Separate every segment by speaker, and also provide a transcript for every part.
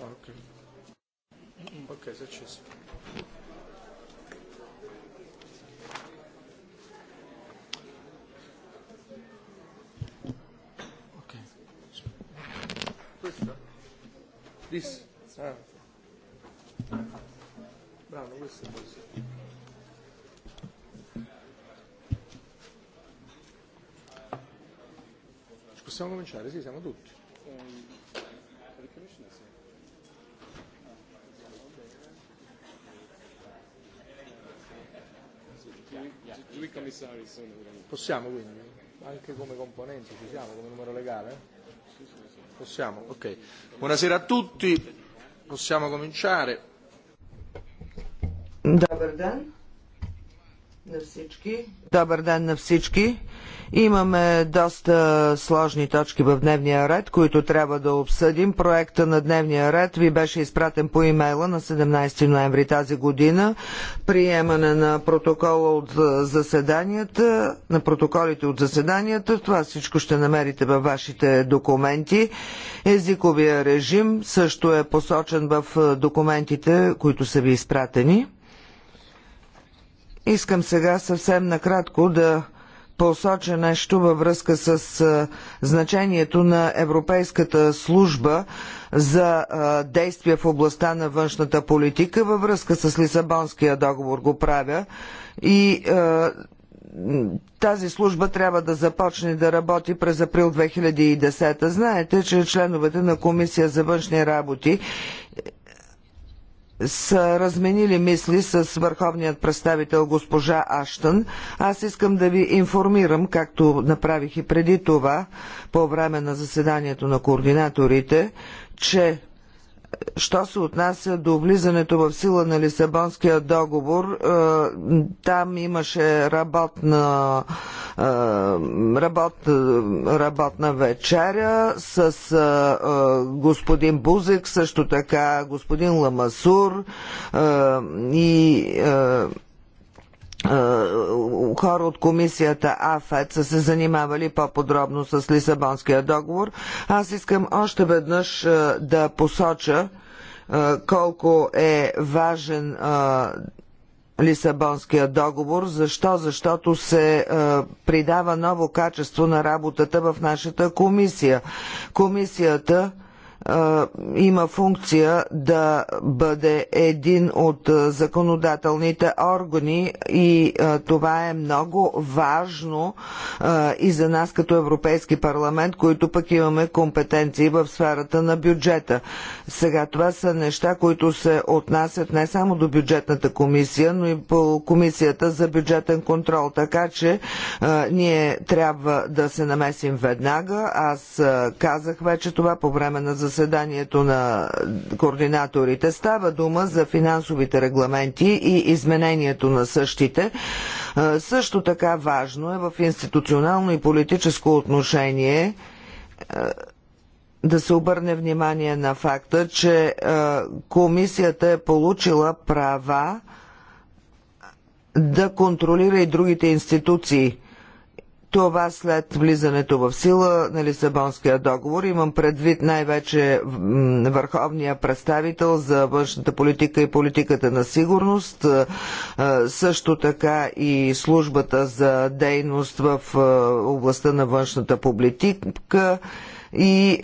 Speaker 1: Okay. Okay, зачем?
Speaker 2: Questa? This?
Speaker 1: Bravo, questo è questo. Possiamo cominciare? Sì, siamo tutti.
Speaker 2: due commissari
Speaker 3: sono
Speaker 1: Possiamo quindi, anche come componenti, ci siamo come numero legale? Possiamo, ok. Buonasera a tutti, possiamo cominciare на всички.
Speaker 2: Добър ден на всички. Имаме доста сложни точки в дневния ред, които трябва да обсъдим. Проекта на дневния ред ви беше изпратен по имейла на 17 ноември тази година. Приемане на протокола от заседанията, на протоколите от заседанията. Това всичко ще намерите във вашите документи. Езиковия режим също е посочен в документите, които са ви изпратени. Искам сега съвсем накратко да посоча нещо във връзка с значението на Европейската служба за действия в областта на външната политика. Във връзка с Лисабонския договор го правя и тази служба трябва да започне да работи през април 2010. Знаете, че членовете на Комисия за външни работи са разменили мисли с върховният представител госпожа Аштън. Аз искам да ви информирам, както направих и преди това по време на заседанието на координаторите, че що се отнася до влизането в сила на Лисабонския договор, е, там имаше работна, е, работ, работна вечеря с е, господин Бузик, също така господин Ламасур и е, хора от комисията АФЕД са се занимавали по-подробно с Лисабонския договор. Аз искам още веднъж е, да посоча е, колко е важен Лисабонския договор. Защо? Защото се е, придава ново качество на работата в нашата комисия. Комисията има функция да бъде един от законодателните органи и това е много важно и за нас като Европейски парламент, които пък имаме компетенции в сферата на бюджета. Сега това са неща, които се отнасят не само до бюджетната комисия, но и по комисията за бюджетен контрол. Така че ние трябва да се намесим веднага. Аз казах вече това по време на заседанието заседанието на координаторите. Става дума за финансовите регламенти и изменението на същите. Също така важно е в институционално и политическо отношение да се обърне внимание на факта, че комисията е получила права да контролира и другите институции – това след влизането в сила на Лисабонския договор. Имам предвид най-вече върховния представител за външната политика и политиката на сигурност, също така и службата за дейност в областта на външната политика и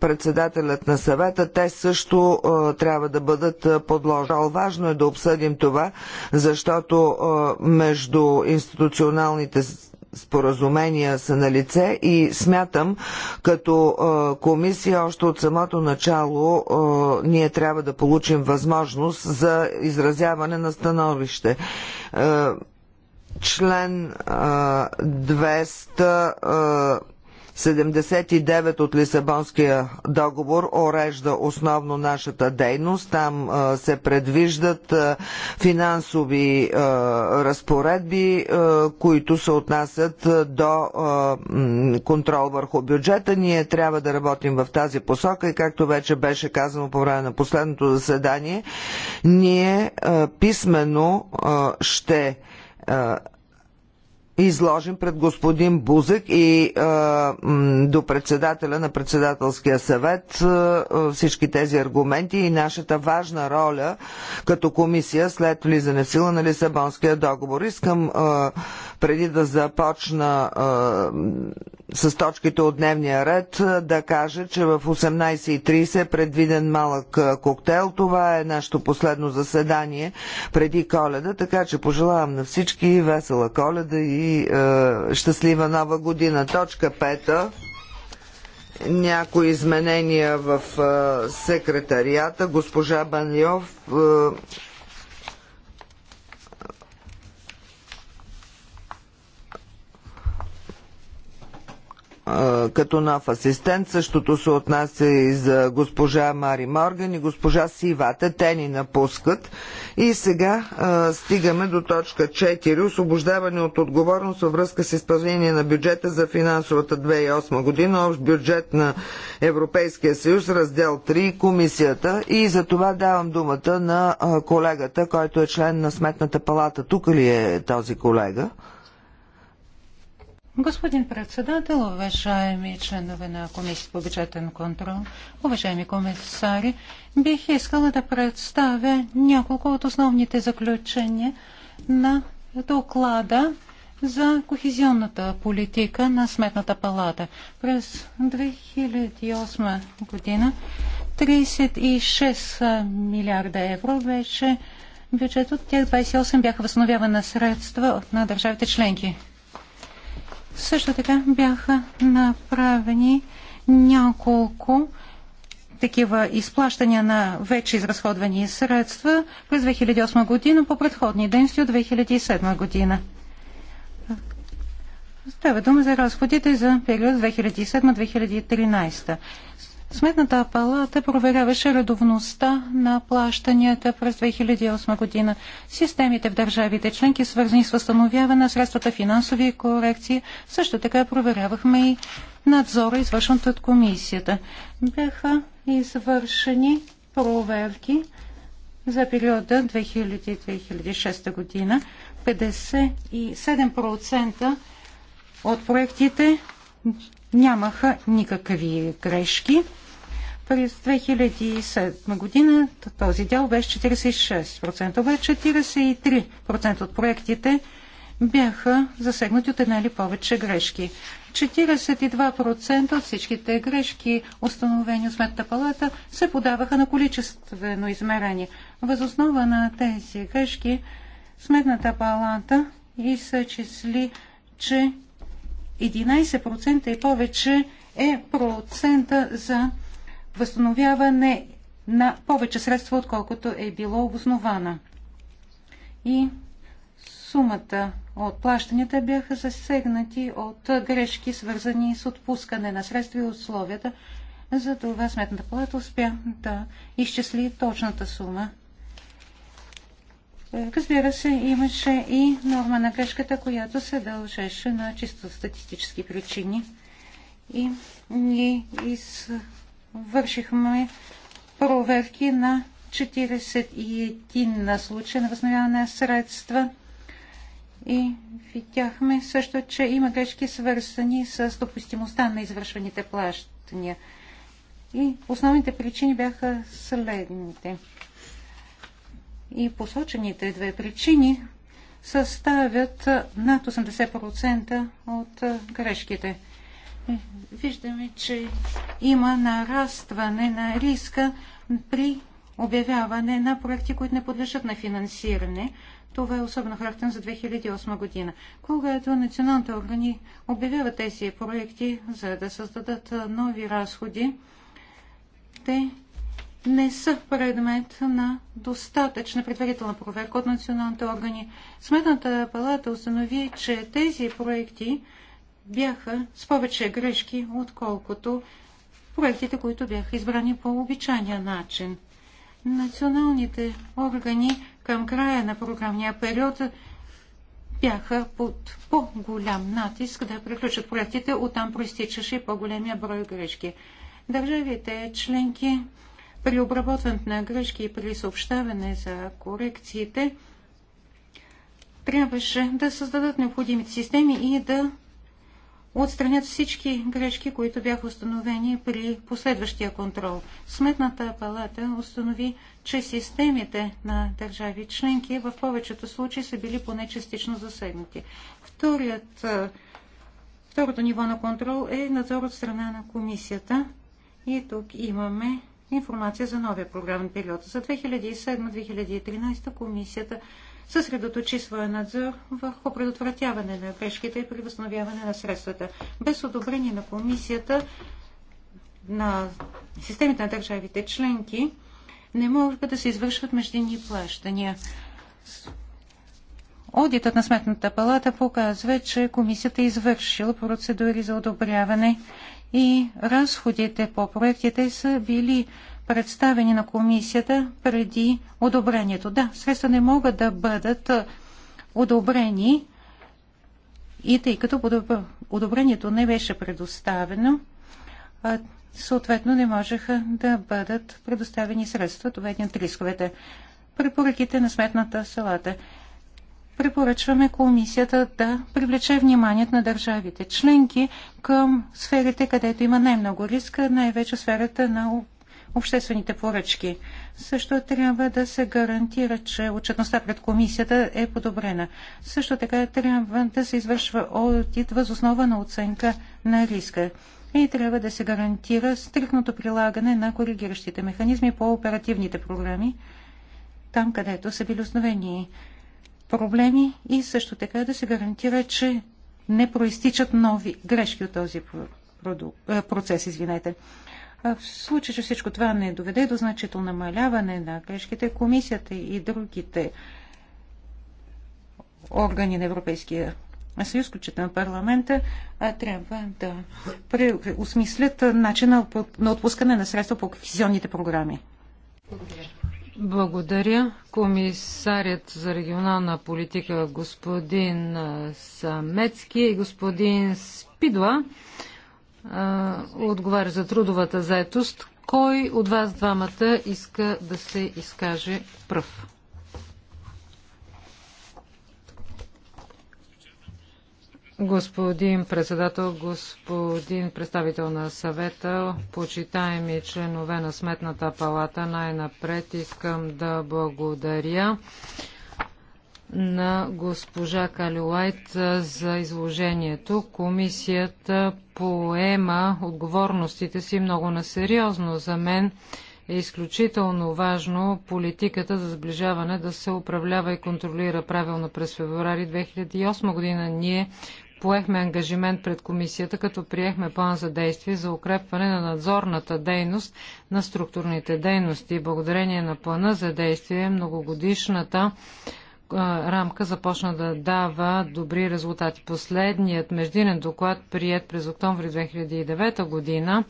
Speaker 2: председателят на съвета, те също трябва да бъдат подложени. Важно е да обсъдим това, защото между институционалните споразумения са на лице и смятам, като комисия още от самото начало ние трябва да получим възможност за изразяване на становище член 200 79 от Лисабонския договор орежда основно нашата дейност. Там се предвиждат финансови разпоредби, които се отнасят до контрол върху бюджета. Ние трябва да работим в тази посока и както вече беше казано по време на последното заседание, ние писменно ще изложим пред господин Бузък и до председателя на председателския съвет всички тези аргументи и нашата важна роля като комисия след влизане в сила на Лисабонския договор. Искам преди да започна с точките от дневния ред да кажа, че в 18.30 е предвиден малък коктейл. Това е нашето последно заседание преди коледа, така че пожелавам на всички весела коледа и е, щастлива нова година. Точка пета. Някои изменения в е, секретарията. Госпожа Баньов е, е, като нов асистент. Същото се отнася и за госпожа Мари Морган и госпожа Сивата. Те ни напускат. И сега а, стигаме до точка 4. Освобождаване от отговорност във връзка с изпълнение на бюджета за финансовата 2008 година. Общ бюджет на Европейския съюз, раздел 3, комисията. И за това давам думата на колегата, който е член на Сметната палата. Тук ли е този колега?
Speaker 4: Господин председател, уважаеми членове на Комисията по бюджетен контрол, уважаеми комисари, бих искала да представя няколко от основните заключения на доклада за кохезионната политика на Сметната палата. През 2008 година 36 милиарда евро беше бюджет, от тях 28 бяха възстановяване на средства на държавите членки. Също така бяха направени няколко такива изплащания на вече изразходвани средства през 2008 година по предходни дейности от 2007 година. Става дума за разходите за период 2007-2013. Сметната палата проверяваше редовността на плащанията през 2008 година. Системите в държавите членки, свързани с възстановяване на средствата финансови корекции, също така проверявахме и надзора, извършен от комисията. Бяха извършени проверки за периода 2000-2006 година. 57% от проектите нямаха никакви грешки. През 2007 година този дял беше 46%, обаче 43% от проектите бяха засегнати от една или повече грешки. 42% от всичките грешки, установени от Сметната палата, се подаваха на количествено измерение. Възоснова на тези грешки Сметната палата изчисли, че 11% и повече е процента за възстановяване на повече средства, отколкото е било обоснована. И сумата от плащанията бяха засегнати от грешки, свързани с отпускане на средства и условията. Затова Сметната палата успя да изчисли точната сума Разбира се, имаше и норма на грешката, която се дължеше на чисто статистически причини. И ние извършихме проверки на 41 на случай на възстановяване на средства и видяхме също, че има грешки свързани с допустимостта на извършваните плащания. И основните причини бяха следните – и посочените две причини съставят над 80% от грешките. Е, виждаме, че има нарастване на риска при обявяване на проекти, които не подлежат на финансиране. Това е особено характерно за 2008 година. Когато националните органи обявяват тези проекти, за да създадат нови разходи, те не са предмет на достатъчна предварителна проверка от националните органи. Сметната палата установи, че тези проекти бяха с повече грешки, отколкото проектите, които бяха избрани по обичайния начин. Националните органи към края на програмния период бяха под по-голям натиск да приключат проектите, оттам проистичаше и по-големия брой грешки. Държавите членки при обработването на грешки и при съобщаване за корекциите трябваше да създадат необходимите системи и да отстранят всички грешки, които бяха установени при последващия контрол. Сметната палата установи, че системите на държави членки в повечето случаи са били поне частично засегнати. Вторият, второто ниво на контрол е надзор от страна на комисията. И тук имаме информация за новия програмен период. За 2007-2013 комисията съсредоточи своя надзор върху предотвратяване на грешките и превъзновяване на средствата. Без одобрение на комисията на системите на държавите членки не могат да се извършват междинни плащания. Одитът на Сметната палата показва, че комисията е извършила процедури за одобряване и разходите по проектите са били представени на комисията преди одобрението. Да, средства не могат да бъдат одобрени и тъй като одобрението не беше предоставено, съответно не можеха да бъдат предоставени средства. Това е един от рисковете. Препоръките на сметната салата препоръчваме комисията да привлече вниманието на държавите членки към сферите, където има най-много риск, най-вече сферата на обществените поръчки. Също трябва да се гарантира, че отчетността пред комисията е подобрена. Също така трябва да се извършва одит възоснова на оценка на риска и трябва да се гарантира стрикното прилагане на коригиращите механизми по оперативните програми, там където са били основени проблеми и също така да се гарантира, че не проистичат нови грешки от този е, процес. Извинете. В случай, че всичко това не доведе до значително намаляване на грешките, комисията и другите органи на Европейския съюз, включително парламента, трябва да преосмислят начина на отпускане на средства по кохезионните програми.
Speaker 5: Благодаря. Благодаря. Комисарят за регионална политика господин Самецки и господин Спидла отговаря за трудовата заетост. Кой от вас двамата иска да се изкаже пръв? Господин председател, господин представител на съвета, почитаеми членове на Сметната палата, най-напред искам да благодаря на госпожа Калюлайт за изложението. Комисията поема отговорностите си много насериозно. За мен е изключително важно политиката за сближаване да се управлява и контролира правилно през феврари 2008 година. Ние поехме ангажимент пред комисията, като приехме план за действие за укрепване на надзорната дейност на структурните дейности. Благодарение на плана за действие многогодишната рамка започна да дава добри резултати. Последният междинен доклад, прият през октомври 2009 година,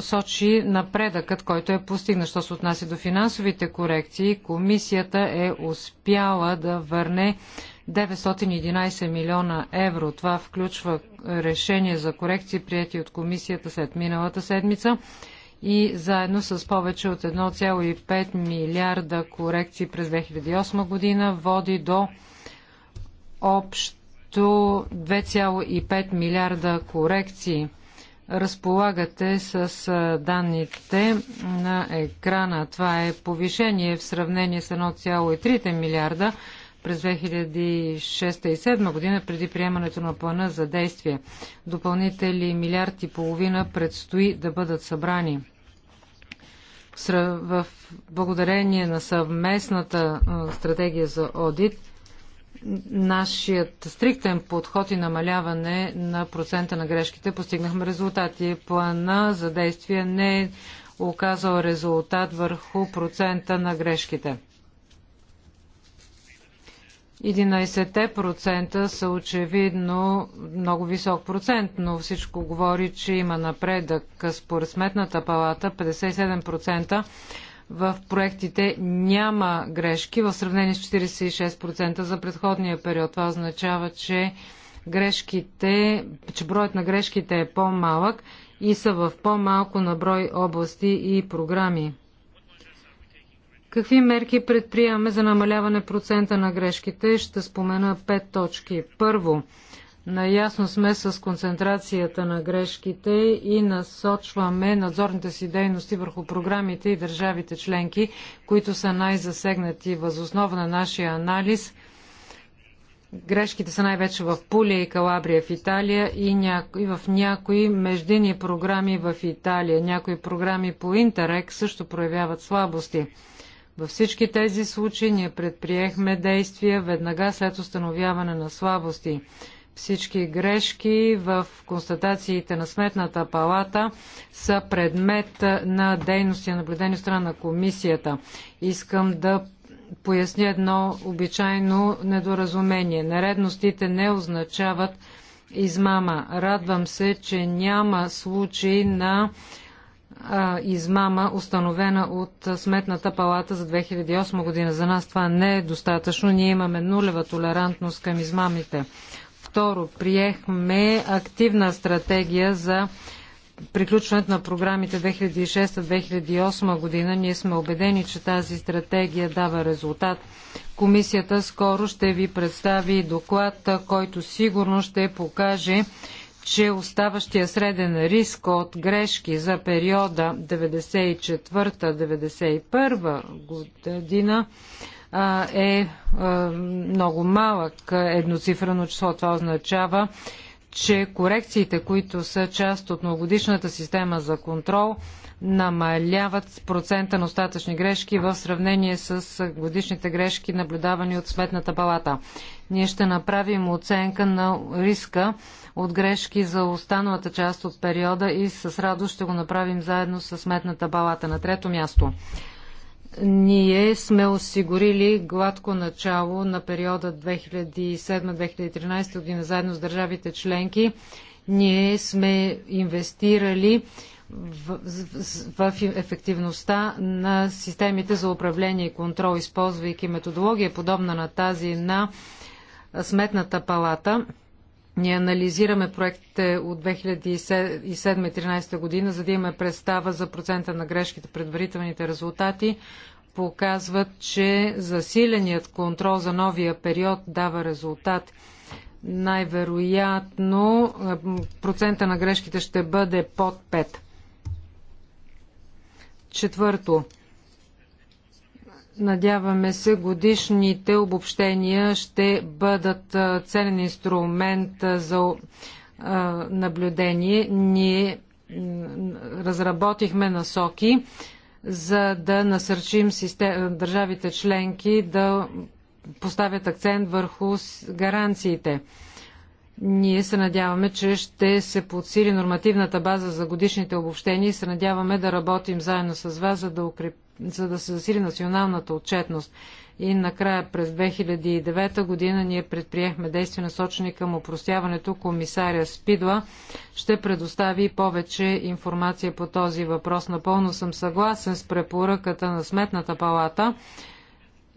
Speaker 5: сочи напредъкът, който е постигнат. Що се отнася до финансовите корекции, комисията е успяла да върне 911 милиона евро. Това включва решение за корекции, прияти от комисията след миналата седмица и заедно с повече от 1,5 милиарда корекции през 2008 година води до общо 2,5 милиарда корекции. Разполагате с данните на екрана. Това е повишение в сравнение с 1,3 милиарда през 2006 и 2007 година, преди приемането на плана за действие. Допълнители милиард и половина предстои да бъдат събрани. В благодарение на съвместната стратегия за одит, нашият стриктен подход и намаляване на процента на грешките постигнахме резултати. Плана за действие не е оказал резултат върху процента на грешките. 11% са очевидно много висок процент, но всичко говори, че има напредък. Според Сметната палата 57% в проектите няма грешки в сравнение с 46% за предходния период. Това означава, че грешките, че броят на грешките е по-малък и са в по-малко на брой области и програми. Какви мерки предприемаме за намаляване процента на грешките? Ще спомена пет точки. Първо, наясно сме с концентрацията на грешките и насочваме надзорните си дейности върху програмите и държавите членки, които са най-засегнати. Възоснова на нашия анализ грешките са най-вече в Пулия и Калабрия в Италия и, и в някои междинни програми в Италия. Някои програми по Интерек също проявяват слабости. Във всички тези случаи ние предприехме действия веднага след установяване на слабости. Всички грешки в констатациите на Сметната палата са предмет на дейности на наблюдение страна на комисията. Искам да поясня едно обичайно недоразумение. Нередностите не означават измама. Радвам се, че няма случаи на а, измама, установена от Сметната палата за 2008 година. За нас това не е достатъчно. Ние имаме нулева толерантност към измамите. Второ, приехме активна стратегия за приключването на програмите 2006-2008 година. Ние сме убедени, че тази стратегия дава резултат. Комисията скоро ще ви представи доклад, който сигурно ще покаже че оставащия среден риск от грешки за периода 94-91 година е много малък едноцифрено число. Това означава, че корекциите, които са част от многогодишната система за контрол, намаляват процента на остатъчни грешки в сравнение с годишните грешки, наблюдавани от Сметната палата. Ние ще направим оценка на риска от грешки за останалата част от периода и с радост ще го направим заедно с Сметната палата. На трето място. Ние сме осигурили гладко начало на периода 2007-2013 година заедно с държавите членки. Ние сме инвестирали в, в, в ефективността на системите за управление и контрол, използвайки методология, подобна на тази на Сметната палата. Ние анализираме проектите от 2007-2013 година, за да имаме представа за процента на грешките. Предварителните резултати показват, че засиленият контрол за новия период дава резултат. Най-вероятно процента на грешките ще бъде под 5. Четвърто, надяваме се годишните обобщения ще бъдат ценен инструмент за наблюдение. Ние разработихме насоки, за да насърчим държавите членки да поставят акцент върху гаранциите. Ние се надяваме, че ще се подсили нормативната база за годишните обобщения и се надяваме да работим заедно с вас, за да, укреп... за да се засили националната отчетност. И накрая през 2009 година ние предприехме действия насочени към упростяването. Комисаря Спидла ще предостави повече информация по този въпрос. Напълно съм съгласен с препоръката на Сметната палата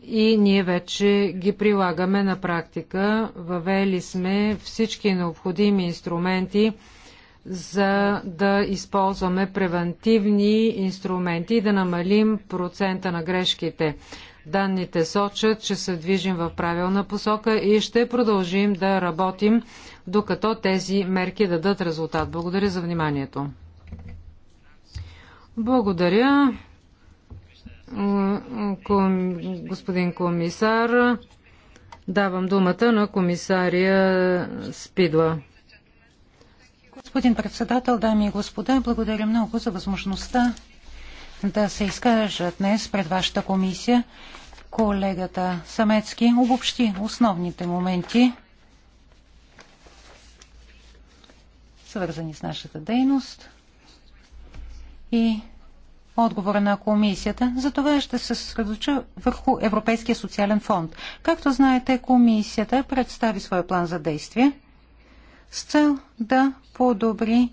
Speaker 5: и ние вече ги прилагаме на практика. Въвели сме всички необходими инструменти, за да използваме превентивни инструменти и да намалим процента на грешките. Данните сочат, че се движим в правилна посока и ще продължим да работим, докато тези мерки дадат резултат. Благодаря за вниманието. Благодаря господин комисар. Давам думата на комисария
Speaker 4: Спидла. Господин председател, дами и господа, благодаря много за възможността да се изкажа днес пред вашата комисия. Колегата Самецки обобщи основните моменти, свързани с нашата дейност и отговора на комисията. За това ще се съсредоча върху Европейския социален фонд. Както знаете, комисията представи своя план за действие с цел да подобри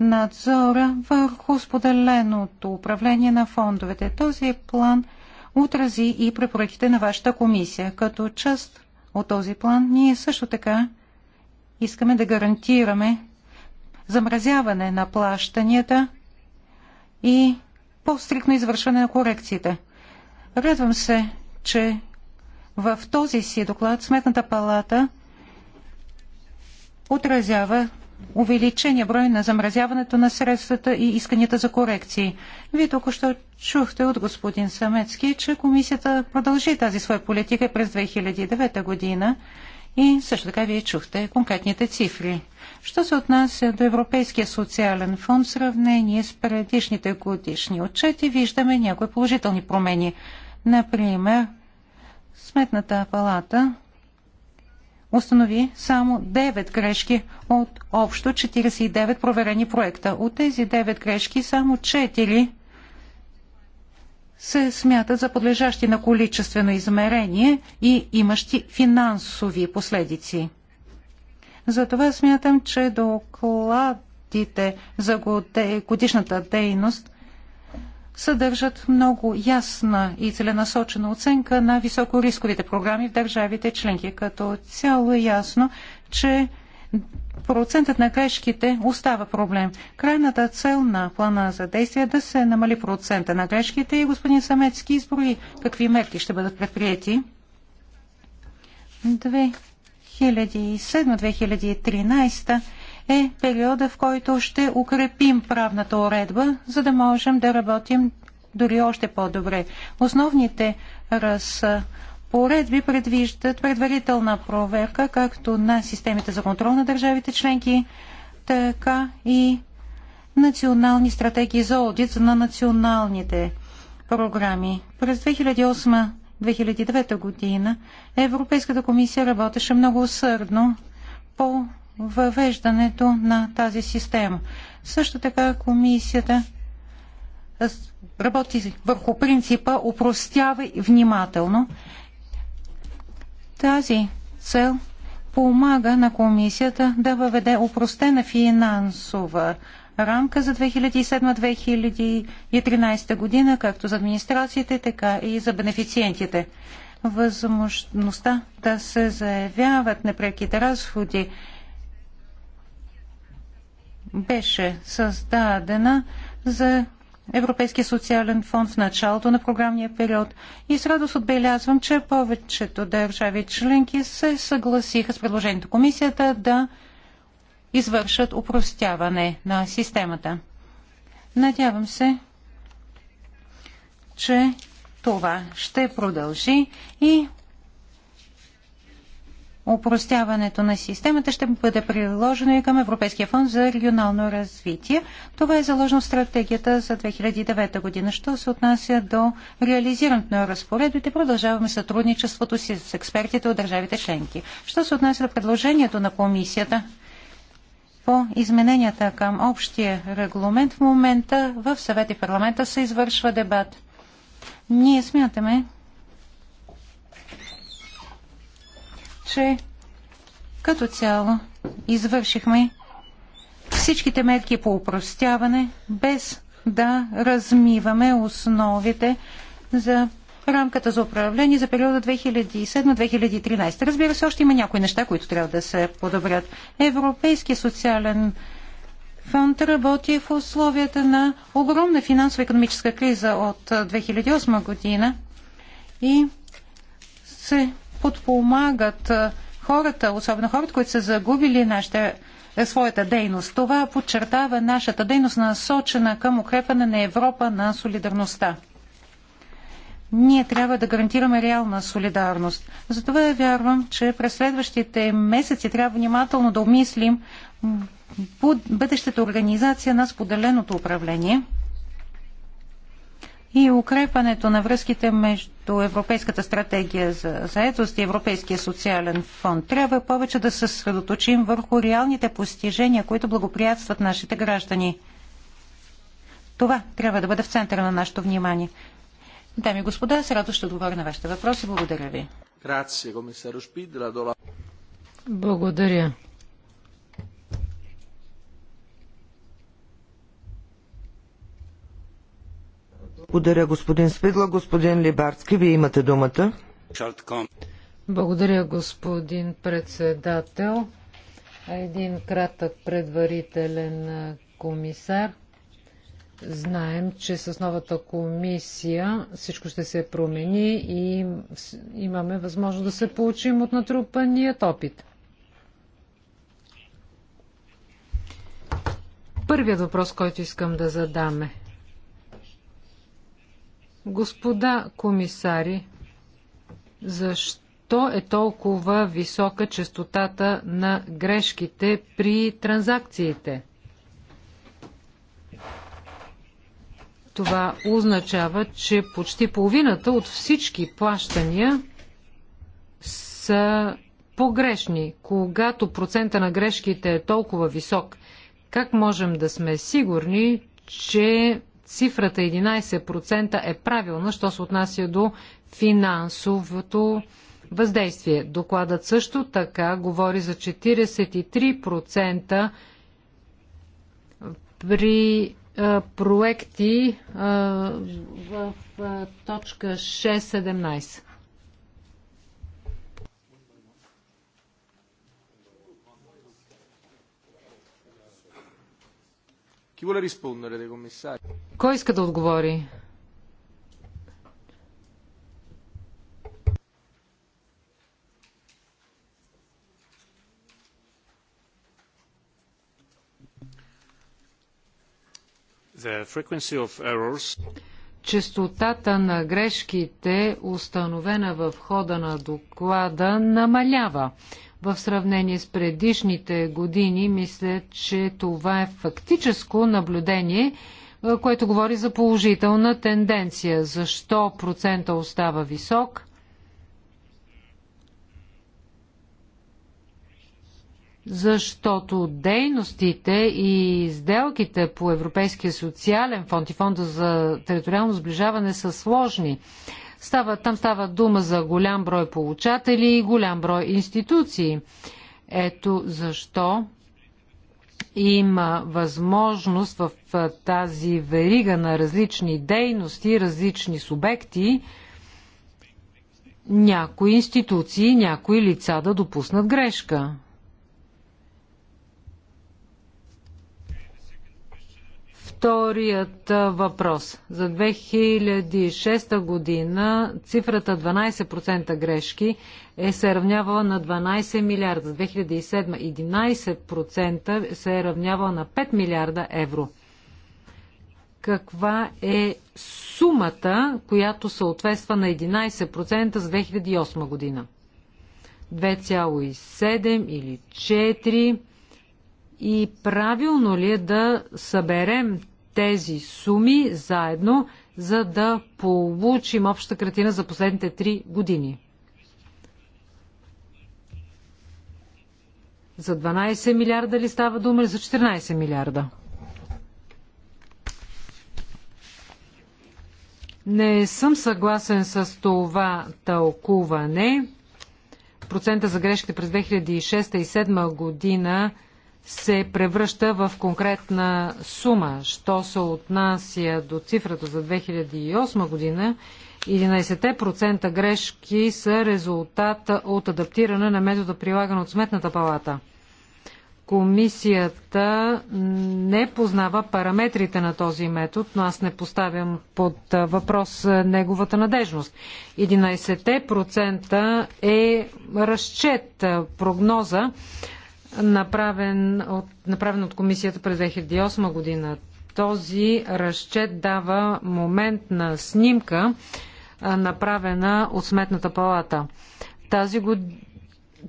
Speaker 4: надзора върху споделеното управление на фондовете. Този план отрази и препоръките на вашата комисия. Като част от този план ние също така искаме да гарантираме замразяване на плащанията и по-стрикно извършване на корекциите. Радвам се, че в този си доклад Сметната палата отразява увеличения брой на замразяването на средствата и исканията за корекции. Вие току-що чухте от господин Самецки, че комисията продължи тази своя политика през 2009 година и също така вие чухте конкретните цифри. Що се отнася до Европейския социален фонд в сравнение с предишните годишни отчети, виждаме някои положителни промени. Например, Сметната палата установи само 9 грешки от общо 49 проверени проекта. От тези 9 грешки само 4 се смятат за подлежащи на количествено измерение и имащи финансови последици. Затова смятам, че докладите за годишната дейност съдържат много ясна и целенасочена оценка на високорисковите програми в държавите членки. Като цяло е ясно, че процентът на грешките остава проблем. Крайната цел на плана за действие е да се намали процента на грешките и господин Самецки изброи какви мерки ще бъдат предприяти. 2007-2013 е периода, в който ще укрепим правната уредба, за да можем да работим дори още по-добре. Основните раз разпоредби предвиждат предварителна проверка както на системите за контрол на държавите членки, така и национални стратегии за аудит на националните програми. През 2008-2009 година Европейската комисия работеше много усърдно по въвеждането на тази система. Също така комисията работи върху принципа упростявай внимателно тази цел помага на комисията да въведе упростена финансова рамка за 2007-2013 година, както за администрациите, така и за бенефициентите. Възможността да се заявяват непреките разходи беше създадена за Европейския социален фонд в началото на програмния период и с радост отбелязвам, че повечето държави членки се съгласиха с предложението комисията да извършат упростяване на системата. Надявам се, че това ще продължи и упростяването на системата ще бъде приложено и към Европейския фонд за регионално развитие. Това е заложено в стратегията за 2009 година. Що се отнася до реализирането на разпоредбите, продължаваме сътрудничеството си с експертите от държавите членки. Що се отнася до предложението на комисията по измененията към общия регламент, в момента в съвет и парламента се извършва дебат. Ние смятаме, че като цяло извършихме всичките мерки по упростяване, без да размиваме основите за рамката за управление за периода 2007-2013. Разбира се, още има някои неща, които трябва да се подобрят. Европейски социален фонд работи в условията на огромна финансово-економическа криза от 2008 година и се подпомагат хората, особено хората, които са загубили нашите, е, своята дейност. Това подчертава нашата дейност насочена към укрепване на Европа на солидарността. Ние трябва да гарантираме реална солидарност. Затова я вярвам, че през следващите месеци трябва внимателно да обмислим бъдещата организация на споделеното управление – и укрепването на връзките между Европейската стратегия за заедост и Европейския социален фонд. Трябва повече да се съсредоточим върху реалните постижения, които благоприятстват нашите граждани. Това трябва да бъде в центъра на нашето внимание. Дами и господа, с радост ще отговоря на вашите въпроси. Благодаря ви. Благодаря.
Speaker 2: Благодаря, господин Спидла. Господин Либарски, вие имате думата.
Speaker 5: Благодаря, господин председател. Един кратък предварителен комисар. Знаем, че с новата комисия всичко ще се промени и имаме възможност да се получим от натрупаният опит. Първият въпрос, който искам да задаме. Господа комисари, защо е толкова висока частотата на грешките при транзакциите? Това означава, че почти половината от всички плащания са погрешни. Когато процента на грешките е толкова висок, как можем да сме сигурни, че цифрата 11% е правилна, що се отнася до финансовото въздействие. Докладът също така говори за 43% при а, проекти а, в а, точка 6.17.
Speaker 1: Chi vuole rispondere dei commissari?
Speaker 5: Кой иска да отговори? Честотата на грешките, установена в хода на доклада, намалява в сравнение с предишните години. Мисля, че това е фактическо наблюдение, е, което говори за положителна тенденция. Защо процента остава висок? Защото дейностите и сделките по Европейския социален фонд и фонда за териториално сближаване са сложни. Става, там става дума за голям брой получатели и голям брой институции. Ето защо има възможност в тази верига на различни дейности, различни субекти, някои институции, някои лица да допуснат грешка. Вторият въпрос. За 2006 година цифрата 12% грешки е се равнявала на 12 милиарда. За 2007 11% се е равнявала на 5 е милиарда евро. Каква е сумата, която съответства на 11% за 2008 година? 2,7 или 4? И правилно ли е да съберем тези суми заедно, за да получим обща картина за последните три години. За 12 милиарда ли става дума или за 14 милиарда? Не съм съгласен с това тълкуване. Процента за грешките през 2006 и 2007 година се превръща в конкретна сума. Що се отнася до цифрата за 2008 година, 11% грешки са резултат от адаптиране на метода прилаган от Сметната палата. Комисията не познава параметрите на този метод, но аз не поставям под въпрос неговата надежност. 11% е разчет, прогноза направен от, направен от комисията през 2008 година. Този разчет дава момент на снимка, направена от Сметната палата. Тази, год...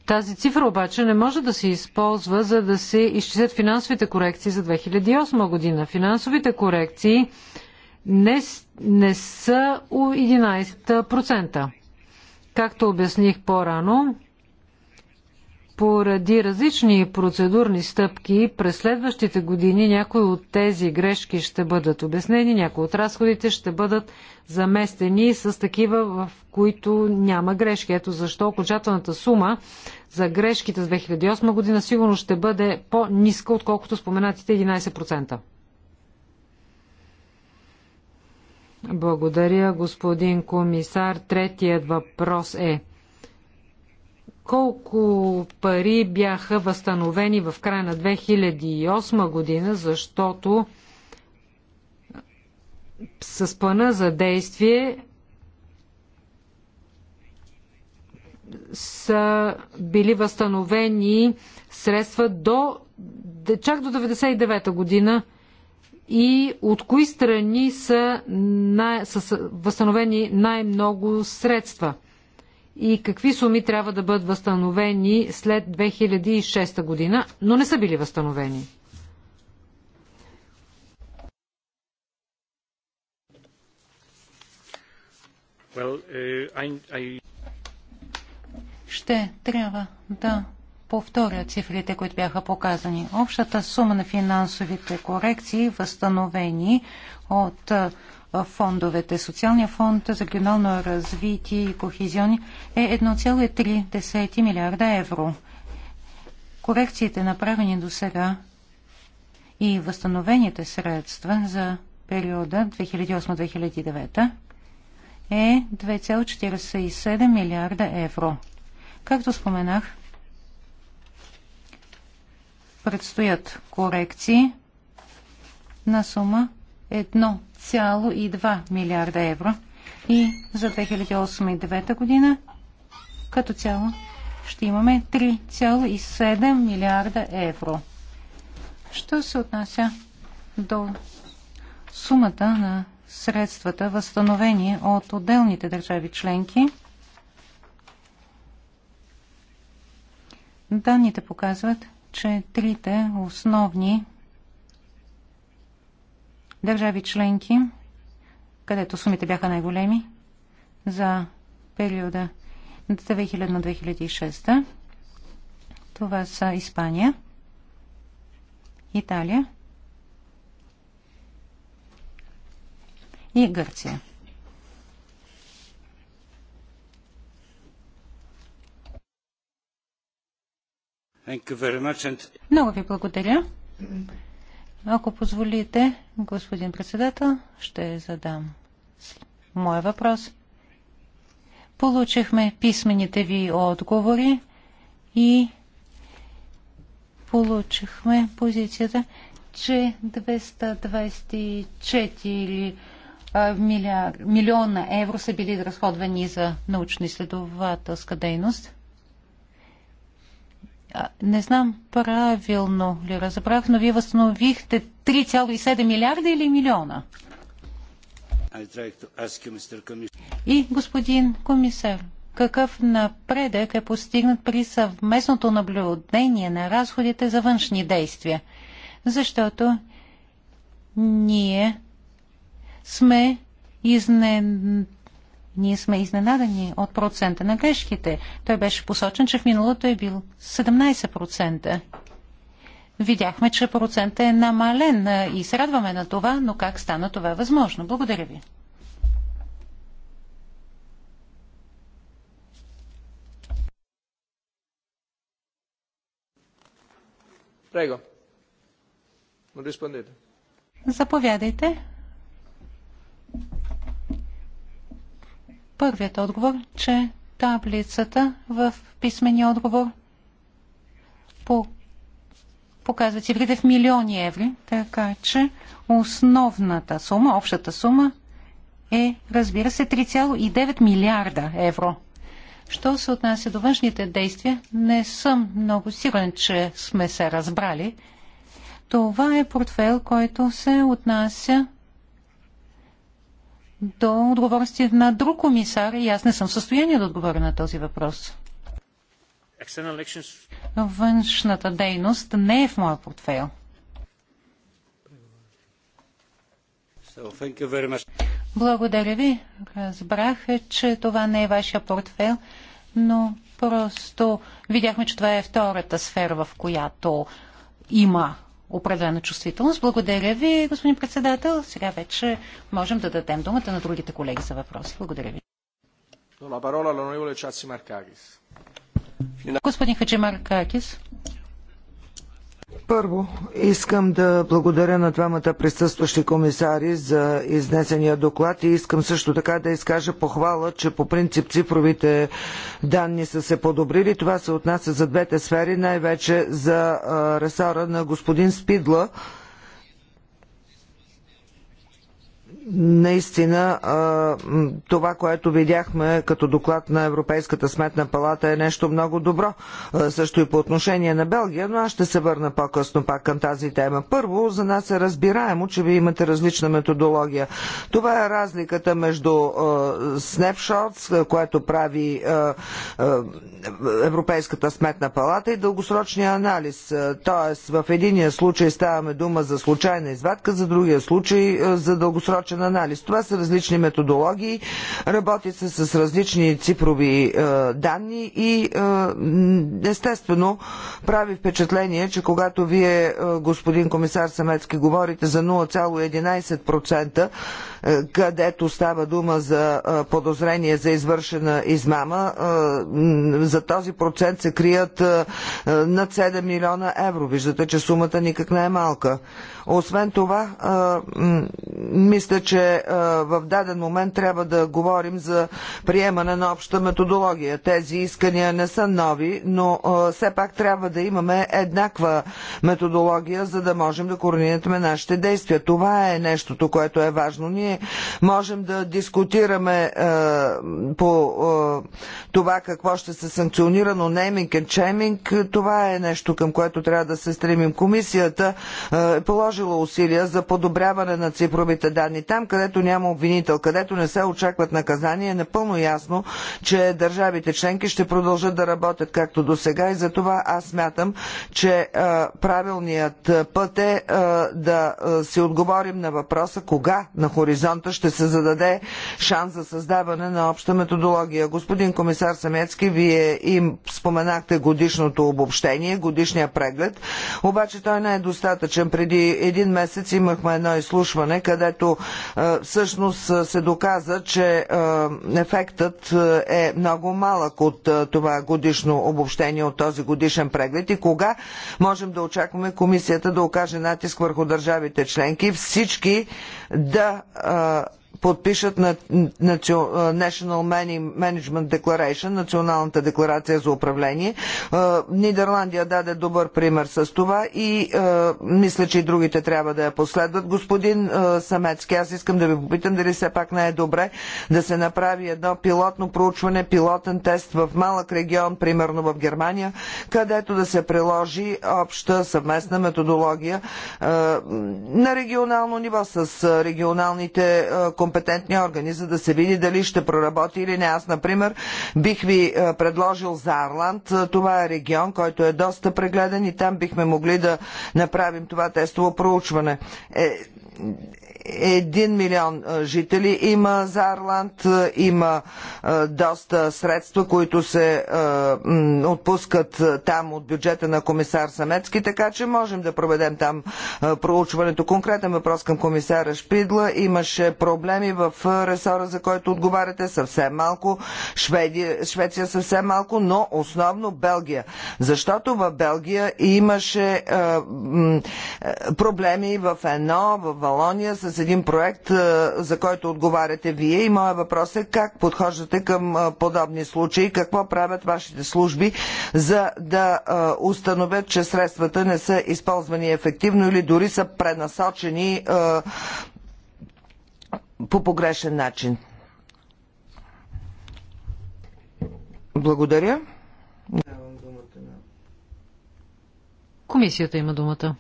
Speaker 5: Тази цифра обаче не може да се използва, за да се изчислят финансовите корекции за 2008 година. Финансовите корекции не, не са 11%. Както обясних по-рано, поради различни процедурни стъпки през следващите години някои от тези грешки ще бъдат обяснени, някои от разходите ще бъдат заместени с такива, в които няма грешки. Ето защо окончателната сума за грешките с 2008 година сигурно ще бъде по-ниска, отколкото споменатите 11%. Благодаря, господин комисар. Третият въпрос е колко пари бяха възстановени в края на 2008 година, защото с плана за действие са били възстановени средства до чак до 1999 година и от кои страни са, най, са възстановени най-много средства – и какви суми трябва да бъдат възстановени след 2006 година, но не са били възстановени.
Speaker 3: Well, uh, I, I...
Speaker 4: Ще трябва да повторя цифрите, които бяха показани. Общата сума на финансовите корекции, възстановени от фондовете. Социалния фонд за регионално развитие и кохезиони е 1,3 милиарда евро. Корекциите, направени до сега и възстановените средства за периода 2008-2009 е 2,47 милиарда евро. Както споменах, предстоят корекции на сума 1,2 милиарда евро и за 2008 2009 година като цяло ще имаме 3,7 милиарда евро. Що се отнася до сумата на средствата, възстановени от отделните държави членки, данните показват, че трите основни държави членки, където сумите бяха най-големи за периода 2000-2006. Това са Испания, Италия и Гърция. Много ви благодаря. Ако позволите, господин председател, ще задам моя въпрос. Получихме писмените ви отговори и получихме позицията, че 224 милиар, милиона евро са били разходвани за научно-изследователска дейност. Не знам правилно ли разбрах, но вие възстановихте 3,7 милиарда или милиона? И, господин комисар, какъв напредък е постигнат при съвместното наблюдение на разходите за външни действия? Защото ние сме изненадени ние сме изненадани от процента на грешките. Той беше посочен, че в миналото е бил 17%. Видяхме, че процентът е намален и се радваме на това, но как стана това възможно? Благодаря ви. Прего. Заповядайте. първият отговор, че таблицата в писмения отговор по показва цифрите в милиони евро, така че основната сума, общата сума е, разбира се, 3,9 милиарда евро. Що се отнася до външните действия, не съм много сигурен, че сме се разбрали. Това е портфел, който се отнася до отговорности на друг комисар и аз не съм в състояние да отговоря на този въпрос. Външната дейност не е в моя портфейл. Благодаря ви. Разбрах, че това не е вашия портфейл, но просто видяхме, че това е втората сфера, в която има определена чувствителност. Благодаря ви, господин председател. Сега вече можем да дадем думата на другите колеги за въпроси. Благодаря ви. Господин Хаджимар Какис.
Speaker 2: Първо, искам да благодаря на двамата присъстващи комисари за изнесения доклад и искам също така да изкажа похвала, че по принцип цифровите данни са се подобрили. Това се отнася за двете сфери, най-вече за ресора на господин Спидла, наистина това, което видяхме като доклад на Европейската сметна палата е нещо много добро. Също и по отношение на Белгия, но аз ще се върна по-късно пак към тази тема. Първо, за нас е разбираемо, че вие имате различна методология. Това е разликата между снепшотс, което прави Европейската сметна палата и дългосрочния анализ. Тоест, в единия случай ставаме дума за случайна извадка, за другия случай за дългосрочен точен анализ. Това са различни методологии, работи се с различни цифрови е, данни и е, естествено прави впечатление, че когато вие, е, господин комисар Самецки, говорите за 0,11%, е, където става дума за е, подозрение за извършена измама, е, за този процент се крият е, е над 7 милиона евро. Виждате, че сумата никак не е малка. Освен това, мисля, че в даден момент трябва да говорим за приемане на обща методология. Тези искания не са нови, но все пак трябва да имаме еднаква методология, за да можем да координираме нашите действия. Това е нещото, което е важно. Ние можем да дискутираме по това какво ще се санкционира, но нейминг и чейминг, това е нещо към което трябва да се стремим. Комисията е положила положила усилия за подобряване на цифровите данни. Там, където няма обвинител, където не се очакват наказания, е напълно ясно, че държавите членки ще продължат да работят както до сега и затова аз смятам, че е, правилният път е, е да е, си отговорим на въпроса кога на хоризонта ще се зададе шанс за създаване на обща методология. Господин комисар Самецки, вие им споменахте годишното обобщение, годишния преглед, обаче той не е достатъчен. Преди един месец имахме едно изслушване, където е, всъщност е, се доказа, че е, ефектът е много малък от това годишно обобщение, от този годишен преглед и кога можем да очакваме комисията да окаже натиск върху държавите членки, всички да подпишат на National Management Declaration, националната декларация за управление. Нидерландия даде добър пример с това и мисля, че и другите трябва да я последват. Господин Самецки, аз искам да ви попитам дали все пак не е добре да се направи едно пилотно проучване, пилотен тест в малък регион, примерно в Германия, където да се приложи обща съвместна методология на регионално ниво с регионалните компетентни компетентни органи, за да се види дали ще проработи или не. Аз, например, бих ви е, предложил за Арланд. Това е регион, който е доста прегледан и там бихме могли да направим това тестово проучване. Е, един милион жители има за Арланд, има доста средства, които се отпускат там от бюджета на комисар Самецки, така че можем да проведем там проучването. Конкретен въпрос към комисара Шпидла. Имаше проблеми в ресора, за който отговаряте съвсем малко, Шведия, Швеция съвсем малко, но основно Белгия. Защото в Белгия имаше проблеми в ЕНО, в Валония с с един проект, за който отговаряте вие и моят въпрос е как подхождате към подобни случаи, какво правят вашите служби, за да установят, че средствата не са използвани ефективно или дори са пренасочени по погрешен начин. Благодаря.
Speaker 5: Комисията има думата.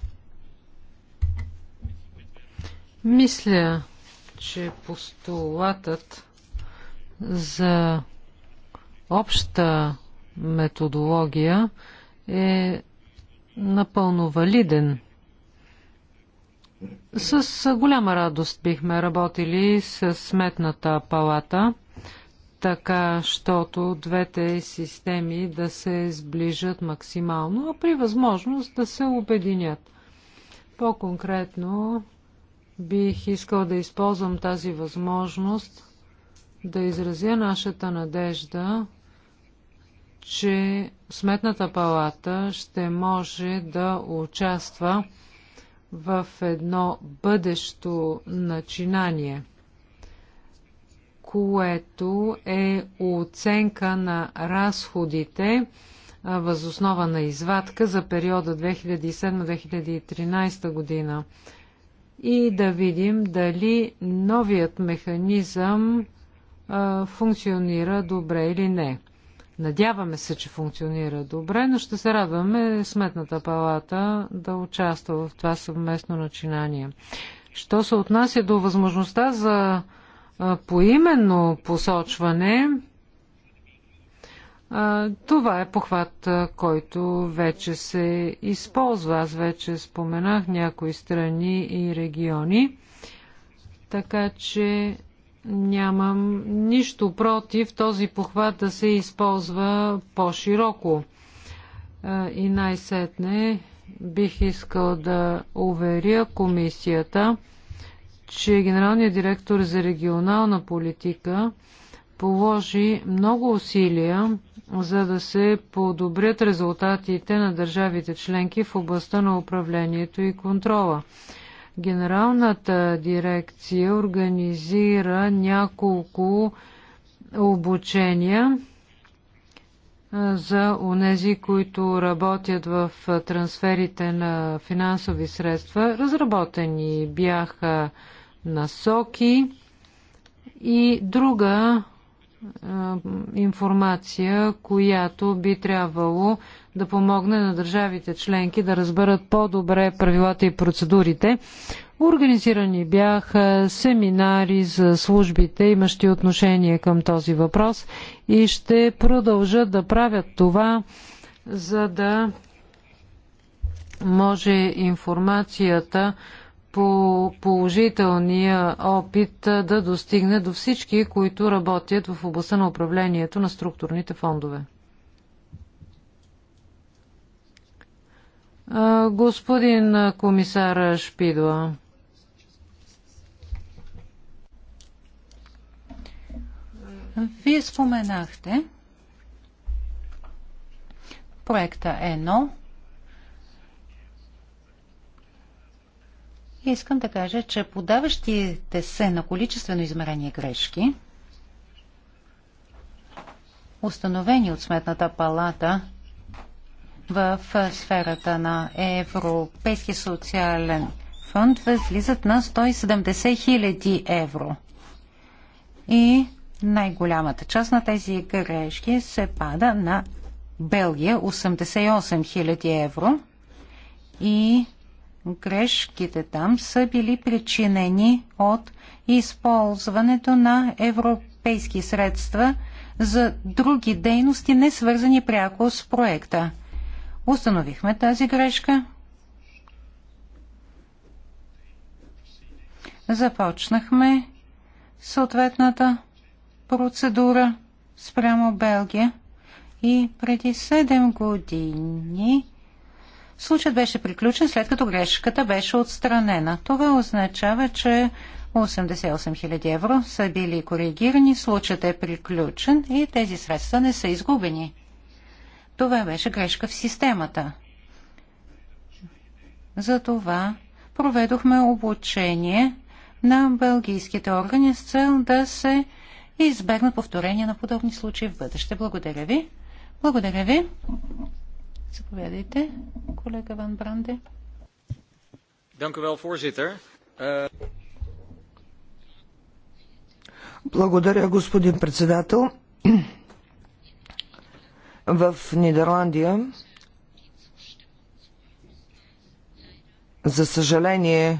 Speaker 5: Мисля, че постулатът за обща методология е напълно валиден. С голяма радост бихме работили с сметната палата, така, щото двете системи да се сближат максимално, а при възможност да се обединят. По-конкретно Бих искал да използвам тази възможност да изразя нашата надежда, че Сметната палата ще може да участва в едно бъдещо начинание, което е оценка на разходите възоснова на извадка за периода 2007-2013 година и да видим дали новият механизъм а, функционира добре или не. Надяваме се, че функционира добре, но ще се радваме Сметната палата да участва в това съвместно начинание. Що се отнася до възможността за поименно посочване, това е похват, който вече се използва. Аз вече споменах някои страни и региони, така че нямам нищо против този похват да се използва по-широко. И най-сетне бих искал да уверя комисията, че генералният директор за регионална политика положи много усилия за да се подобрят резултатите на държавите членки в областта на управлението и контрола. Генералната дирекция организира няколко обучения за онези, които работят в трансферите на финансови средства. Разработени бяха насоки и друга информация, която би трябвало да помогне на държавите членки да разберат по-добре правилата и процедурите. Организирани бяха семинари за службите, имащи отношение към този въпрос и ще продължат да правят това, за да може информацията по положителния опит да достигне до всички, които работят в областта на управлението на структурните фондове. Господин комисар Шпидла.
Speaker 4: Вие споменахте проекта ЕНО, Искам да кажа, че подаващите се на количествено измерение грешки, установени от Сметната палата в сферата на Европейски социален фонд, възлизат на 170 000 евро. И най-голямата част на тези грешки се пада на Белгия 88 000 евро и грешките там са били причинени от използването на европейски средства за други дейности, не свързани пряко с проекта. Установихме тази грешка. Започнахме съответната процедура спрямо Белгия и преди 7 години Случаят беше приключен след като грешката беше отстранена. Това означава, че 88 000 евро са били коригирани, случаят е приключен и тези средства не са изгубени. Това беше грешка в системата. Затова проведохме обучение на бългийските органи с цел да се избегнат повторения на подобни случаи в бъдеще. Благодаря ви. Благодаря ви. Заповядайте, колега Ван Бранде.
Speaker 3: Eh,
Speaker 2: Благодаря, господин председател. В Нидерландия, за съжаление,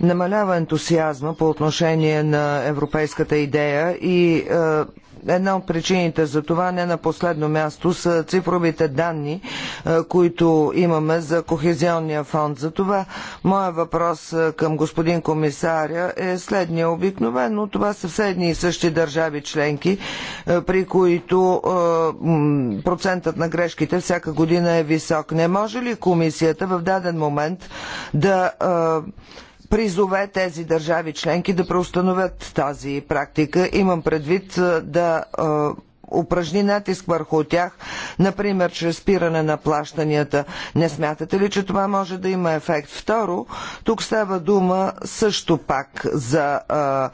Speaker 2: намалява ентусиазма по отношение на европейската идея и е, една от причините за това не на последно място са цифровите данни, е, които имаме за Кохезионния фонд. За това моят въпрос е, към господин комисаря е следния. Обикновено това са все едни и същи държави членки, е, при които процентът на грешките всяка година е висок. Не може ли комисията в даден момент да призове тези държави членки да преустановят тази практика. Имам предвид да упражни натиск върху тях, например чрез спиране на плащанията. Не смятате ли, че това може да има ефект? Второ, тук става дума също пак за а,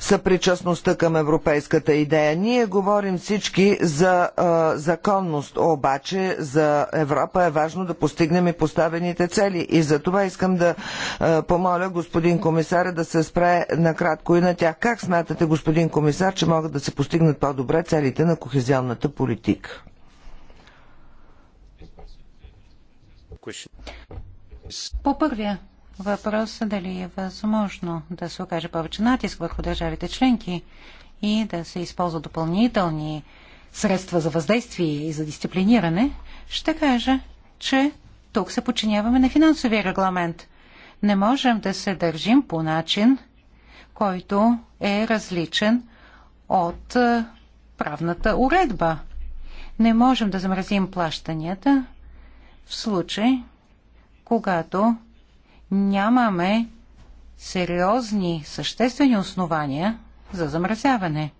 Speaker 2: съпричастността към европейската идея. Ние говорим всички за а, законност, обаче за Европа е важно да постигнем и поставените цели. И за това искам да а, помоля господин комисар да се спре накратко и на тях. Как смятате, господин комисар, че могат да се постигнат по-добре целите на кохезионната политика?
Speaker 4: По първия въпроса е дали е възможно да се окаже повече натиск върху държавите членки и да се използват допълнителни средства за въздействие и за дисциплиниране, ще кажа, че тук се подчиняваме на финансовия регламент. Не можем да се държим по начин, който е различен от е, правната уредба. Не можем да замразим плащанията в случай, когато нямаме сериозни, съществени основания за замразяване.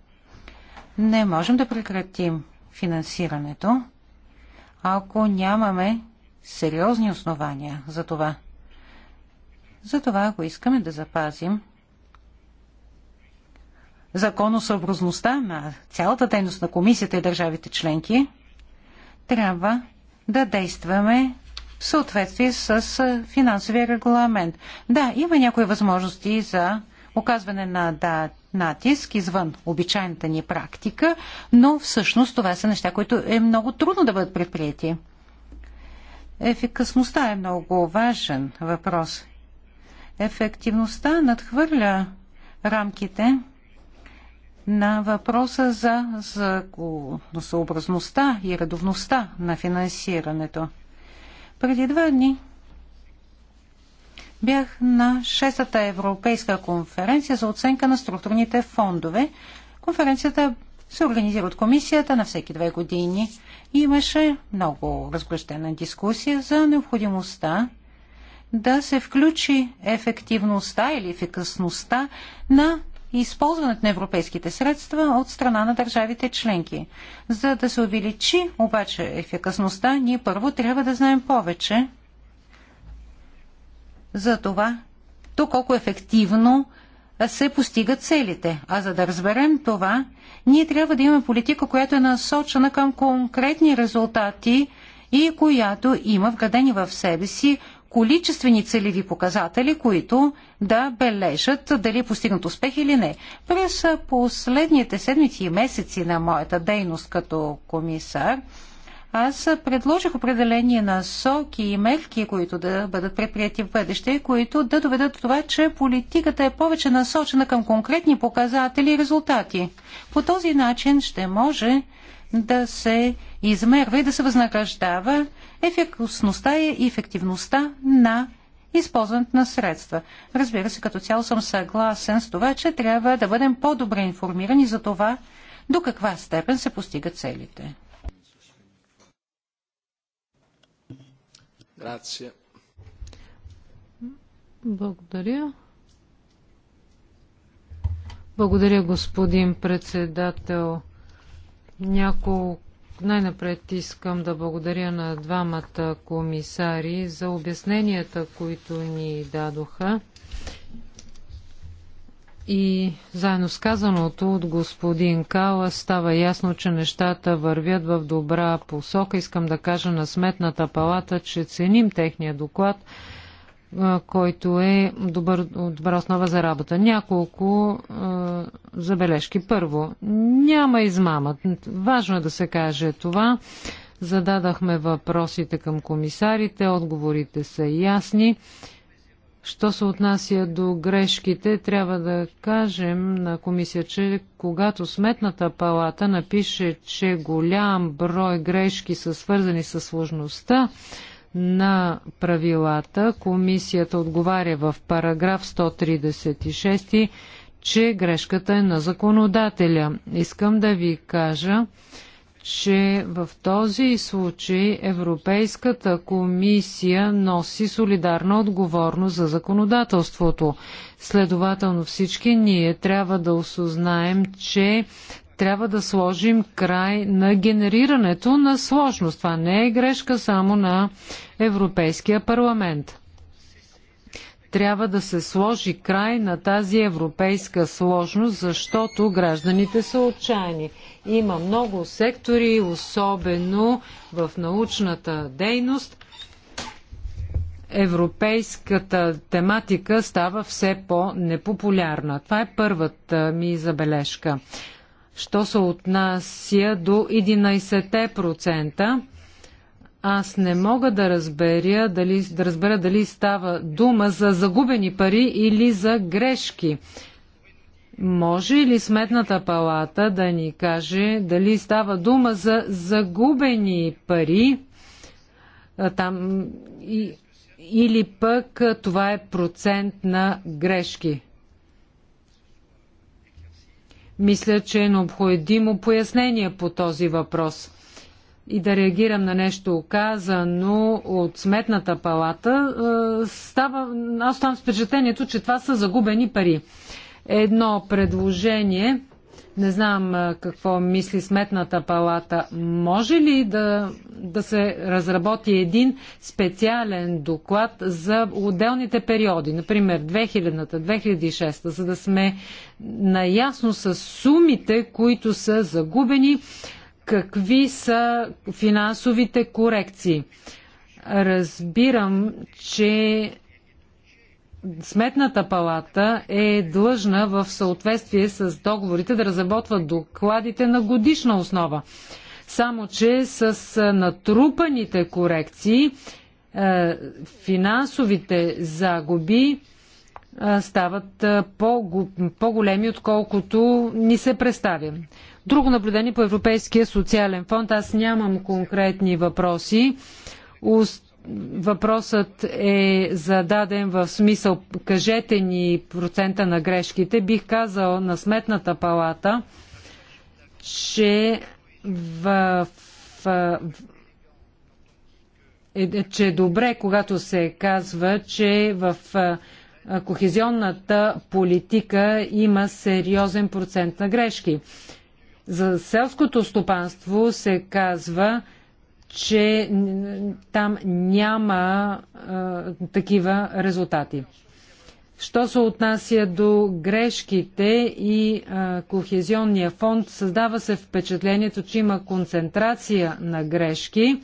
Speaker 4: Не можем да прекратим финансирането, ако нямаме сериозни основания за това. Затова, ако искаме да запазим законосъобразността на цялата дейност на комисията и държавите членки, трябва да действаме в съответствие с финансовия регламент. Да, има някои възможности за оказване на да, натиск извън обичайната ни практика, но всъщност това са неща, които е много трудно да бъдат предприяти. Ефикасността е много важен въпрос. Ефективността надхвърля рамките на въпроса за съобразността и редовността на финансирането. Преди два дни бях на 6-та европейска конференция за оценка на структурните фондове. Конференцията се организира от комисията на всеки две години. И имаше много разгръщена дискусия за необходимостта да се включи ефективността или ефикасността на използването на европейските средства от страна на държавите членки. За да се увеличи обаче ефикасността, ние първо трябва да знаем повече за това, колко ефективно се постигат целите. А за да разберем това, ние трябва да имаме политика, която е насочена към конкретни резултати и която има вградени в себе си количествени целеви показатели, които да бележат дали е постигнат успех или не. През последните седмици и месеци на моята дейност като комисар, аз предложих определени насоки и мерки, които да бъдат предприяти в бъдеще, които да доведат до това, че политиката е повече насочена към конкретни показатели и резултати. По този начин ще може да се измерва и да се възнаграждава ефикасността и ефективността на използването на средства. Разбира се, като цяло съм съгласен с това, че трябва да бъдем по-добре информирани за това, до каква степен се постигат целите.
Speaker 1: Грация.
Speaker 5: Благодаря. Благодаря, господин председател. Няколко най-напред искам да благодаря на двамата комисари за обясненията, които ни дадоха. И заедно с казаното от господин Кала става ясно, че нещата вървят в добра посока. Искам да кажа на Сметната палата, че ценим техния доклад който е добър, добра основа за работа. Няколко е, забележки. Първо, няма измама. Важно е да се каже това. Зададахме въпросите към комисарите, отговорите са ясни. Що се отнася до грешките, трябва да кажем на комисия, че когато Сметната палата напише, че голям брой грешки са свързани с сложността, на правилата, комисията отговаря в параграф 136, че грешката е на законодателя. Искам да ви кажа, че в този случай Европейската комисия носи солидарна отговорност за законодателството. Следователно всички ние трябва да осознаем, че трябва да сложим край на генерирането на сложност. Това не е грешка само на Европейския парламент. Трябва да се сложи край на тази европейска сложност, защото гражданите са отчаяни. Има много сектори, особено в научната дейност. Европейската тематика става все по-непопулярна. Това е първата ми забележка. Що се отнася до 11%, аз не мога да разбера, дали, да разбера дали става дума за загубени пари или за грешки. Може ли сметната палата да ни каже дали става дума за загубени пари там, и, или пък това е процент на грешки? Мисля, че е необходимо пояснение по този въпрос. И да реагирам на нещо казано от Сметната палата, е, става, аз ставам с впечатлението, че това са загубени пари. Едно предложение, не знам е, какво мисли Сметната палата, може ли да да се разработи един специален доклад за отделните периоди, например 2000-та, 2006-та, за да сме наясно с сумите, които са загубени, какви са финансовите корекции. Разбирам, че Сметната палата е длъжна в съответствие с договорите да разработва докладите на годишна основа. Само, че с натрупаните корекции финансовите загуби стават по-големи, отколкото ни се представя. Друго наблюдение по Европейския социален фонд. Аз нямам конкретни въпроси. Въпросът е зададен в смисъл кажете ни процента на грешките. Бих казал на Сметната палата, че в, в е, е, че е добре, когато се казва, че в кохезионната политика има сериозен процент на грешки. За селското стопанство се казва, че там няма а, такива резултати. Що се отнася до грешките и а, кохезионния фонд, създава се впечатлението, че има концентрация на грешки.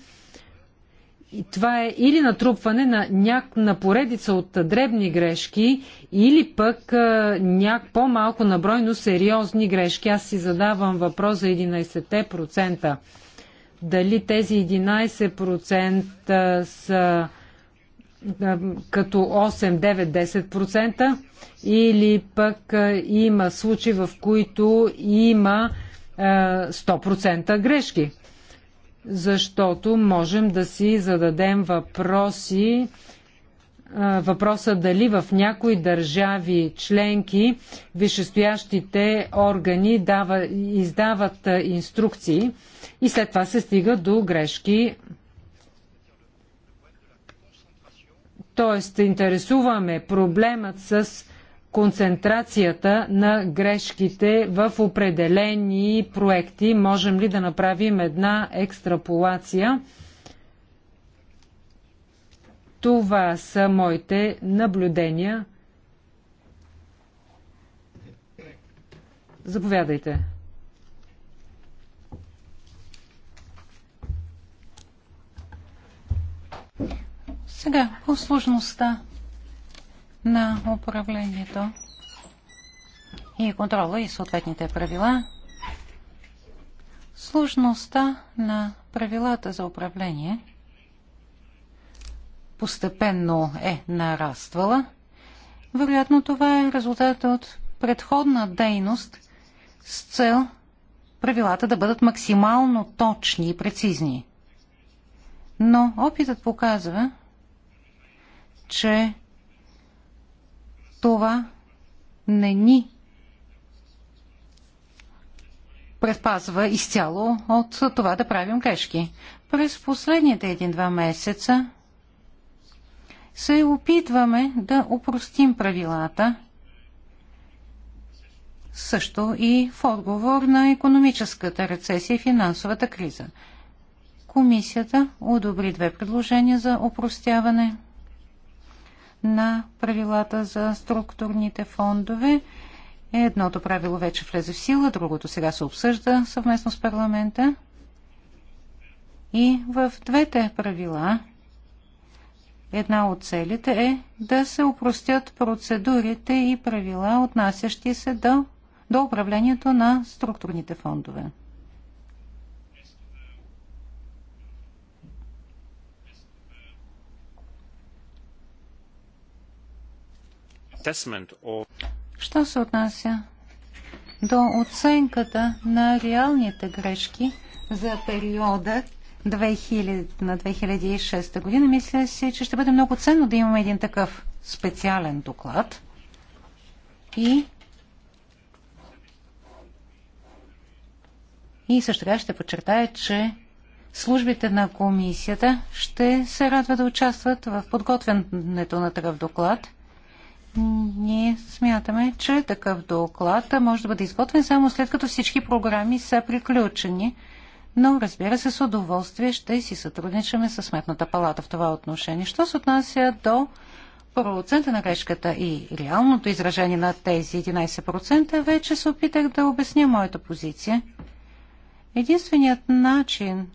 Speaker 5: И това е или натрупване на, няк... на поредица от дребни грешки, или пък а, няк... по-малко набройно сериозни грешки. Аз си задавам въпрос за 11%. Дали тези 11% са като 8, 9, 10% или пък има случаи, в които има 100% грешки. Защото можем да си зададем въпроси, въпроса дали в някои държави членки висшестоящите органи дава, издават инструкции и след това се стига до грешки Тоест, интересуваме проблемът с концентрацията на грешките в определени проекти. Можем ли да направим една екстраполация? Това са моите наблюдения. Заповядайте.
Speaker 4: Сега, по сложността на управлението и контрола и съответните правила, сложността на правилата за управление постепенно е нараствала. Вероятно това е резултат от предходна дейност с цел правилата да бъдат максимално точни и прецизни. Но опитът показва, че това не ни предпазва изцяло от това да правим грешки. През последните един-два месеца се опитваме да упростим правилата, също и в отговор на економическата рецесия и финансовата криза. Комисията одобри две предложения за упростяване – на правилата за структурните фондове. Едното правило вече влезе в сила, другото сега се обсъжда съвместно с парламента. И в двете правила една от целите е да се упростят процедурите и правила, отнасящи се до, до управлението на структурните фондове. Що се отнася до оценката на реалните грешки за периода 2000 на 2006 година, мисля си, че ще бъде много ценно да имаме един такъв специален доклад и И също така ще подчертая, че службите на комисията ще се радва да участват в подготвянето на такъв доклад ние смятаме, че такъв доклад може да бъде изготвен само след като всички програми са приключени. Но, разбира се, с удоволствие ще си сътрудничаме с Сметната палата в това отношение. Що се отнася до процента на грешката и реалното изражение на тези 11%, вече се опитах да обясня моята позиция. Единственият начин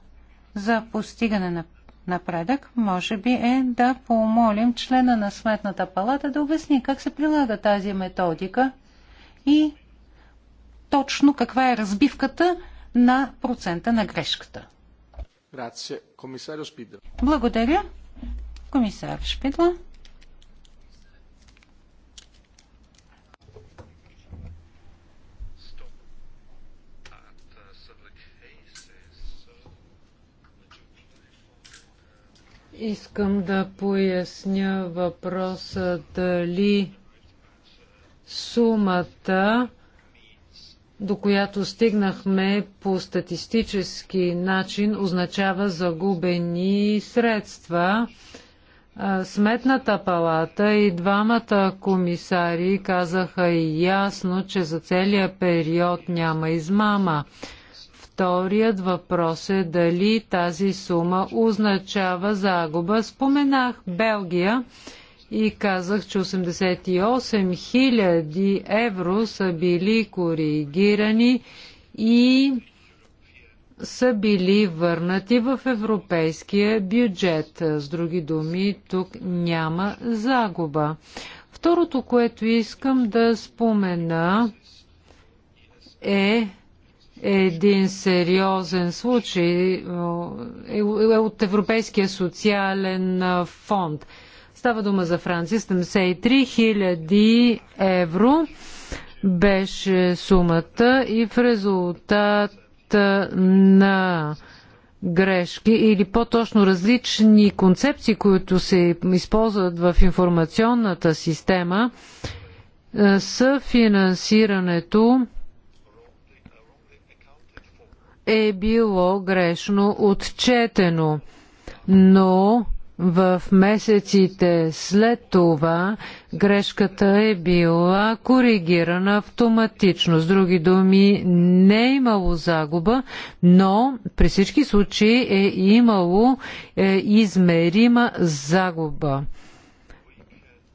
Speaker 4: за постигане на напредък, може би е да помолим члена на Сметната палата да обясни как се прилага тази методика и точно каква е разбивката на процента на грешката. Благодаря. Комисар Шпидла.
Speaker 5: Искам да поясня въпроса дали сумата, до която стигнахме по статистически начин, означава загубени средства. Сметната палата и двамата комисари казаха ясно, че за целия период няма измама. Вторият въпрос е дали тази сума означава загуба. Споменах Белгия и казах, че 88 000 евро са били коригирани и са били върнати в европейския бюджет. С други думи, тук няма загуба. Второто, което искам да спомена е един сериозен случай е, е от Европейския социален фонд. Става дума за Франция. 73 000 евро беше сумата и в резултат на грешки или по-точно различни концепции, които се използват в информационната система, съфинансирането финансирането е било грешно отчетено, но в месеците след това грешката е била коригирана автоматично. С други думи, не е имало загуба, но при всички случаи е имало е, измерима загуба,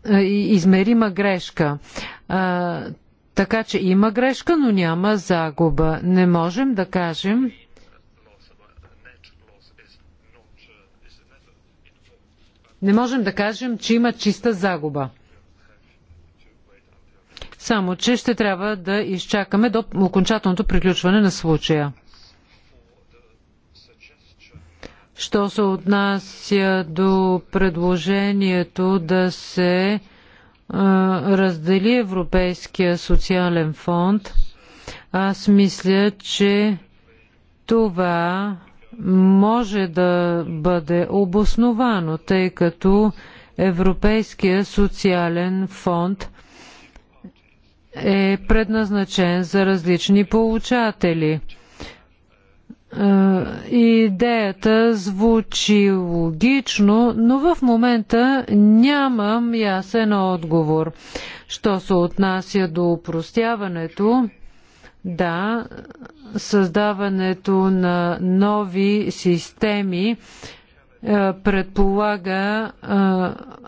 Speaker 5: е, измерима грешка. Така че има грешка, но няма загуба. Не можем да кажем, Не можем да кажем, че има чиста загуба. Само, че ще трябва да изчакаме до окончателното приключване на случая. Що се отнася до предложението да се раздели Европейския социален фонд, аз мисля, че това може да бъде обосновано, тъй като Европейския социален фонд е предназначен за различни получатели – Идеята звучи логично, но в момента нямам ясен отговор. Що се отнася до упростяването, да, създаването на нови системи предполага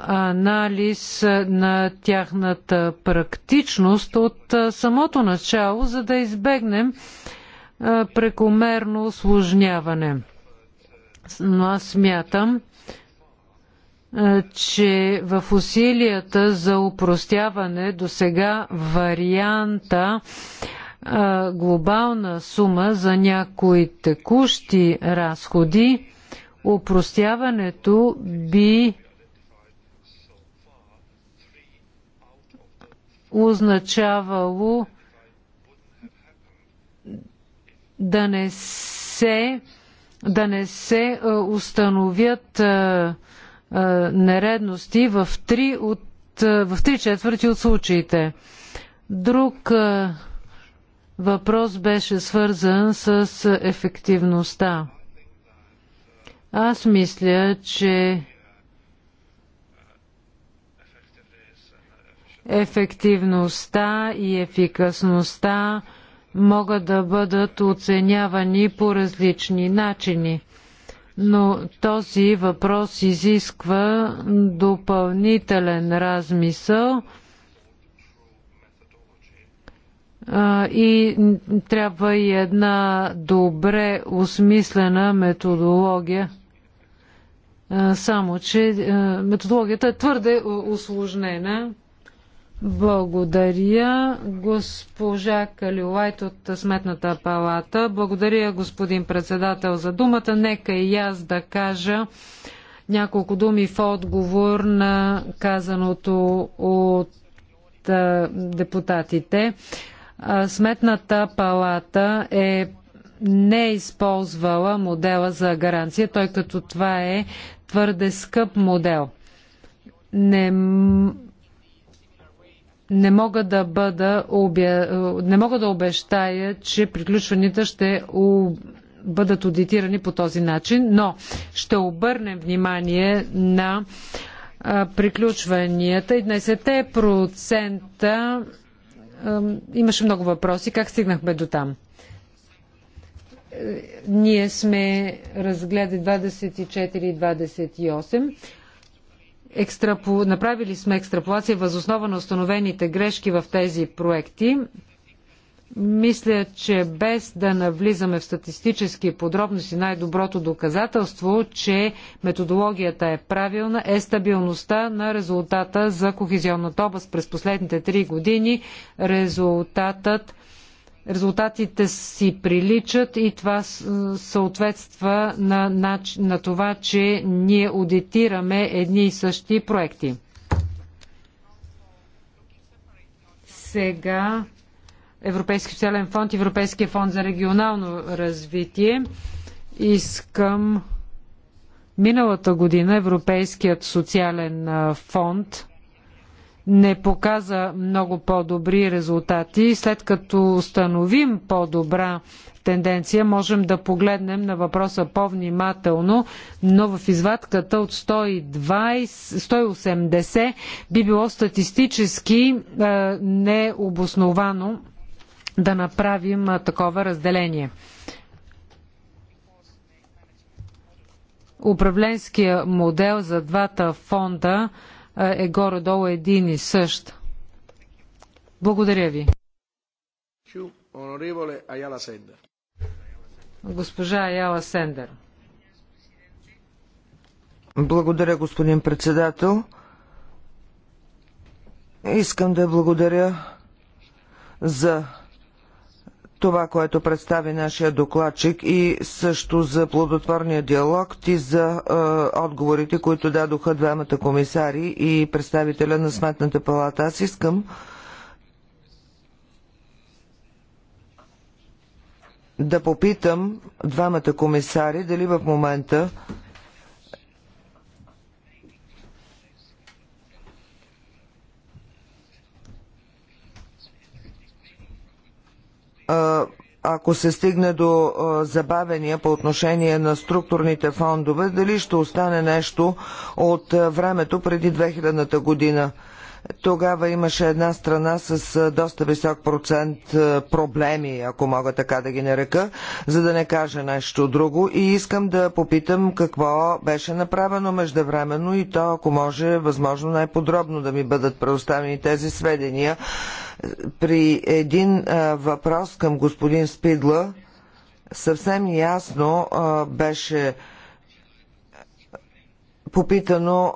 Speaker 5: анализ на тяхната практичност от самото начало, за да избегнем прекомерно осложняване. Но аз смятам, че в усилията за упростяване до сега варианта глобална сума за някои текущи разходи, упростяването би означавало да не се, да не се е, установят е, е, нередности в три, от, в три четвърти от случаите. Друг въпрос беше свързан с ефективността. Аз мисля, че ефективността и ефикасността могат да бъдат оценявани по различни начини. Но този въпрос изисква допълнителен размисъл и трябва и една добре осмислена методология. Само, че методологията е твърде осложнена. Благодаря госпожа Калилайт от Сметната палата. Благодаря господин председател за думата. Нека и аз да кажа няколко думи в отговор на казаното от депутатите. Сметната палата е не е използвала модела за гаранция, тъй като това е твърде скъп модел. Не, не мога да бъда обя... не мога да обещая, че приключванията ще у... бъдат аудитирани по този начин, но ще обърнем внимание на приключванията. 11% имаше много въпроси. Как стигнахме до там? Ние сме разгледали 24 и 28. Направили сме екстраполация възоснова на установените грешки в тези проекти. Мисля, че без да навлизаме в статистически подробности, най-доброто доказателство, че методологията е правилна, е стабилността на резултата за кохезионната област през последните три години. Резултатът резултатите си приличат и това съответства на, на, на това, че ние аудитираме едни и същи проекти. Сега Европейски социален фонд, Европейския фонд за регионално развитие. Искам миналата година Европейският социален фонд не показа много по-добри резултати. След като установим по-добра тенденция, можем да погледнем на въпроса по-внимателно, но в извадката от 120, 180 би било статистически е, необосновано да направим е, такова разделение. Управленския модел за двата фонда е, е горе-долу един и същ. Благодаря ви. Госпожа Аяла Сендер.
Speaker 2: Благодаря, господин председател. Искам да благодаря за това, което представи нашия докладчик и също за плодотворния диалог и за е, отговорите, които дадоха двамата комисари и представителя на Сметната палата. Аз искам да попитам двамата комисари дали в момента ако се стигне до забавения по отношение на структурните фондове, дали ще остане нещо от времето преди 2000-та година. Тогава имаше една страна с доста висок процент проблеми, ако мога така да ги нарека, за да не кажа нещо друго. И искам да попитам какво беше направено междувременно и то, ако може, възможно най-подробно да ми бъдат предоставени тези сведения. При един въпрос към господин Спидла съвсем ясно беше попитано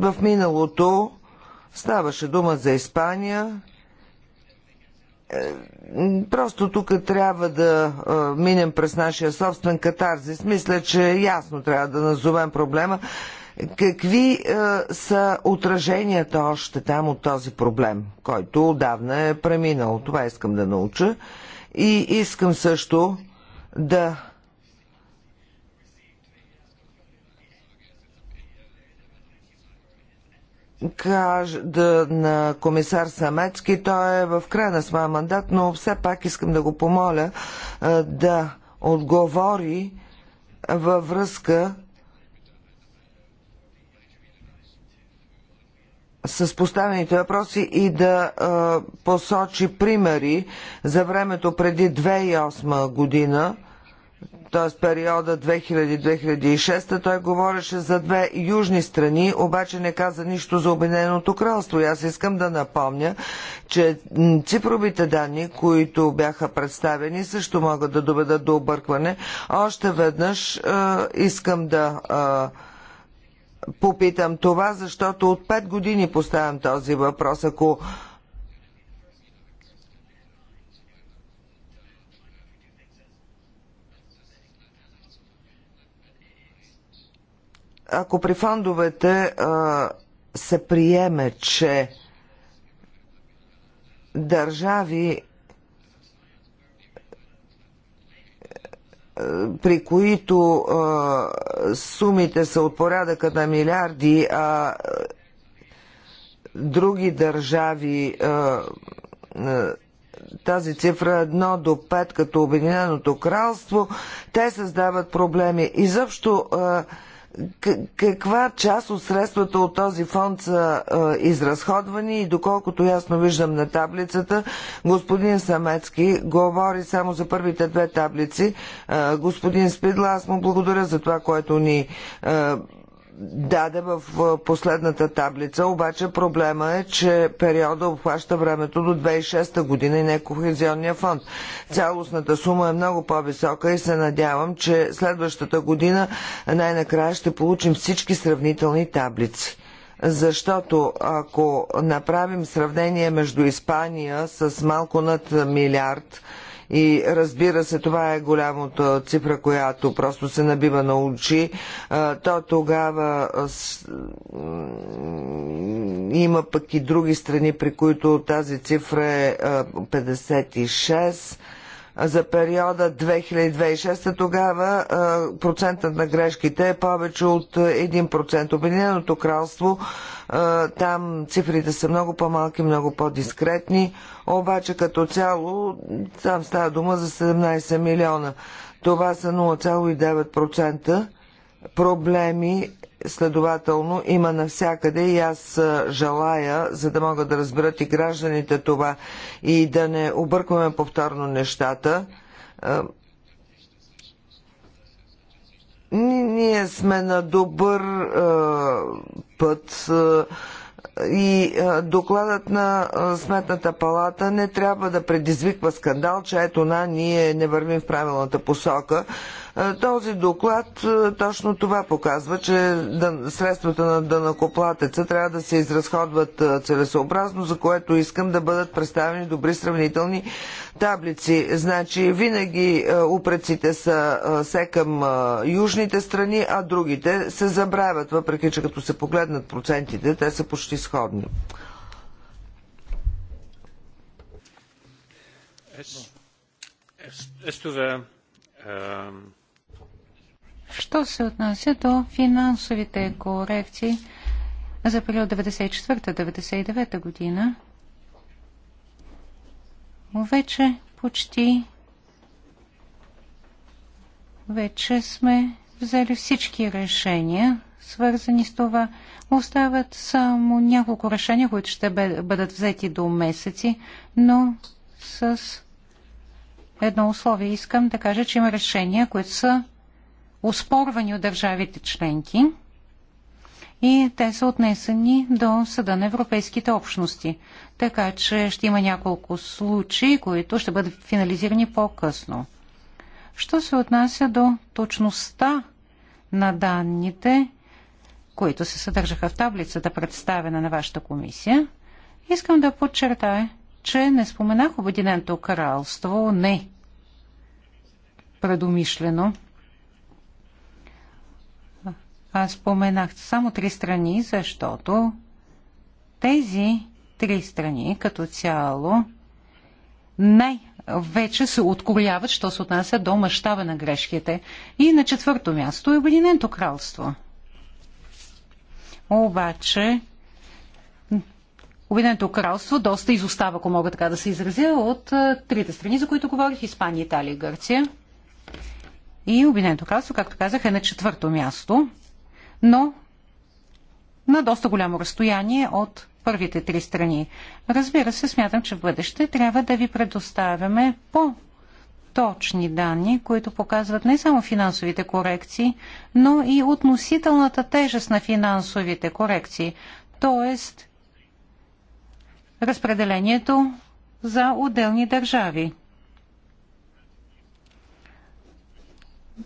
Speaker 2: в миналото Ставаше дума за Испания. Е, просто тук трябва да е, минем през нашия собствен катарзис. Мисля, че ясно трябва да назовем проблема. Какви е, са отраженията още там от този проблем, който отдавна е преминал? Това искам да науча. И искам също да каж, да, на комисар Самецки. Той е в края на своя мандат, но все пак искам да го помоля да отговори във връзка с поставените въпроси и да а, посочи примери за времето преди 2008 година т.е. периода 2000-2006, той говореше за две южни страни, обаче не каза нищо за Обединеното кралство. И аз искам да напомня, че цифровите данни, които бяха представени, също могат да доведат до объркване. Още веднъж е, искам да. Е, попитам това, защото от 5 години поставям този въпрос. Ако ако при фондовете а, се приеме, че държави, при които а, сумите са от порядъка на милиарди, а други държави а, тази цифра 1 е до 5 като Обединеното кралство, те създават проблеми. Изобщо а, каква част от средствата от този фонд са е, изразходвани и доколкото ясно виждам на таблицата, господин Самецки говори само за първите две таблици. Е, господин Спидла, аз му благодаря за това, което ни е, даде в последната таблица, обаче проблема е, че периода обхваща времето до 2006 година и не е кохезионния фонд. Цялостната сума е много по-висока и се надявам, че следващата година най-накрая ще получим всички сравнителни таблици защото ако направим сравнение между Испания с малко над милиард и разбира се, това е голямото цифра, която просто се набива на очи. То тогава има пък и други страни, при които тази цифра е 56 за периода 2006 тогава процентът на грешките е повече от 1%. Обединеното кралство там цифрите са много по-малки, много по-дискретни, обаче като цяло там става дума за 17 милиона. Това са 0,9% проблеми, следователно има навсякъде и аз желая, за да могат да разберат и гражданите това и да не объркваме повторно нещата. Ние сме на добър път и докладът на Сметната палата не трябва да предизвиква скандал, че ето на ние не вървим в правилната посока. Този доклад точно това показва, че средствата на дънакоплатеца трябва да се изразходват целесообразно, за което искам да бъдат представени добри сравнителни таблици. Значи винаги упреците са се към южните страни, а другите се забравят, въпреки че като се погледнат процентите, те са почти сходни.
Speaker 3: As, as um,
Speaker 4: Що се отнася до финансовите корекции за период 94-99 година, вече почти вече сме взели всички решения, свързани с това. Остават само няколко решения, които ще бъдат взети до месеци, но с едно условие искам да кажа, че има решения, които са оспорвани от държавите членки и те са отнесени до Съда на Европейските общности. Така че ще има няколко случаи, които ще бъдат финализирани по-късно. Що се отнася до точността на данните, които се съдържаха в таблицата, представена на вашата комисия, искам да подчертая, че не споменах Обединеното кралство, не предумишлено. Аз споменах само три страни, защото тези три страни като цяло най-вече се откоряват, що се отнася до мащаба на грешките. И на четвърто място е Обединеното кралство. Обаче Обединеното кралство доста изостава, ако мога така да се изразя, от трите страни, за които говорих Испания, Италия и Гърция. И Обединеното кралство, както казах, е на четвърто място но на доста голямо разстояние от първите три страни. Разбира се, смятам, че в бъдеще трябва да ви предоставяме по точни данни, които показват не само финансовите корекции, но и относителната тежест на финансовите корекции, т.е. разпределението за отделни държави.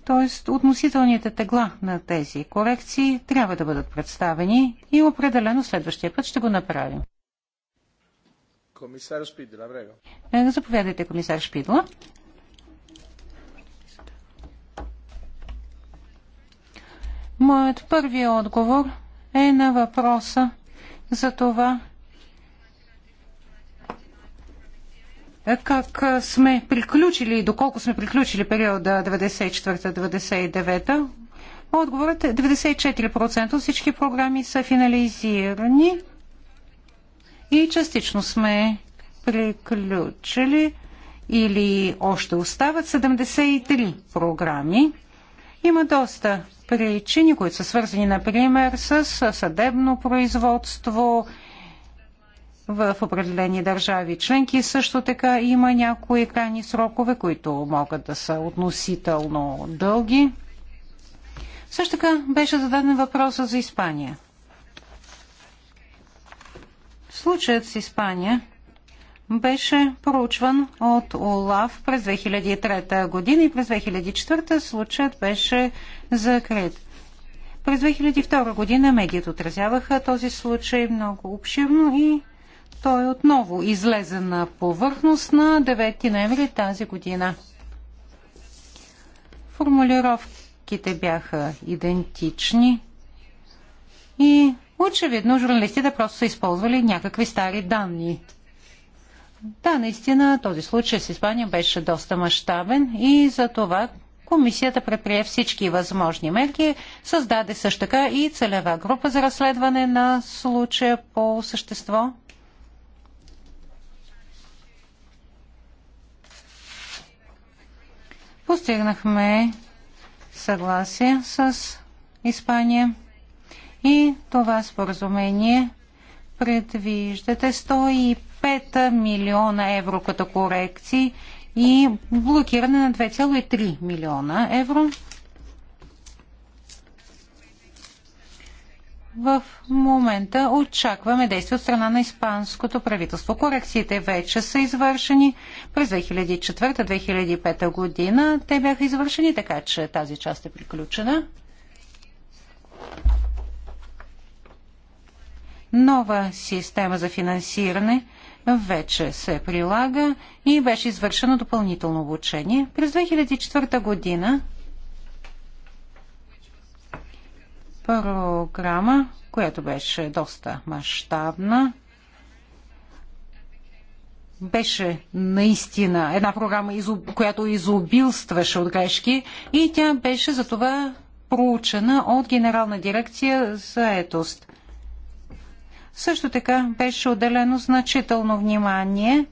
Speaker 4: т.е. относителните тегла на тези корекции трябва да бъдат представени и определено следващия път ще го направим.
Speaker 1: Комисар Шпидла, врега.
Speaker 4: Е, заповядайте, комисар Шпидла. Моят първи отговор е на въпроса за това как сме приключили, доколко сме приключили периода 94-99, отговорът е 94% от всички програми са финализирани и частично сме приключили или още остават 73 програми. Има доста причини, които са свързани, например, с съдебно производство, в определени държави членки. Също така има някои крайни срокове, които могат да са относително дълги. Също така беше зададен въпроса за Испания. Случаят с Испания беше проучван от ОЛАВ през 2003 година и през 2004 случаят беше закрит. През 2002 година медиите отразяваха този случай много обширно и той отново излезе на повърхност на 9 ноември тази година. Формулировките бяха идентични и очевидно журналистите просто са използвали някакви стари данни. Да, наистина този случай с Испания беше доста мащабен и за това комисията предприе всички възможни мерки, създаде също така и целева група за разследване на случая по същество. Постигнахме съгласие с Испания и това споразумение предвиждате 105 милиона евро като корекции и блокиране на 2,3 милиона евро. в момента очакваме действия от страна на испанското правителство. Корекциите вече са извършени през 2004-2005 година. Те бяха извършени, така че тази част е приключена. Нова система за финансиране вече се прилага и беше извършено допълнително обучение. През 2004 година програма, която беше доста мащабна. Беше наистина една програма, която изобилстваше от грешки и тя беше за това проучена от Генерална дирекция за етост. Също така беше отделено значително внимание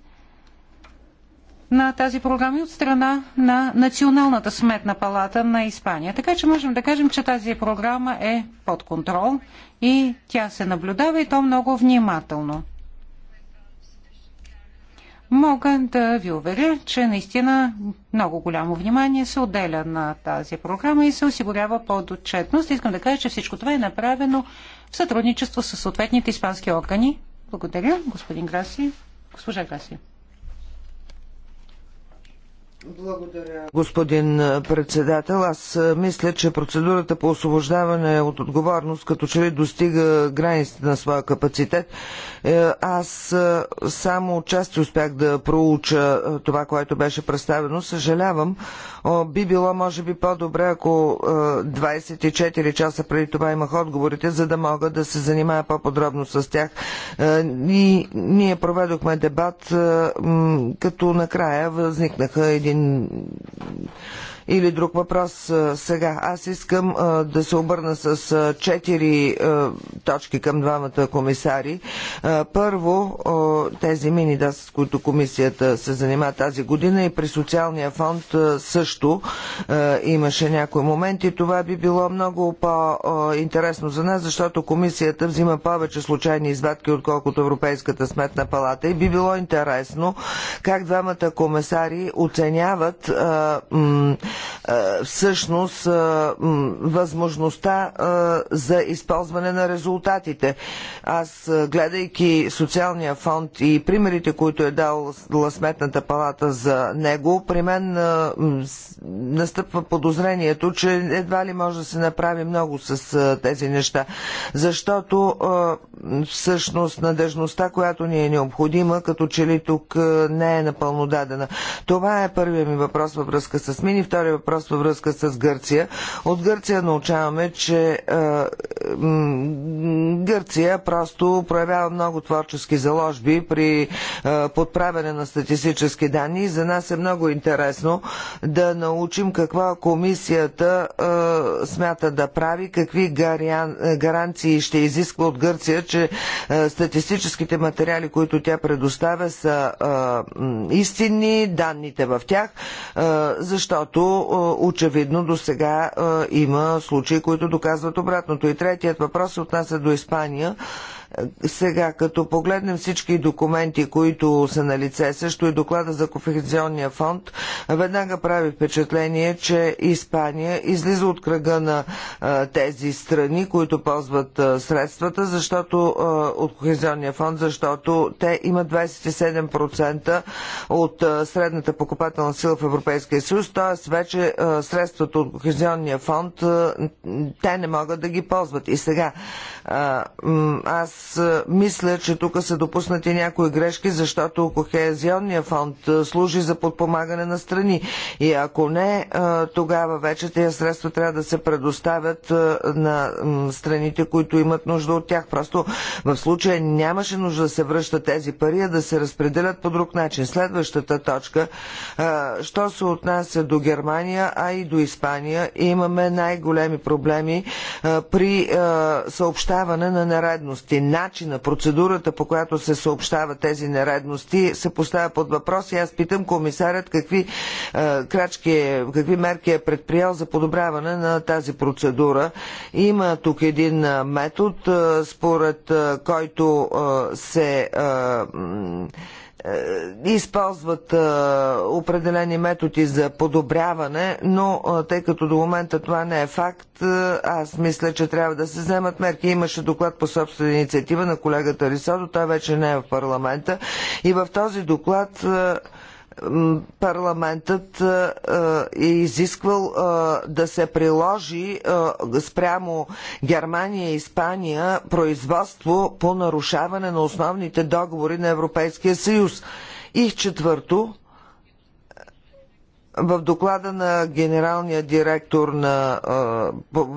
Speaker 4: на тази програма и от страна на Националната сметна палата на Испания. Така че можем да кажем, че тази програма е под контрол и тя се наблюдава и то много внимателно. Мога да ви уверя, че наистина много голямо внимание се отделя на тази програма и се осигурява отчетност. Искам да кажа, че всичко това е направено в сътрудничество с съответните испански органи. Благодаря, господин Граси. Госпожа Граси.
Speaker 2: Благодаря. Господин председател, аз мисля, че процедурата по освобождаване е от отговорност като че ли достига границите на своя капацитет. Е, аз само отчасти успях да проуча това, което беше представено. Съжалявам би било, може би, по-добре, ако 24 е, часа преди това имах отговорите, за да мога да се занимая по-подробно с тях. Е, и ние проведохме дебат, е, като накрая възникнаха един или друг въпрос сега. Аз искам да се обърна с четири точки към двамата комисари. Първо, тези мини да, с които комисията се занима тази година и при социалния фонд също имаше някои моменти. Това би било много по-интересно за нас, защото комисията взима повече случайни извадки, отколкото Европейската сметна палата. И би било интересно как двамата комисари оценяват е, всъщност е, възможността е, за използване на резултатите. Аз, гледайки социалния фонд и примерите, които е дал Сметната палата за него, при мен настъпва подозрението, че едва ли може да се направи много с тези неща. Защото всъщност надежността, която ни е необходима, като че ли тук не е напълно дадена. Това е първият ми въпрос във връзка с мини. Втори втори въпрос във връзка с Гърция. От Гърция научаваме, че Гърция просто проявява много творчески заложби при подправяне на статистически данни. За нас е много интересно да научим каква комисията смята да прави, какви гаранции ще изисква от Гърция, че статистическите материали, които тя предоставя, са истинни, данните в тях, защото очевидно до сега има случаи, които доказват обратното. И третият въпрос се отнася до Испания сега, като погледнем всички документи, които са на лице, също и доклада за Кофехизионния фонд, веднага прави впечатление, че Испания излиза от кръга на а, тези страни, които ползват а, средствата, защото а, от Кохезионния фонд, защото те имат 27% от средната покупателна сила в Европейския съюз, т.е. вече средствата от Кохезионния фонд те не могат да ги ползват. И сега аз аз мисля, че тук са допуснати някои грешки, защото Кохезионния фонд служи за подпомагане на страни. И ако не, тогава вече тези средства трябва да се предоставят на страните, които имат нужда от тях. Просто в случая нямаше нужда да се връщат тези пари, а да се разпределят по друг начин. Следващата точка, що се отнася до Германия, а и до Испания, имаме най-големи проблеми при съобщаване на нередности начина, процедурата, по която се съобщават тези нередности, се поставя под въпрос и аз питам комисарят какви е, крачки, е, какви мерки е предприял за подобряване на тази процедура. Има тук един е, метод, според който се е, използват е, определени методи за подобряване, но е, тъй като до момента това не е факт, аз мисля, че трябва да се вземат мерки. Имаше доклад по собствена инициатива на колегата Рисодо, той вече не е в парламента и в този доклад парламентът е изисквал да се приложи спрямо Германия и Испания производство по нарушаване на основните договори на Европейския съюз. И четвърто, в доклада на генералния директор на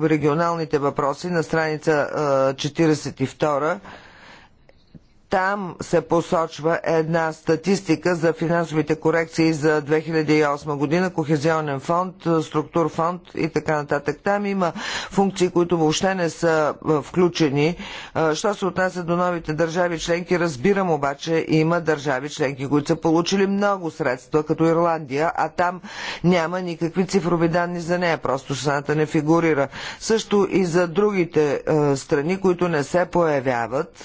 Speaker 2: регионалните въпроси на страница 42 там се посочва една статистика за финансовите корекции за 2008 година, Кохезионен фонд, структур фонд и така нататък. Там има функции, които въобще не са включени. Що се отнася до новите държави членки, разбирам обаче, има държави членки, които са получили много средства, като Ирландия, а там няма никакви цифрови данни за нея, просто страната не фигурира. Също и за другите страни, които не се появяват.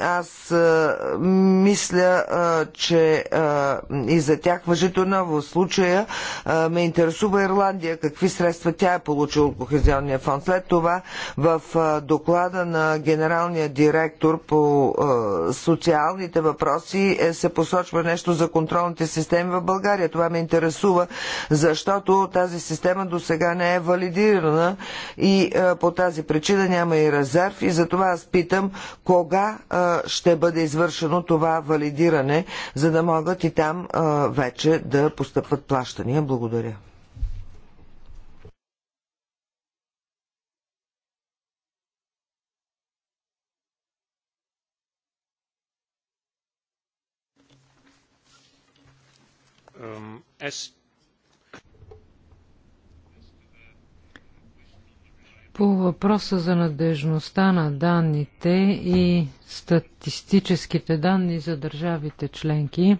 Speaker 2: аз а, мисля, а, че а, и за тях въжито в случая а, ме интересува Ирландия, какви средства тя е получила от Кохезионния фонд. След това в а, доклада на генералния директор по а, социалните въпроси е, се посочва нещо за контролните системи в България. Това ме интересува, защото тази система до сега не е валидирана и а, по тази причина няма и резерв и затова аз питам кога а, ще бъде извършено това валидиране, за да могат и там вече да постъпват плащания. Благодаря.
Speaker 3: Um, as
Speaker 5: По въпроса за надежността на данните и статистическите данни за държавите членки,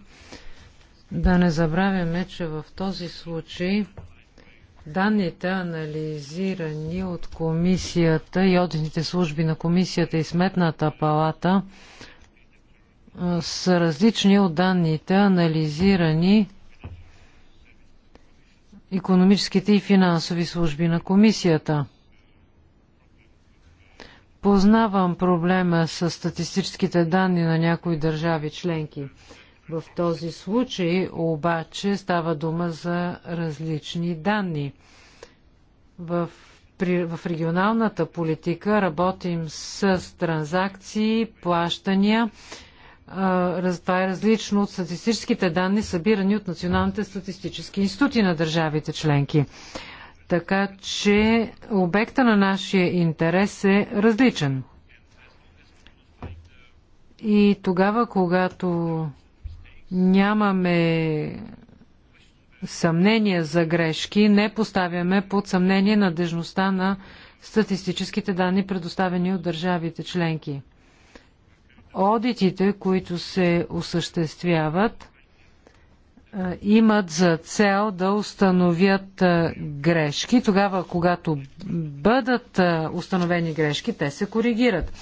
Speaker 5: да не забравяме, че в този случай данните, анализирани от комисията и одитните служби на комисията и сметната палата, са различни от данните, анализирани економическите и финансови служби на комисията – Познавам проблема с статистическите данни на някои държави членки. В този случай обаче става дума за различни данни. В, при, в регионалната политика работим с транзакции, плащания. Раз, това е различно от статистическите данни, събирани от националните статистически институти на държавите членки. Така че обекта на нашия интерес е различен. И тогава, когато нямаме съмнение за грешки, не поставяме под съмнение надежността на статистическите данни, предоставени от държавите членки. Одитите, които се осъществяват, имат за цел да установят грешки. Тогава, когато бъдат установени грешки, те се коригират.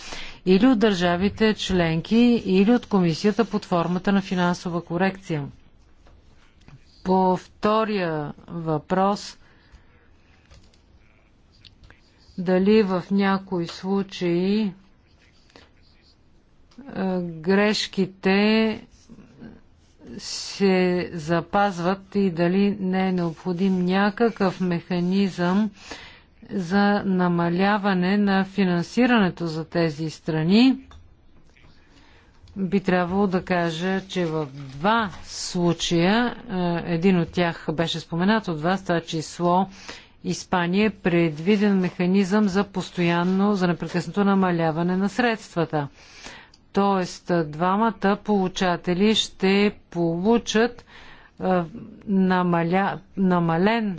Speaker 5: Или от държавите членки, или от комисията под формата на финансова корекция. По втория въпрос, дали в някои случаи грешките се запазват и дали не е необходим някакъв механизъм за намаляване на финансирането за тези страни. Би трябвало да кажа, че в два случая, е, един от тях беше споменат от вас, това число Испания, е предвиден механизъм за постоянно, за непрекъснато намаляване на средствата. Тоест, двамата получатели ще получат намаля, намален,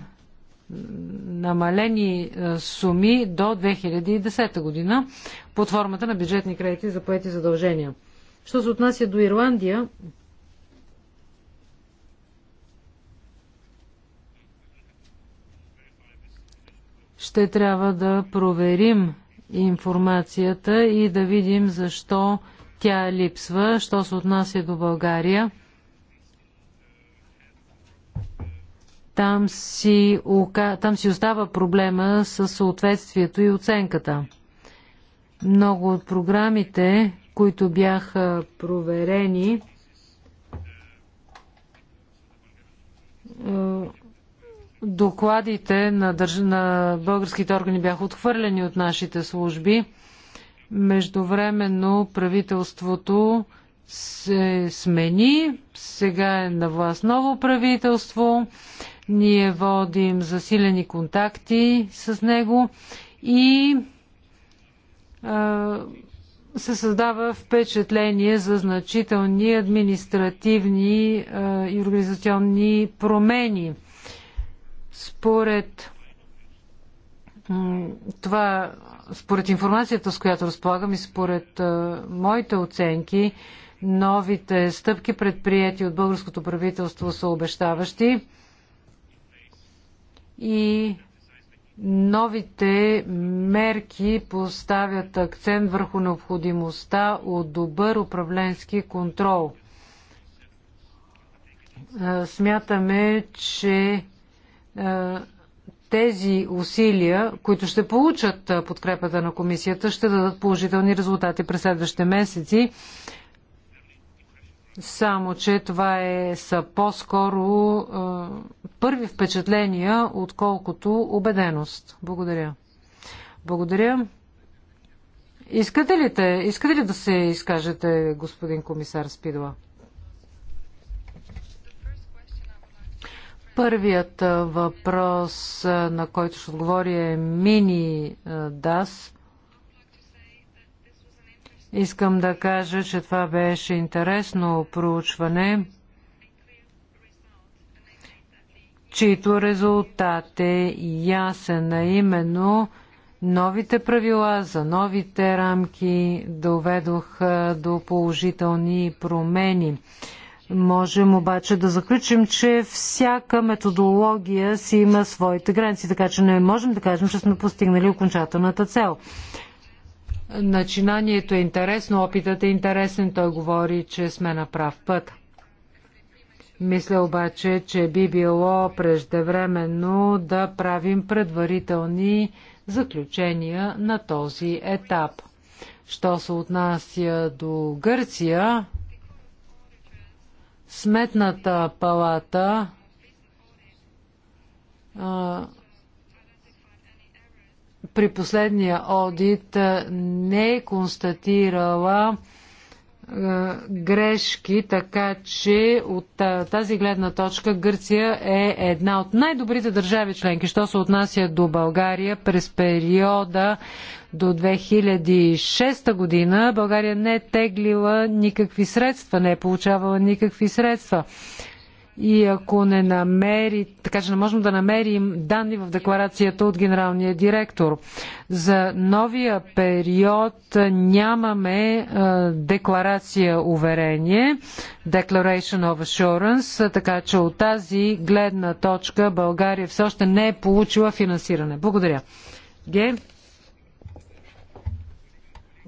Speaker 5: намалени суми до 2010 година под формата на бюджетни кредити за поети задължения. Що се отнася до Ирландия, ще трябва да проверим информацията и да видим защо тя липсва, що се отнася до България. Там си, там си остава проблема с съответствието и оценката. Много от програмите, които бяха проверени, е, докладите на, държ... на българските органи бяха отхвърлени от нашите служби. Междувременно правителството се смени, сега е на власт ново правителство, ние водим засилени контакти с него и се създава впечатление за значителни административни и организационни промени. Според това според информацията, с която разполагам и според моите оценки, новите стъпки, предприяти от българското правителство, са обещаващи и новите мерки поставят акцент върху необходимостта от добър управленски контрол. Смятаме, че тези усилия, които ще получат подкрепата на комисията, ще дадат положителни резултати през следващите месеци. Само, че това е, са по-скоро е, първи впечатления, отколкото убеденост. Благодаря. Благодаря. Искате ли, те, искате ли да се изкажете, господин комисар Спидова? Първият въпрос, на който ще отговори е мини ДАС. Искам да кажа, че това беше интересно проучване, чийто резултат е ясен, а именно новите правила за новите рамки доведоха до положителни промени Можем обаче да заключим, че всяка методология си има своите граници, така че не можем да кажем, че сме постигнали окончателната цел. Начинанието е интересно, опитът е интересен, той говори, че сме на прав път. Мисля обаче, че би било преждевременно да правим предварителни заключения на този етап. Що се отнася до Гърция, Сметната палата а, при последния одит не е констатирала грешки, така че от тази гледна точка Гърция е една от най-добрите държави членки, що се отнася до България през периода до 2006 година България не е теглила никакви средства, не е получавала никакви средства. И ако не намери, така че не можем да намерим данни в декларацията от генералния директор. За новия период нямаме е, декларация уверение, Declaration of Assurance, така че от тази гледна точка България все още не е получила финансиране. Благодаря. Ге?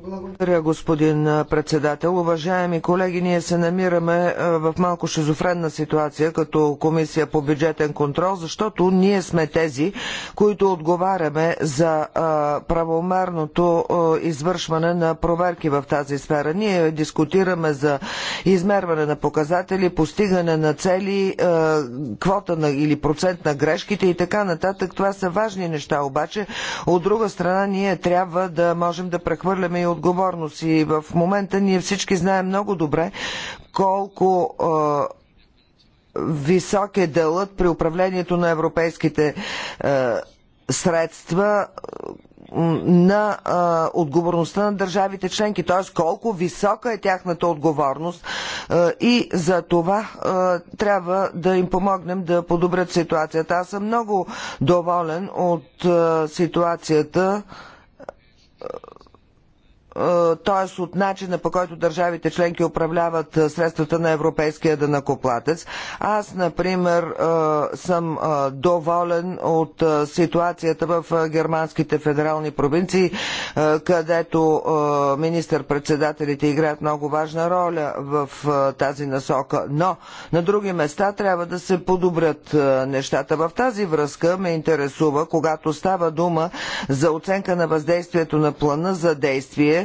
Speaker 2: Благодаря, господин председател. Уважаеми колеги, ние се намираме в малко шизофренна ситуация като Комисия по бюджетен контрол, защото ние сме тези, които отговаряме за правомерното извършване на проверки в тази сфера. Ние дискутираме за измерване на показатели, постигане на цели, квота на, или процент на грешките и така нататък. Това са важни неща, обаче от друга страна ние трябва да можем да прехвърляме и отговорност. И в момента ние всички знаем много добре колко висок е делът при управлението на европейските средства на а, отговорността на държавите членки, т.е. колко висока е тяхната отговорност а, и за това а, трябва да им помогнем да подобрят ситуацията. Аз съм много доволен от а, ситуацията т.е. от начина по който държавите членки управляват е, средствата на европейския дънакоплатец. Аз, например, е, съм е, доволен от ситуацията в германските федерални провинции, където министър-председателите играят много важна роля в тази насока. Но на други места трябва да се подобрят нещата. В тази връзка ме интересува, когато става дума за оценка на въздействието на плана за действие,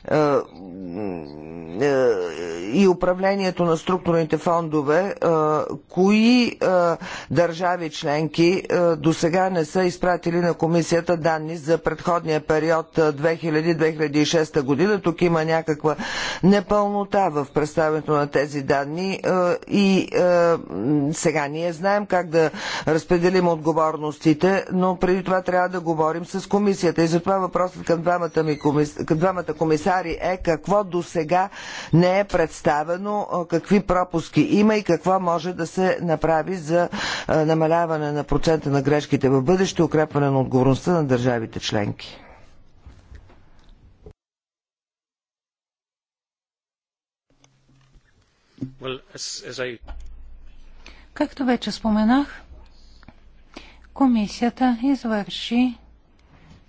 Speaker 2: Е, е, и управлението на структурните фондове, е, кои държави членки до сега не са изпратили на комисията данни за предходния период 2000-2006 година. Тук има някаква непълнота в представенето на тези данни и сега ние знаем как да разпределим отговорностите, но преди това трябва да говорим с комисията. И затова въпросът към двамата, ми, към двамата комисари комисари е какво до сега не е представено, какви пропуски има и какво може да се направи за намаляване на процента на грешките в бъдеще, укрепване на отговорността на държавите
Speaker 4: членки. Както вече споменах, комисията извърши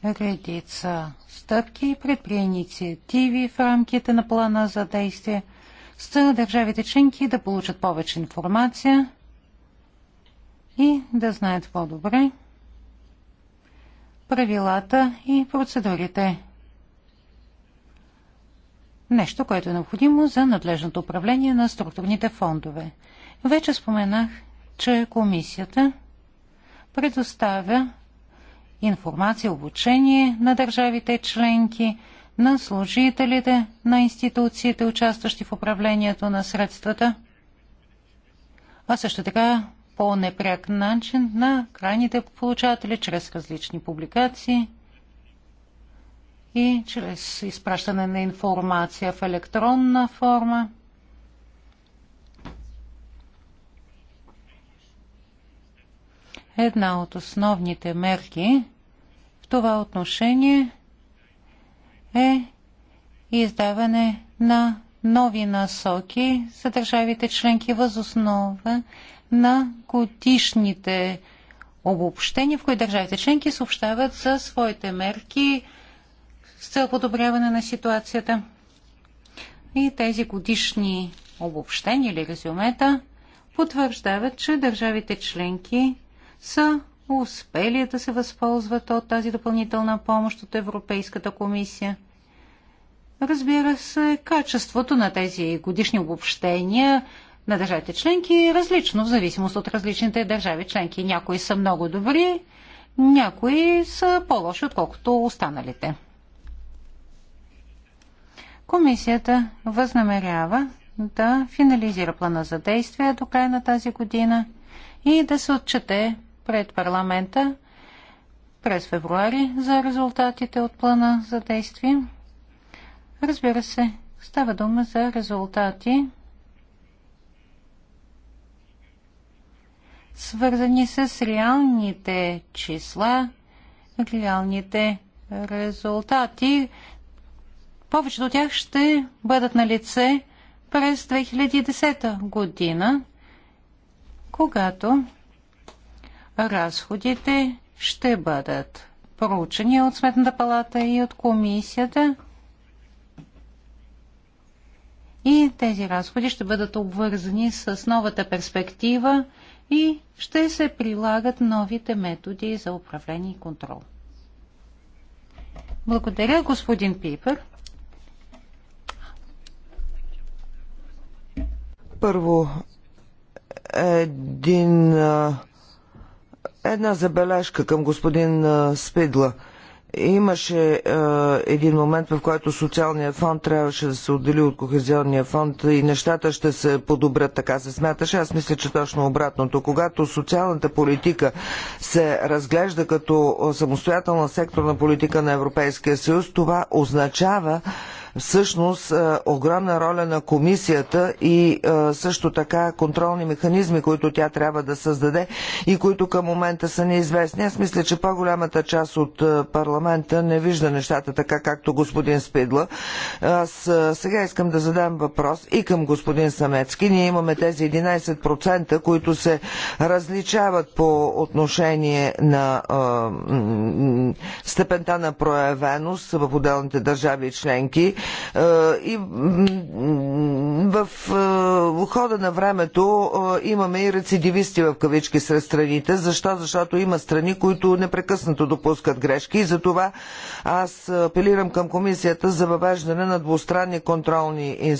Speaker 4: редица стъпки и предприе инициативи в рамките на плана за действие с цел държавите членки да получат повече информация и да знаят по-добре правилата и процедурите. Нещо, което е необходимо за надлежното управление на структурните фондове. Вече споменах, че комисията предоставя информация, и обучение на държавите членки, на служителите на институциите, участващи в управлението на средствата, а също така по непряк начин на крайните получатели чрез различни публикации и чрез изпращане на информация в електронна форма. Една от основните мерки, това отношение е издаване на нови насоки за държавите членки възоснова на годишните обобщения, в които държавите членки съобщават за своите мерки с цел подобряване на ситуацията. И тези годишни обобщения или резюмета потвърждават, че държавите членки са успели да се възползват от тази допълнителна помощ от Европейската комисия. Разбира се, качеството на тези годишни обобщения на държавите членки е различно в зависимост от различните държави членки. Някои са много добри, някои са по-лоши, отколкото останалите. Комисията възнамерява да финализира плана за действие до края на тази година и да се отчете пред парламента през февруари за резултатите от плана за действие. Разбира се, става дума за резултати, свързани с реалните числа, реалните резултати. Повечето от тях ще бъдат на лице през 2010 година, когато разходите ще бъдат проучени от Сметната палата и от комисията. И тези разходи ще бъдат обвързани с новата перспектива и ще се прилагат новите методи за управление и контрол. Благодаря, господин Пипер.
Speaker 2: Първо, един а, Една забележка към господин Спидла. Имаше е, един момент, в който социалния фонд трябваше да се отдели от кохезионния фонд и нещата ще се подобрят, така се смяташе. Аз мисля, че точно обратното. Когато социалната политика се разглежда като самостоятелна секторна политика на Европейския съюз, това означава, всъщност е, огромна роля на комисията и е, също така контролни механизми, които тя трябва да създаде и които към момента са неизвестни. Аз мисля, че по-голямата част от е, парламента не вижда нещата така, както господин Спидла. Аз сега искам да задам въпрос и към господин Самецки. Ние имаме тези 11%, които се различават по отношение на степента на проявеност в отделните държави и членки. Е, и в е, хода на времето е, имаме и рецидивисти в кавички сред страните. Защо? Защото има страни, които непрекъснато допускат грешки и затова аз апелирам към комисията за въвеждане на двустранни контролни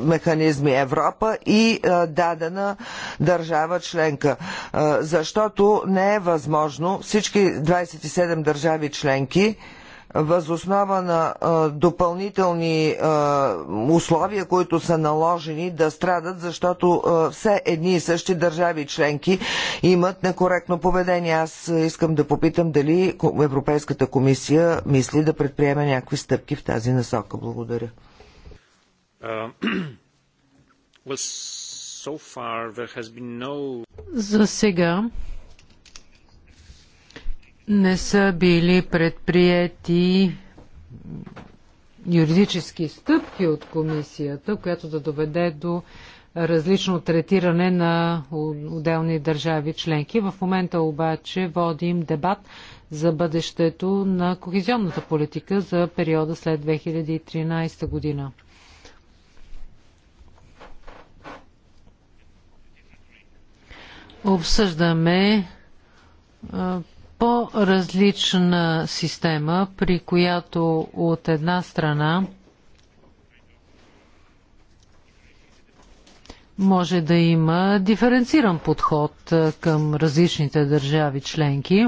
Speaker 2: механизми Европа и дадена държава членка. Защото не е възможно всички 27 държави членки възоснова на а, допълнителни а, условия, които са наложени да страдат, защото а, все едни и същи държави членки имат некоректно поведение. Аз искам да попитам дали Европейската комисия мисли да предприеме някакви стъпки в тази насока. Благодаря.
Speaker 3: За
Speaker 5: сега не са били предприяти юридически стъпки от комисията, която да доведе до различно третиране на отделни държави членки. В момента обаче водим дебат за бъдещето на кохезионната политика за периода след 2013 година. Обсъждаме по-различна система, при която от една страна може да има диференциран подход към различните държави членки.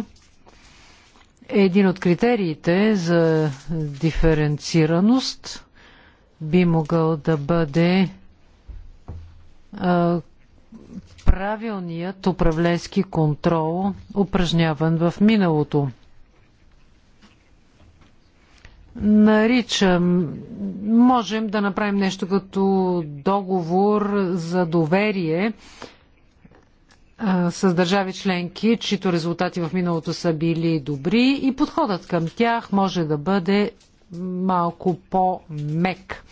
Speaker 5: Един от критериите за диференцираност би могъл да бъде правилният управленски контрол, упражняван в миналото. Наричам, можем да направим нещо като договор за доверие а, с държави членки, чието резултати в миналото са били добри и подходът към тях може да бъде малко по-мек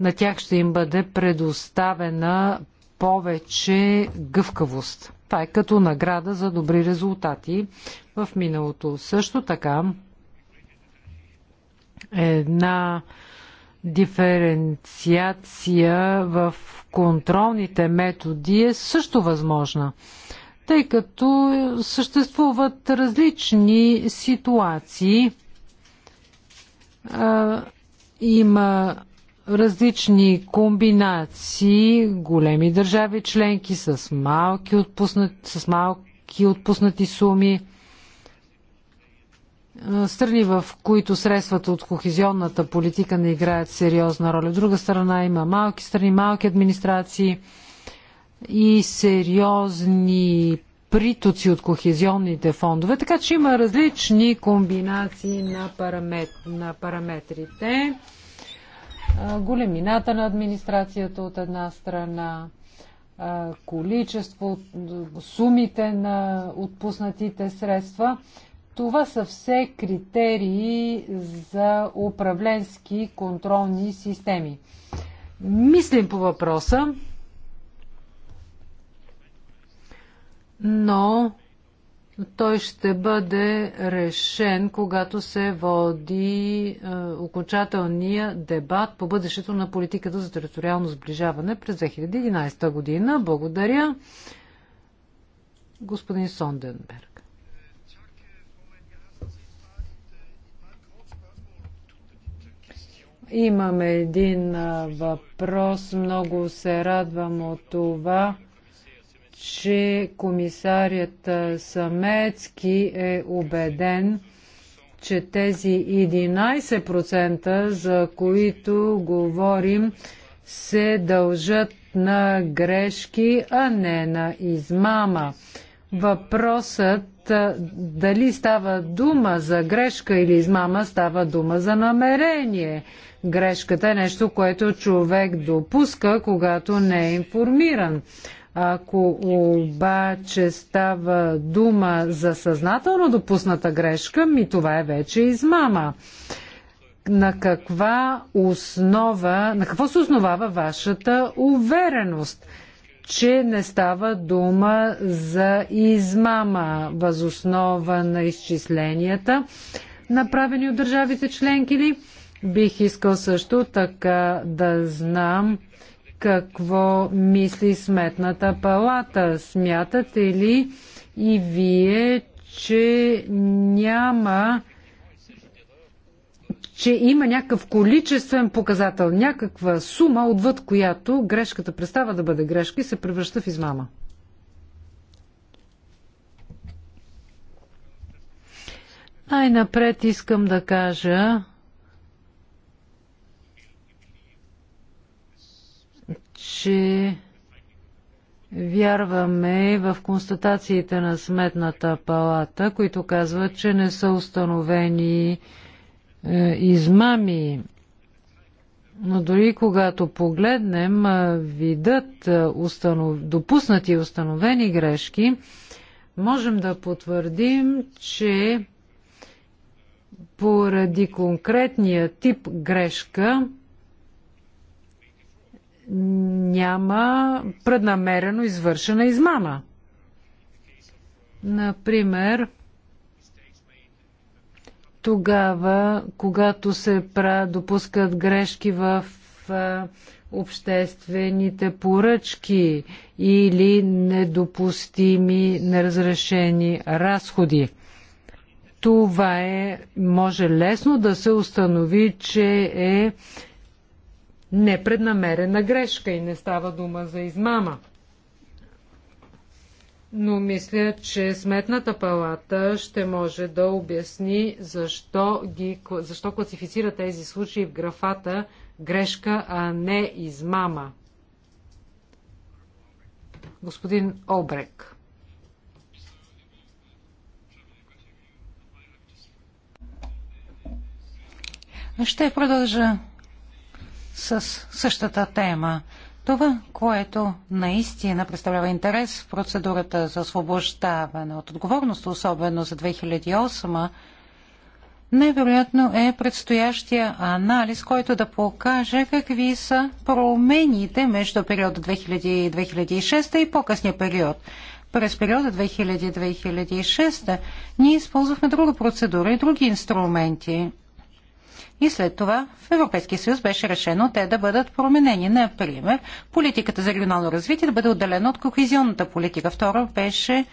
Speaker 5: на тях ще им бъде предоставена повече гъвкавост. Това е като награда за добри резултати в миналото. Също така една диференциация в контролните методи е също възможна, тъй като съществуват различни ситуации. Има различни комбинации, големи държави членки с малки отпуснати, с малки отпуснати суми, страни, в които средствата от кохезионната политика не играят сериозна роля. друга страна има малки страни, малки администрации и сериозни притоци от кохезионните фондове, така че има различни комбинации на, параметр, на параметрите големината на администрацията от една страна, количество, сумите на отпуснатите средства. Това са все критерии за управленски контролни системи. Мислим по въпроса, но той ще бъде решен, когато се води е, окончателния дебат по бъдещето на политиката за териториално сближаване през 2011 година. Благодаря. Господин Сонденберг.
Speaker 3: Имаме
Speaker 5: един въпрос. Много се радвам от това че комисарият Самецки е убеден, че тези 11%, за които говорим, се дължат на грешки, а не на измама. Въпросът дали става дума за грешка или измама, става дума за намерение. Грешката е нещо, което човек допуска, когато не е информиран. Ако обаче става дума за съзнателно допусната грешка, ми това е вече измама. На каква основа, на какво се основава вашата увереност? че не става дума за измама възоснова на изчисленията, направени от държавите членки ли? Бих искал също така да знам какво мисли Сметната палата. Смятате ли и вие, че няма че има някакъв количествен показател, някаква сума, отвъд която грешката престава да бъде грешка и се превръща в измама. Най-напред искам да кажа, че вярваме в констатациите на Сметната палата, които казват, че не са установени е, измами. Но дори когато погледнем е, видът е, установ... допуснати и установени грешки, можем да потвърдим, че поради конкретния тип грешка, няма преднамерено извършена измама. Например, тогава, когато се допускат грешки в обществените поръчки или недопустими неразрешени разходи. Това е, може лесно да се установи, че е непреднамерена грешка и не става дума за измама. Но мисля, че Сметната палата ще може да обясни защо, ги, защо класифицира тези случаи в графата грешка, а не измама. Господин Обрек.
Speaker 4: Ще продължа с същата тема. Това, което наистина представлява интерес в процедурата за освобождаване от отговорност, особено за 2008, невероятно е предстоящия анализ, който да покаже какви са промените между периода 2000 2006 и по-късния период. През периода 2000-2006 ние използвахме друга процедура и други инструменти. И след това в Европейския съюз беше решено те да бъдат променени. Например, политиката за регионално развитие да бъде отделена от кохезионната политика. Второ, беше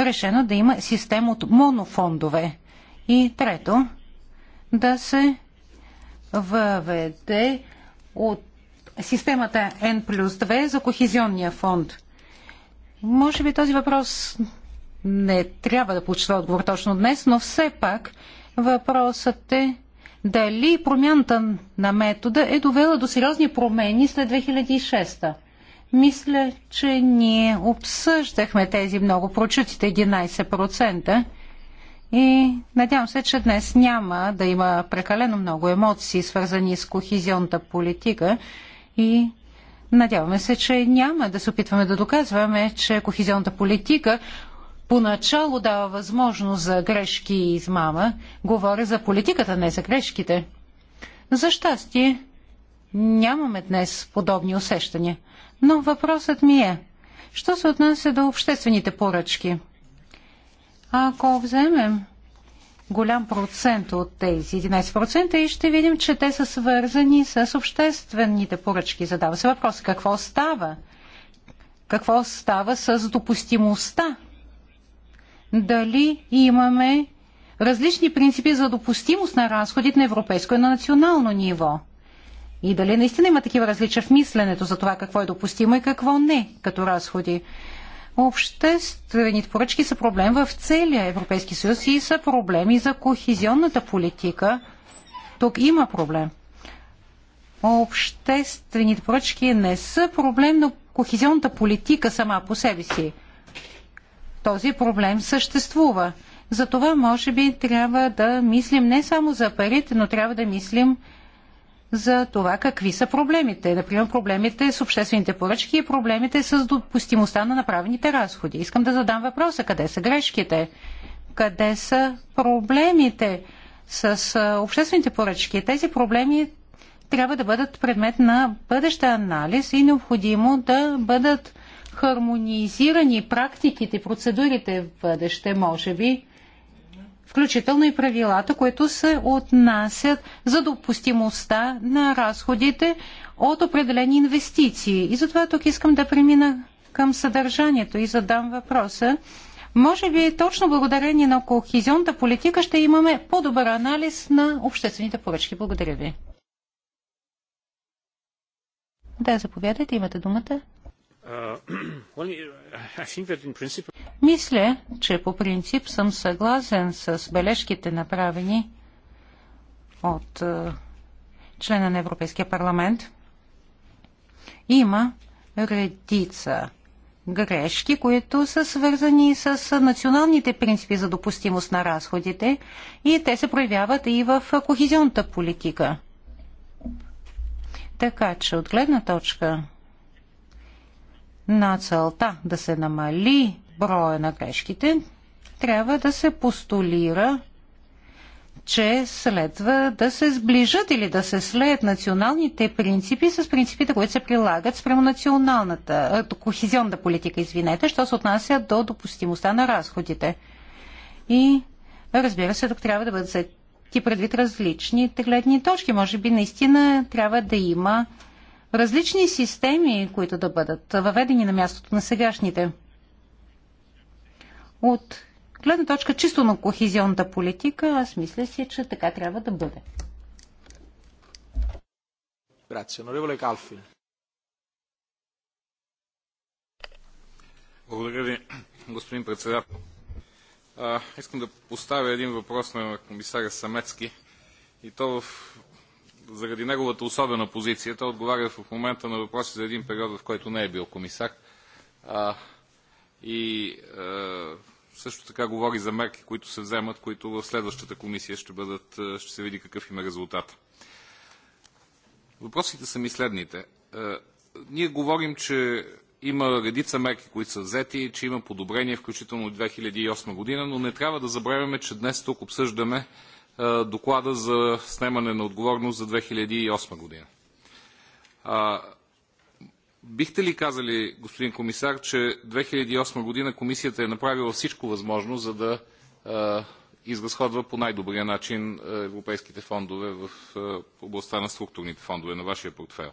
Speaker 4: решено да има система от монофондове. И трето, да се въведе от системата N плюс 2 за кохезионния фонд. Може би този въпрос не трябва да получи отговор точно днес, но все пак въпросът е дали промяната на метода е довела до сериозни промени след 2006. Мисля, че ние обсъждахме тези много прочутите 11% и надявам се, че днес няма да има прекалено много емоции, свързани с кохизионната политика и надяваме се, че няма да се опитваме да доказваме, че кохизионната политика поначало дава възможност за грешки и измама. Говоря за политиката, не за грешките. За щастие, нямаме днес подобни усещания. Но въпросът ми е, що се отнася до обществените поръчки? Ако вземем голям процент от тези 11% и ще видим, че те са свързани с обществените поръчки. Задава се въпрос какво става? Какво става с допустимостта дали имаме различни принципи за допустимост на разходите на европейско и на национално ниво. И дали наистина има такива различия в мисленето за това какво е допустимо и какво не като разходи. Обществените поръчки са проблем в целия Европейски съюз и са проблеми за кохезионната политика. Тук има проблем. Обществените поръчки не са проблем на кохезионната политика сама по себе си този проблем съществува. Затова, може би, трябва да мислим не само за парите, но трябва да мислим за това какви са проблемите. Например, проблемите с обществените поръчки и проблемите с допустимостта на направените разходи. Искам да задам въпроса къде са грешките, къде са проблемите с обществените поръчки. Тези проблеми трябва да бъдат предмет на бъдеща анализ и необходимо да бъдат хармонизирани практиките, процедурите в бъдеще, може би, включително и правилата, които се отнасят за допустимостта на разходите от определени инвестиции. И затова тук искам да премина към съдържанието и задам въпроса. Може би точно благодарение на кохезионната политика ще имаме по-добър анализ на обществените поръчки. Благодаря ви. Да, заповядайте, имате думата.
Speaker 3: Uh,
Speaker 4: Мисля, че по принцип съм съгласен с бележките направени от е, члена на Европейския парламент. Има редица грешки, които са свързани с националните принципи за допустимост на разходите и те се проявяват и в кохезионната политика. Така че от гледна точка на целта да се намали броя на грешките, трябва да се постулира, че следва да се сближат или да се слеят националните принципи с принципите, които се прилагат спрямо националната, кохизионна политика, извинете, що се отнася до допустимостта на разходите. И разбира се, тук трябва да бъдат взети предвид различни гледни точки. Може би наистина трябва да има различни системи, които да бъдат въведени на мястото на сегашните. От гледна точка чисто на кохезионната политика, аз мисля си, че така трябва да бъде.
Speaker 3: Благодаря ви, господин председател. искам да поставя един въпрос на комисаря Самецки и то в заради неговата особена позиция. Той отговаря в момента на въпроси за един период, в който не е бил комисар. А, и а, също така говори за мерки, които се вземат, които в следващата комисия ще, бъдат, ще се види какъв има резултат. Въпросите са ми следните. А, ние говорим, че има редица мерки, които са взети, че има подобрение, включително от 2008 година, но не трябва да забравяме, че днес тук обсъждаме доклада за снемане на отговорност за 2008 година. Бихте ли казали, господин комисар, че 2008 година комисията е направила всичко възможно, за да изразходва по най-добрия начин европейските фондове в областта на структурните фондове на вашия портфел?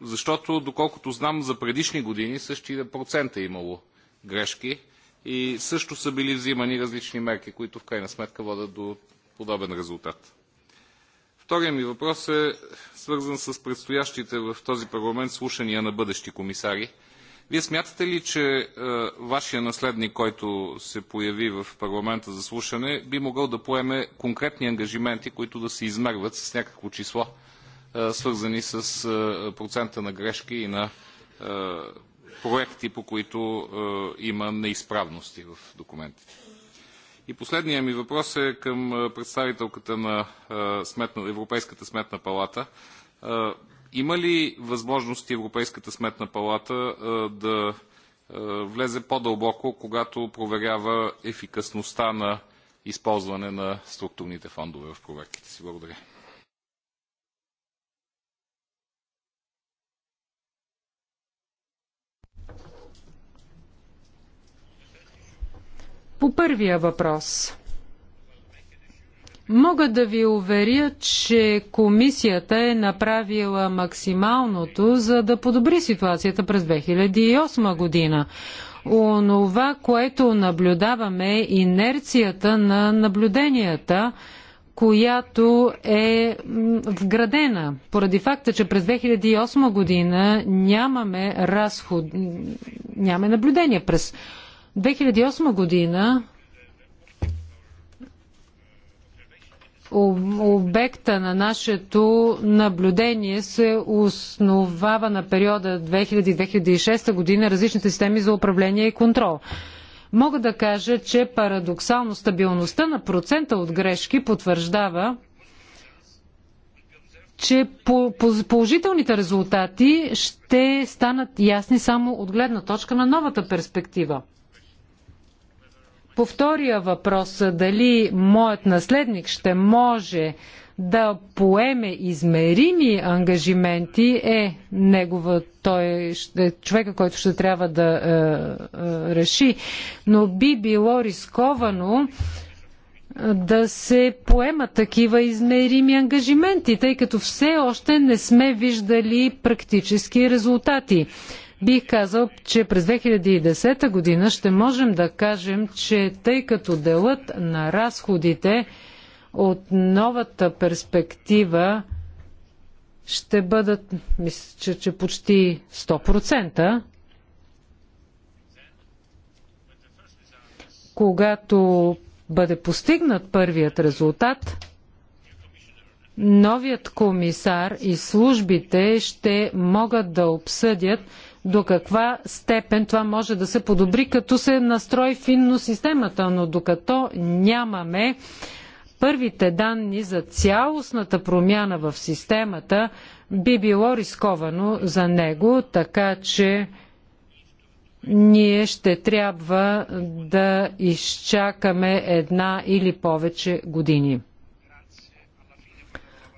Speaker 3: Защото, доколкото знам, за предишни години същия процент е имало грешки – и също са били взимани различни мерки, които в крайна сметка водят до подобен резултат. Вторият ми въпрос е свързан с предстоящите в този парламент слушания на бъдещи комисари. Вие смятате ли, че е, вашия наследник, който се появи в парламента за слушане, би могъл да поеме конкретни ангажименти, които да се измерват с някакво число, е, свързани с е, процента на грешки и на е, проекти, по които е, има неизправности в документите. И последният ми въпрос е към е, представителката на е, Европейската сметна палата. Има ли възможности Европейската сметна палата да влезе по-дълбоко, когато проверява ефикасността на използване на структурните фондове в проверките си? Благодаря.
Speaker 5: По първия въпрос. Мога да ви уверя, че комисията е направила максималното, за да подобри ситуацията през 2008 година. Онова, което наблюдаваме е инерцията на наблюденията, която е вградена поради факта, че през 2008 година нямаме разход, нямаме наблюдение през 2008 година обекта на нашето наблюдение се основава на периода 2000-2006 година различните системи за управление и контрол. Мога да кажа, че парадоксално стабилността на процента от грешки потвърждава, че положителните резултати ще станат ясни само от гледна точка на новата перспектива. По втория въпрос, дали моят наследник ще може да поеме измерими ангажименти е негова, той е човека, който ще трябва да е, е, реши. Но би било рисковано е, да се поемат такива измерими ангажименти, тъй като все още не сме виждали практически резултати. Бих казал, че през 2010 година ще можем да кажем, че тъй като делът на разходите от новата перспектива ще бъдат, мисля, че, че почти 100%, когато бъде постигнат първият резултат, новият комисар и службите ще могат да обсъдят до каква степен това може да се подобри, като се настрои финно системата, но докато нямаме първите данни за цялостната промяна в системата, би било рисковано за него, така че ние ще трябва да изчакаме една или повече години.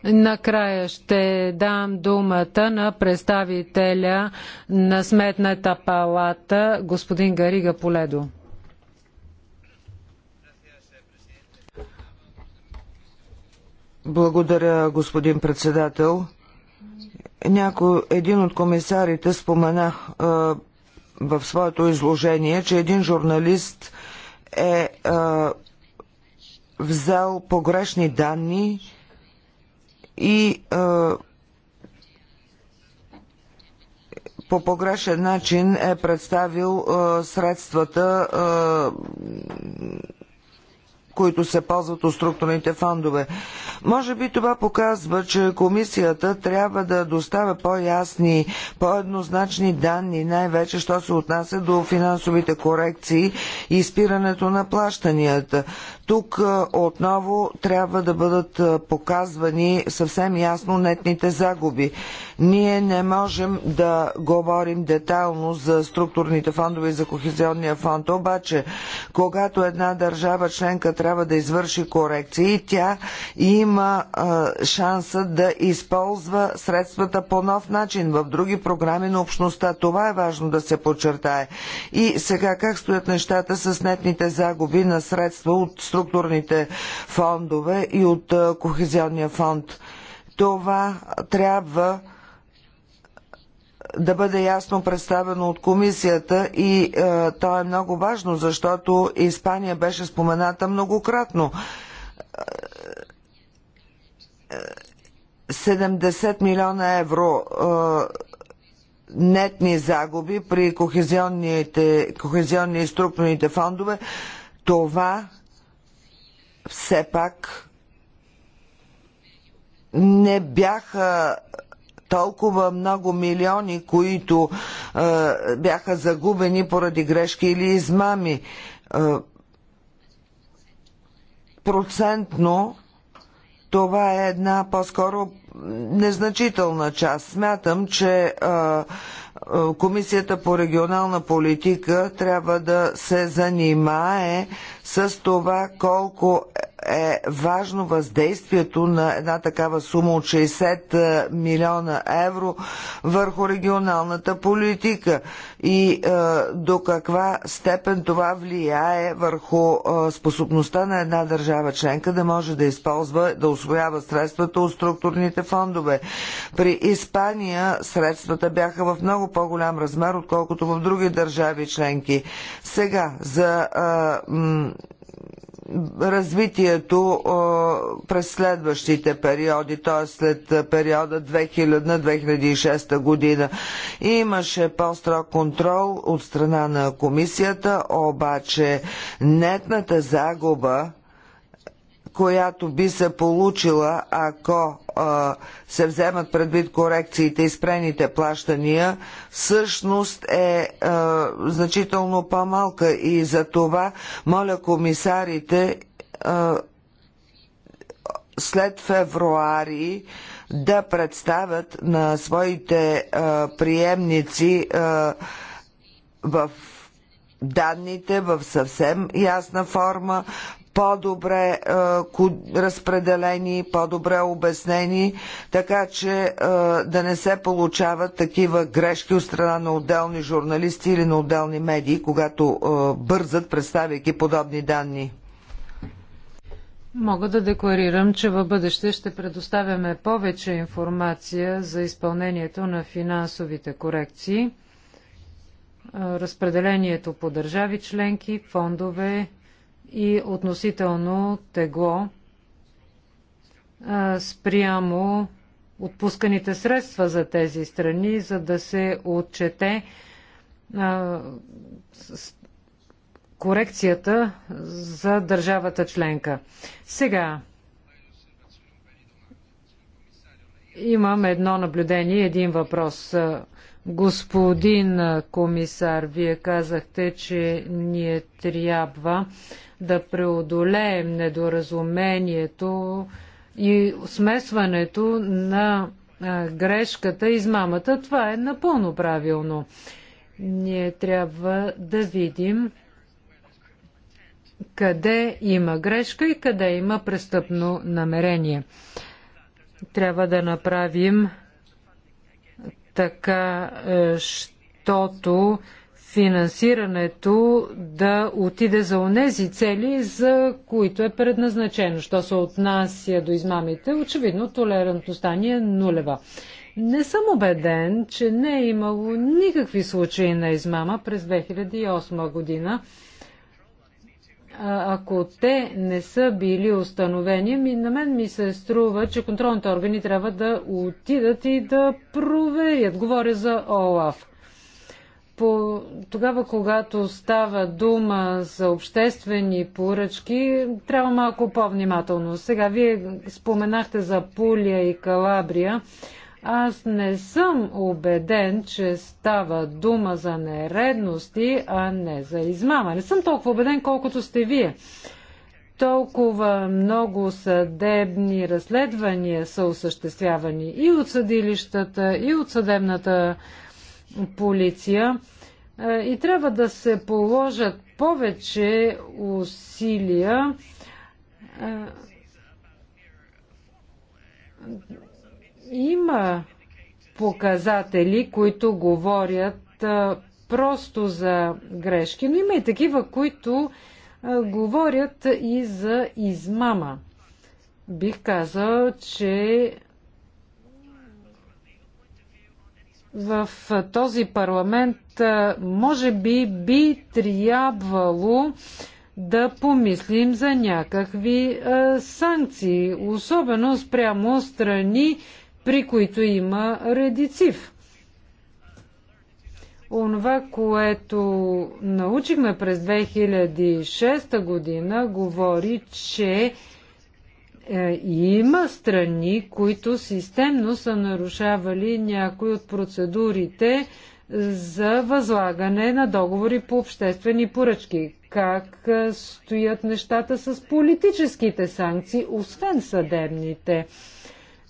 Speaker 5: Накрая ще дам думата на представителя на Сметната палата, господин Гарига
Speaker 2: Поледо. Благодаря, господин председател. Няко, един от комисарите спомена е, в своето изложение, че един журналист е, е взел погрешни данни и по погрешен начин е представил средствата, които се ползват от структурните фондове. Може би това показва, че комисията трябва да доставя по-ясни, по-еднозначни данни, най-вече, що се отнася до финансовите корекции и спирането на плащанията. Тук отново трябва да бъдат показвани съвсем ясно нетните загуби. Ние не можем да говорим детайлно за структурните фондове и за кохезионния фонд, обаче когато една държава членка трябва да извърши корекции, тя има а, шанса да използва средствата по нов начин в други програми на общността. Това е важно да се подчертае. И сега как стоят нещата с нетните загуби на средства от структурните фондове и от а, кохезионния фонд? Това трябва да бъде ясно представено от комисията и е, то е много важно, защото Испания беше спомената многократно. 70 е, е, милиона евро е, нетни загуби при кохезионните, кохезионни и структурните фондове, това все пак не бяха толкова много милиони, които е, бяха загубени поради грешки или измами. Е, процентно това е една по-скоро незначителна част. Смятам, че а, е, е, Комисията по регионална политика трябва да се занимае с това колко е важно въздействието на една такава сума от 60 е, милиона евро върху регионалната политика и е, до каква степен това влияе върху е, способността на една държава членка да може да използва, да освоява средствата от структурните фондове. При Испания средствата бяха в много по-голям размер, отколкото в други държави членки. Сега, за е, развитието през следващите периоди, т.е. след периода 2000-2006 година. Имаше по-строг контрол от страна на комисията, обаче нетната загуба която би се получила, ако а, се вземат предвид корекциите и спрените плащания, всъщност е а, значително по-малка и за това моля комисарите а, след февруари да представят на своите а, приемници а, в данните в съвсем ясна форма, по-добре е, разпределени, по-добре обяснени, така че е, да не се получават такива грешки от страна на отделни журналисти или на отделни медии, когато е, бързат, представяйки подобни данни.
Speaker 5: Мога да декларирам, че във бъдеще ще предоставяме повече информация за изпълнението на финансовите корекции, е, разпределението по държави членки, фондове и относително тегло спрямо отпусканите средства за тези страни, за да се отчете корекцията за държавата членка. Сега имам едно наблюдение, един въпрос. Господин комисар, вие казахте, че ние трябва да преодолеем недоразумението и смесването на грешката, измамата. Това е напълно правилно. Ние трябва да видим къде има грешка и къде има престъпно намерение. Трябва да направим така, е, щото финансирането да отиде за онези цели, за които е предназначено. Що се отнася до измамите, очевидно толерантността ни е нулева. Не съм убеден, че не е имало никакви случаи на измама през 2008 година ако те не са били установени, ми, на мен ми се струва, че контролните органи трябва да отидат и да проверят. Говоря за ОЛАФ. По, тогава, когато става дума за обществени поръчки, трябва малко по-внимателно. Сега, вие споменахте за Пулия и Калабрия. Аз не съм убеден, че става дума за нередности, а не за измама. Не съм толкова убеден, колкото сте вие. Толкова много съдебни разследвания са осъществявани и от съдилищата, и от съдебната полиция. Е, и трябва да се положат повече усилия е, има показатели, които говорят а, просто за грешки, но има и такива, които а, говорят и за измама. Бих казал, че в този парламент а, може би би трябвало да помислим за някакви санкции, особено спрямо страни, при които има редицив. Онова, което научихме през 2006 година, говори, че е, има страни, които системно са нарушавали някои от процедурите за възлагане на договори по обществени поръчки. Как е, стоят нещата с политическите санкции, освен съдебните?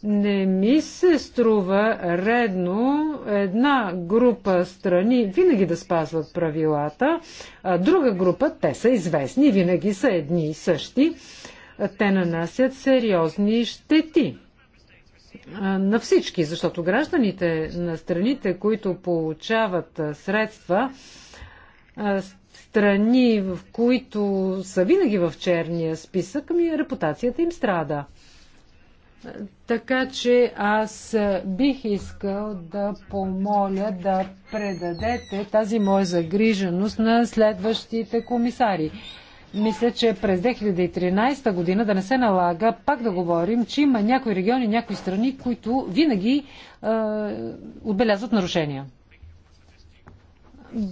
Speaker 5: Не ми се струва редно една група страни винаги да спазват правилата, а друга група, те са известни, винаги са едни и същи, те нанасят сериозни щети на всички, защото гражданите на страните, които получават средства, страни, в които са винаги в черния списък, ми репутацията им страда. Така че аз бих искал да помоля да предадете тази моя загриженост на следващите комисари. Мисля, че през 2013 година да не се налага пак да говорим, че има някои региони, някои страни, които винаги е, отбелязват нарушения.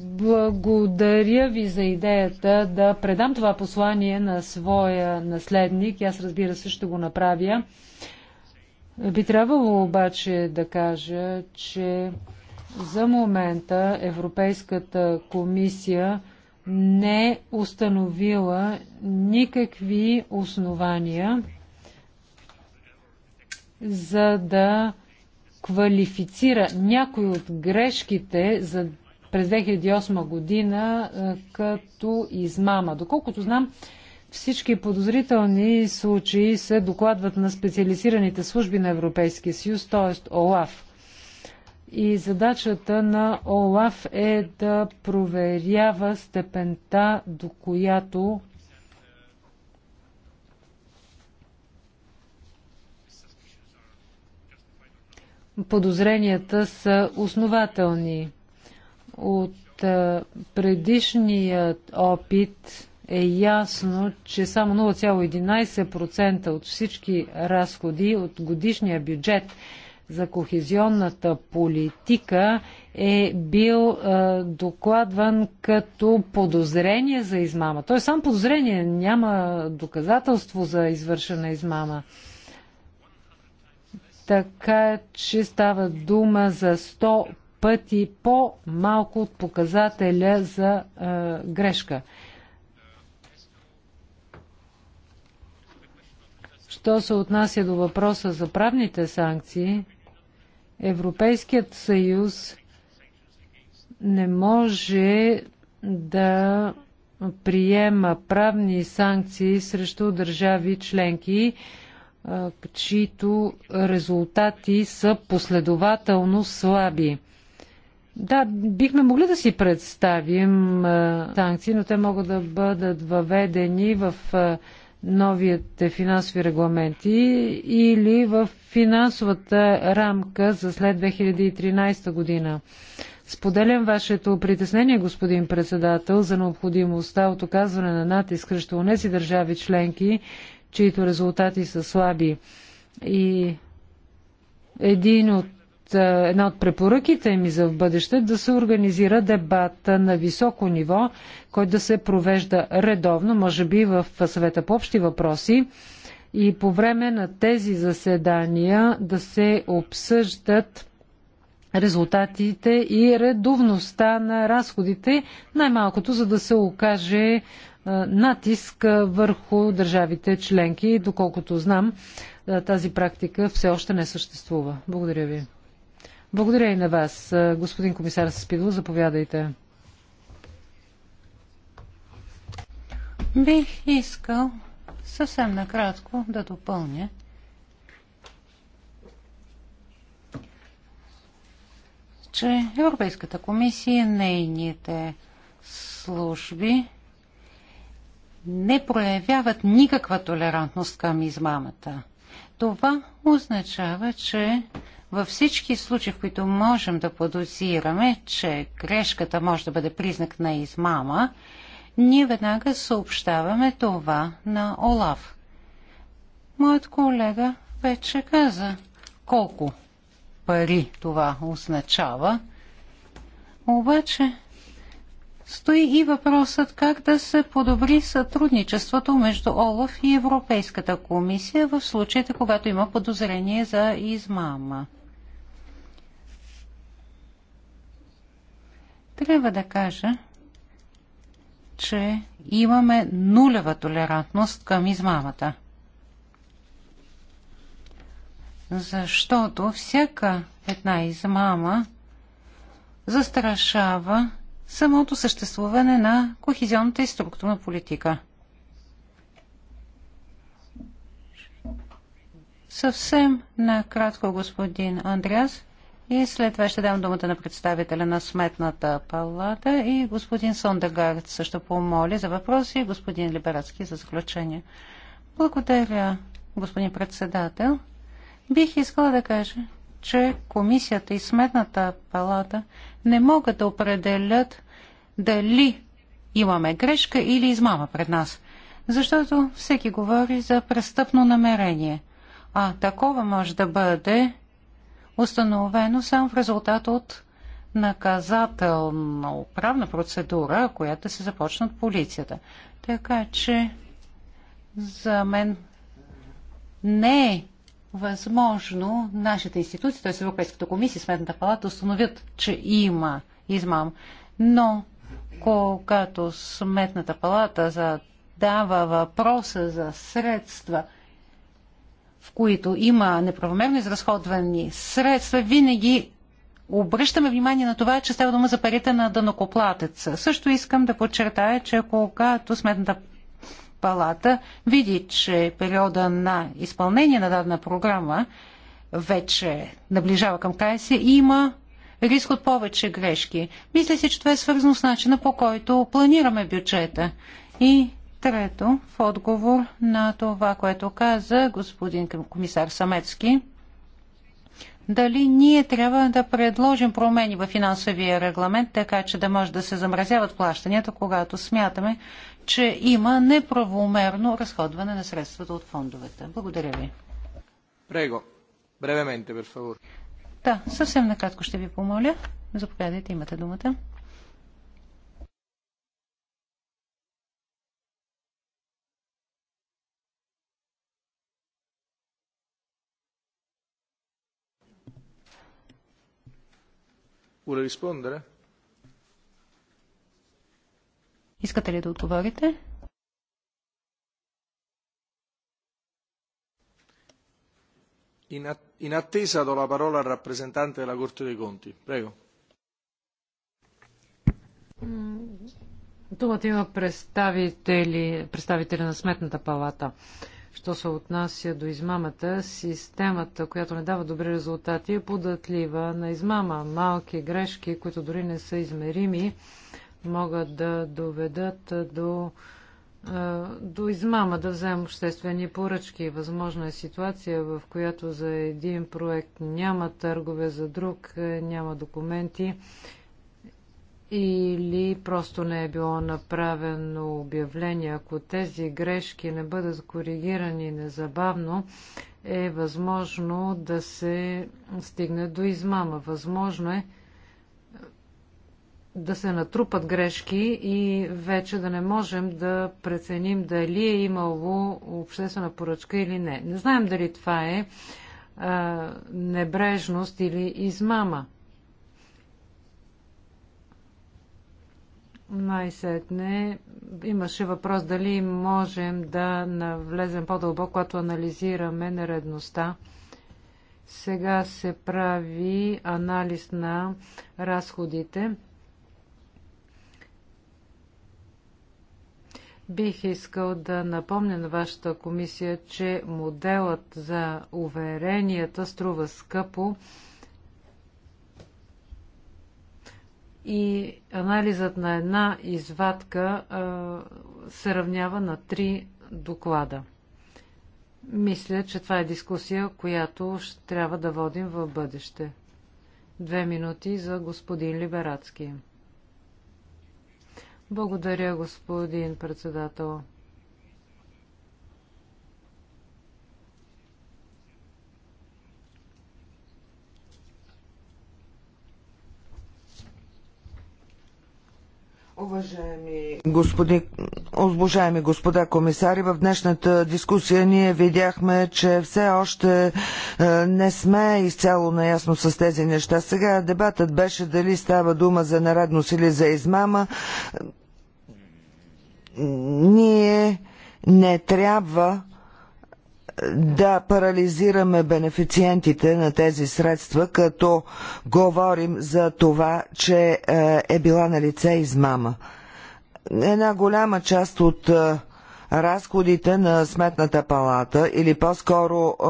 Speaker 5: Благодаря ви за идеята да предам това послание на своя наследник. Аз разбира се ще го направя. Би трябвало обаче да кажа, че за момента Европейската комисия не е установила никакви основания за да квалифицира някои от грешките за през 2008 година като измама. Доколкото знам, всички подозрителни случаи се докладват на специализираните служби на Европейския съюз, т.е. ОЛАФ. И задачата на ОЛАФ е да проверява степента, до която подозренията са основателни. От предишният опит е ясно, че само 0,11% от всички разходи от годишния бюджет за кохезионната политика е бил е, докладван като подозрение за измама. Той е сам подозрение, няма доказателство за извършена измама. Така че става дума за 100 пъти по-малко от показателя за е, грешка. Що се отнася до въпроса за правните санкции, Европейският съюз не може да приема правни санкции срещу държави членки, чието резултати са последователно слаби. Да, бихме могли да си представим санкции, но те могат да бъдат въведени в новите финансови регламенти или в финансовата рамка за след 2013 година. Споделям вашето притеснение, господин председател, за необходимостта от оказване на натиск срещу тези държави членки, чието резултати са слаби. И един от е, една от препоръките ми за в бъдеще да се организира дебат на високо ниво, който да се провежда редовно, може би в съвета по общи въпроси и по време на тези заседания да се обсъждат резултатите и редовността на разходите, най-малкото за да се окаже е, натиск върху държавите членки. Доколкото знам, е, тази практика все още не съществува. Благодаря ви. Благодаря и на вас. Господин комисар Спидо, заповядайте.
Speaker 4: Бих искал съвсем накратко да допълня, че Европейската комисия, нейните служби не проявяват никаква толерантност към измамата. Това означава, че във всички случаи, в които можем да подозираме, че грешката може да бъде признак на измама, ние веднага съобщаваме това на Олаф. Моят колега вече каза колко пари това означава. Обаче стои и въпросът как да се подобри сътрудничеството между ОЛАФ и Европейската комисия в случаите, когато има подозрение за измама. Трябва да кажа, че имаме нулева толерантност към измамата. Защото всяка една измама застрашава самото съществуване на кохезионната и структурна политика. Съвсем накратко, господин Андреас, и след това ще дам думата на представителя на Сметната палата и господин Сондегард също помоли за въпроси и господин Либерацки за заключение. Благодаря, господин председател. Бих искала да кажа, че комисията и Сметната палата не могат да определят дали имаме грешка или измама пред нас, защото всеки говори за престъпно намерение, а такова може да бъде установено само в резултат от наказателно правна процедура, която се започна от полицията. Така че за мен не е възможно нашите институции, т.е. Европейската комисия Сметната палата, установят, че има измам. Но когато Сметната палата задава въпроса за средства – в които има неправомерно изразходвани средства, винаги обръщаме внимание на това, че става дума за парите на дънокоплатеца. Също искам да подчертая, че когато сметната палата види, че периода на изпълнение на дадена програма вече наближава към края си, има риск от повече грешки. Мисля си, че това е свързано с начина по който планираме бюджета. И Трето, в отговор на това, което каза господин комисар Самецки, дали ние трябва да предложим промени в финансовия регламент, така че да може да се замразяват плащанията, когато смятаме, че има неправомерно разходване на средствата от фондовете. Благодаря ви.
Speaker 1: Прего, бревементе, перфавор.
Speaker 4: Да, съвсем накратко ще ви помоля. Заповядайте, имате думата.
Speaker 1: Vuole rispondere?
Speaker 4: Искате ли да отговорите?
Speaker 1: In attesa do la parola al rappresentante della Corte dei Conti. Prego.
Speaker 5: Думата има представители, представители на Сметната палата. Що се отнася до измамата, системата, която не дава добри резултати, е податлива на измама. Малки грешки, които дори не са измерими, могат да доведат до, до измама, да вземем обществени поръчки. Възможна е ситуация, в която за един проект няма търгове, за друг е, няма документи или просто не е било направено обявление. Ако тези грешки не бъдат коригирани незабавно, е възможно да се стигне до измама. Възможно е да се натрупат грешки и вече да не можем да преценим дали е имало обществена поръчка или не. Не знаем дали това е а, небрежност или измама. Най-сетне имаше въпрос дали можем да навлезем по-дълбоко, когато анализираме нередността. Сега се прави анализ на разходите. Бих искал да напомня на вашата комисия, че моделът за уверенията струва скъпо и анализът на една извадка се равнява на три доклада. Мисля, че това е дискусия, която ще трябва да водим в бъдеще. Две минути за господин Либерацки. Благодаря, господин председател.
Speaker 3: Уважаеми
Speaker 2: уважаеми господа комисари, в днешната дискусия ние видяхме, че все още е, не сме изцяло наясно с тези неща. Сега дебатът беше дали става дума за нарадност или за измама. Ние не трябва да парализираме бенефициентите на тези средства, като говорим за това, че е, е била на лице измама. Една голяма част от е, разходите на Сметната палата или по-скоро е,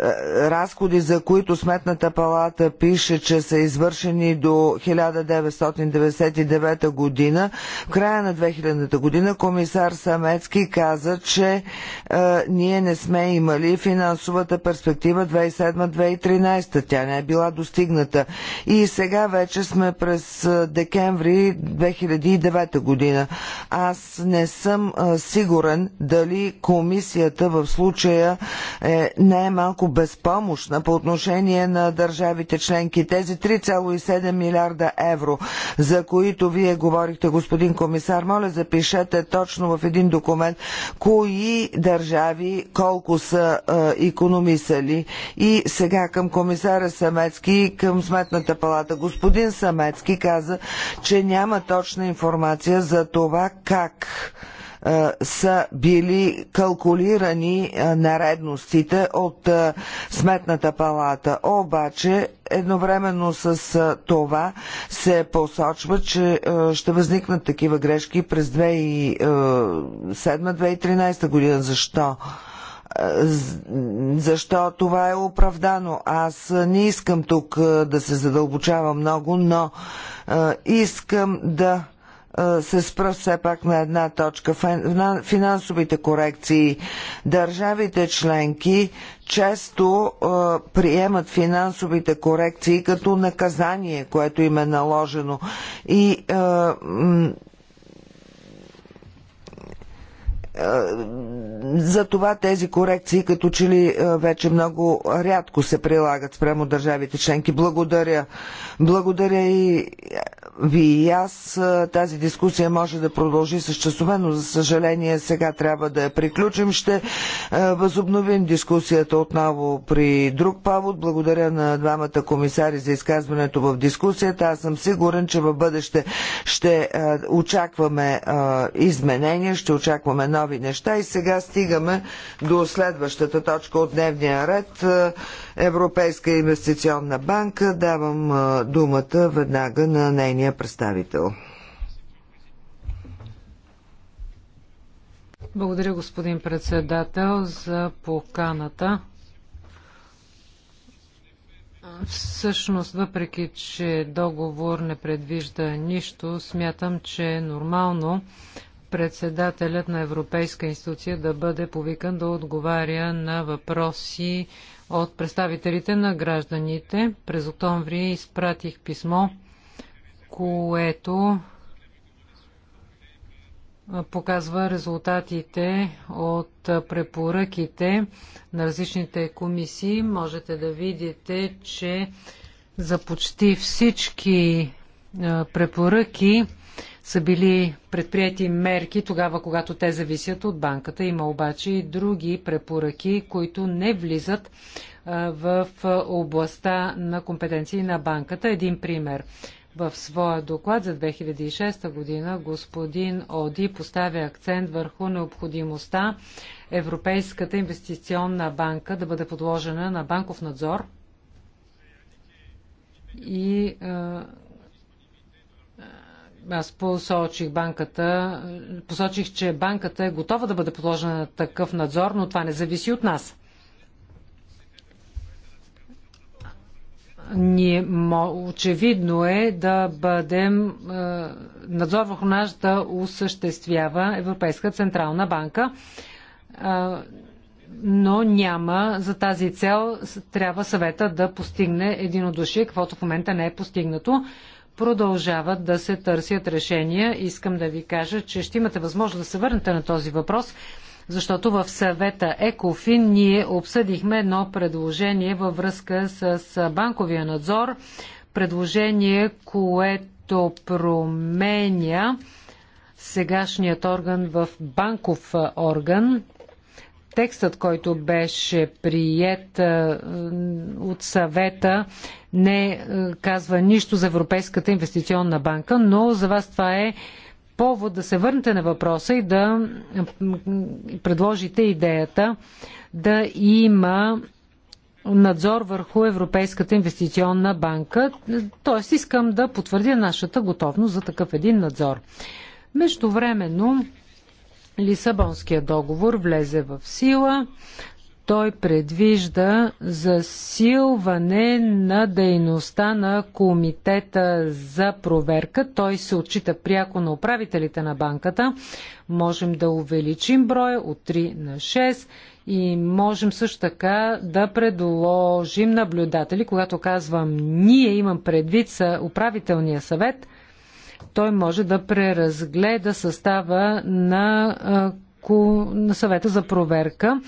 Speaker 2: е, разходи, за които Сметната палата пише, че са извършени до 1999 година. В края на 2000 година комисар Самецки каза, че е, ние не сме имали финансовата перспектива 2007-2013. Тя не е била достигната. И сега вече сме през е, декември 2009 година. Аз не съм е, сигурен дали комисията в случая е, не е малко малко безпомощна по отношение на държавите членки. Тези 3,7 милиарда евро, за които вие говорихте, господин комисар, моля запишете точно в един документ кои държави колко са е, економисали. И сега към комисара Самецки и към Сметната палата. Господин Самецки каза, че няма точна информация за това как са били калкулирани наредностите от Сметната палата. Обаче, едновременно с това се посочва, че ще възникнат такива грешки през 2007-2013 година. Защо? защо това е оправдано. Аз не искам тук да се задълбочава много, но искам да се спра все пак на една точка. Финансовите корекции. Държавите членки често приемат финансовите корекции като наказание, което им е наложено. И за това тези корекции като че ли вече много рядко се прилагат спрямо държавите членки. Благодаря. Благодаря и ви и аз. Тази дискусия може да продължи с часове, но за съжаление сега трябва да я приключим. Ще възобновим дискусията отново при друг повод. Благодаря на двамата комисари за изказването в дискусията. Аз съм сигурен, че в бъдеще ще очакваме изменения, ще очакваме нови нови неща. И сега стигаме до следващата точка от дневния ред. Е, Европейска инвестиционна банка. Давам е, думата веднага на нейния представител.
Speaker 5: Благодаря, господин председател, за поканата. Всъщност, въпреки, че договор не предвижда нищо, смятам, че е нормално председателят на Европейска институция да бъде повикан да отговаря на въпроси от представителите на гражданите. През октомври изпратих писмо, което показва резултатите от препоръките на различните комисии. Можете да видите, че за почти всички препоръки са били предприяти мерки тогава, когато те зависят от банката. Има обаче и други препоръки, които не влизат в областта на компетенции на банката. Един пример. В своя доклад за 2006 година господин Оди поставя акцент върху необходимостта Европейската инвестиционна банка да бъде подложена на банков надзор и аз посочих банката, посочих, че банката е готова да бъде подложена на такъв надзор, но това не зависи от нас. Ние, очевидно е да бъдем, е, надзор върху нас да осъществява Европейска Централна банка е, но няма за тази цел трябва съвета да постигне единодушие, каквото в момента не е постигнато продължават да се търсят решения. Искам да ви кажа, че ще имате възможност да се върнете на този въпрос, защото в съвета ЕКОФИН ние обсъдихме едно предложение във връзка с банковия надзор, предложение, което променя сегашният орган в банков орган, текстът, който беше прият от съвета, не казва нищо за Европейската инвестиционна банка, но за вас това е повод да се върнете на въпроса и да предложите идеята да има надзор върху Европейската инвестиционна банка. Тоест искам да потвърдя нашата готовност за такъв един надзор. Междувременно Лисабонския договор влезе в сила. Той предвижда засилване на дейността на комитета за проверка. Той се отчита пряко на управителите на банката. Можем да увеличим броя от 3 на 6 и можем също така да предложим наблюдатели, когато казвам ние имам предвид управителния съвет – той може да преразгледа състава на, на съвета за проверка.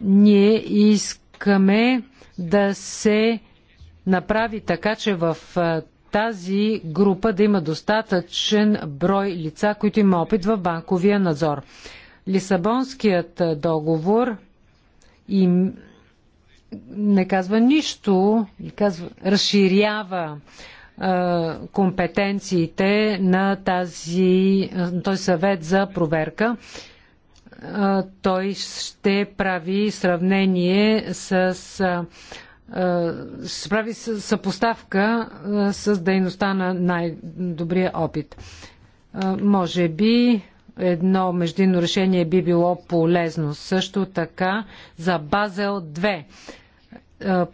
Speaker 5: Ние искаме да се направи така, че в тази група да има достатъчен брой лица, които има опит в банковия надзор. Лисабонският договор им не казва нищо, казва, разширява е, компетенциите на тази, този съвет за проверка. Е, той ще прави сравнение с е, ще прави съпоставка с дейността на най-добрия опит. Може би едно междинно решение би било полезно. Също така за Базел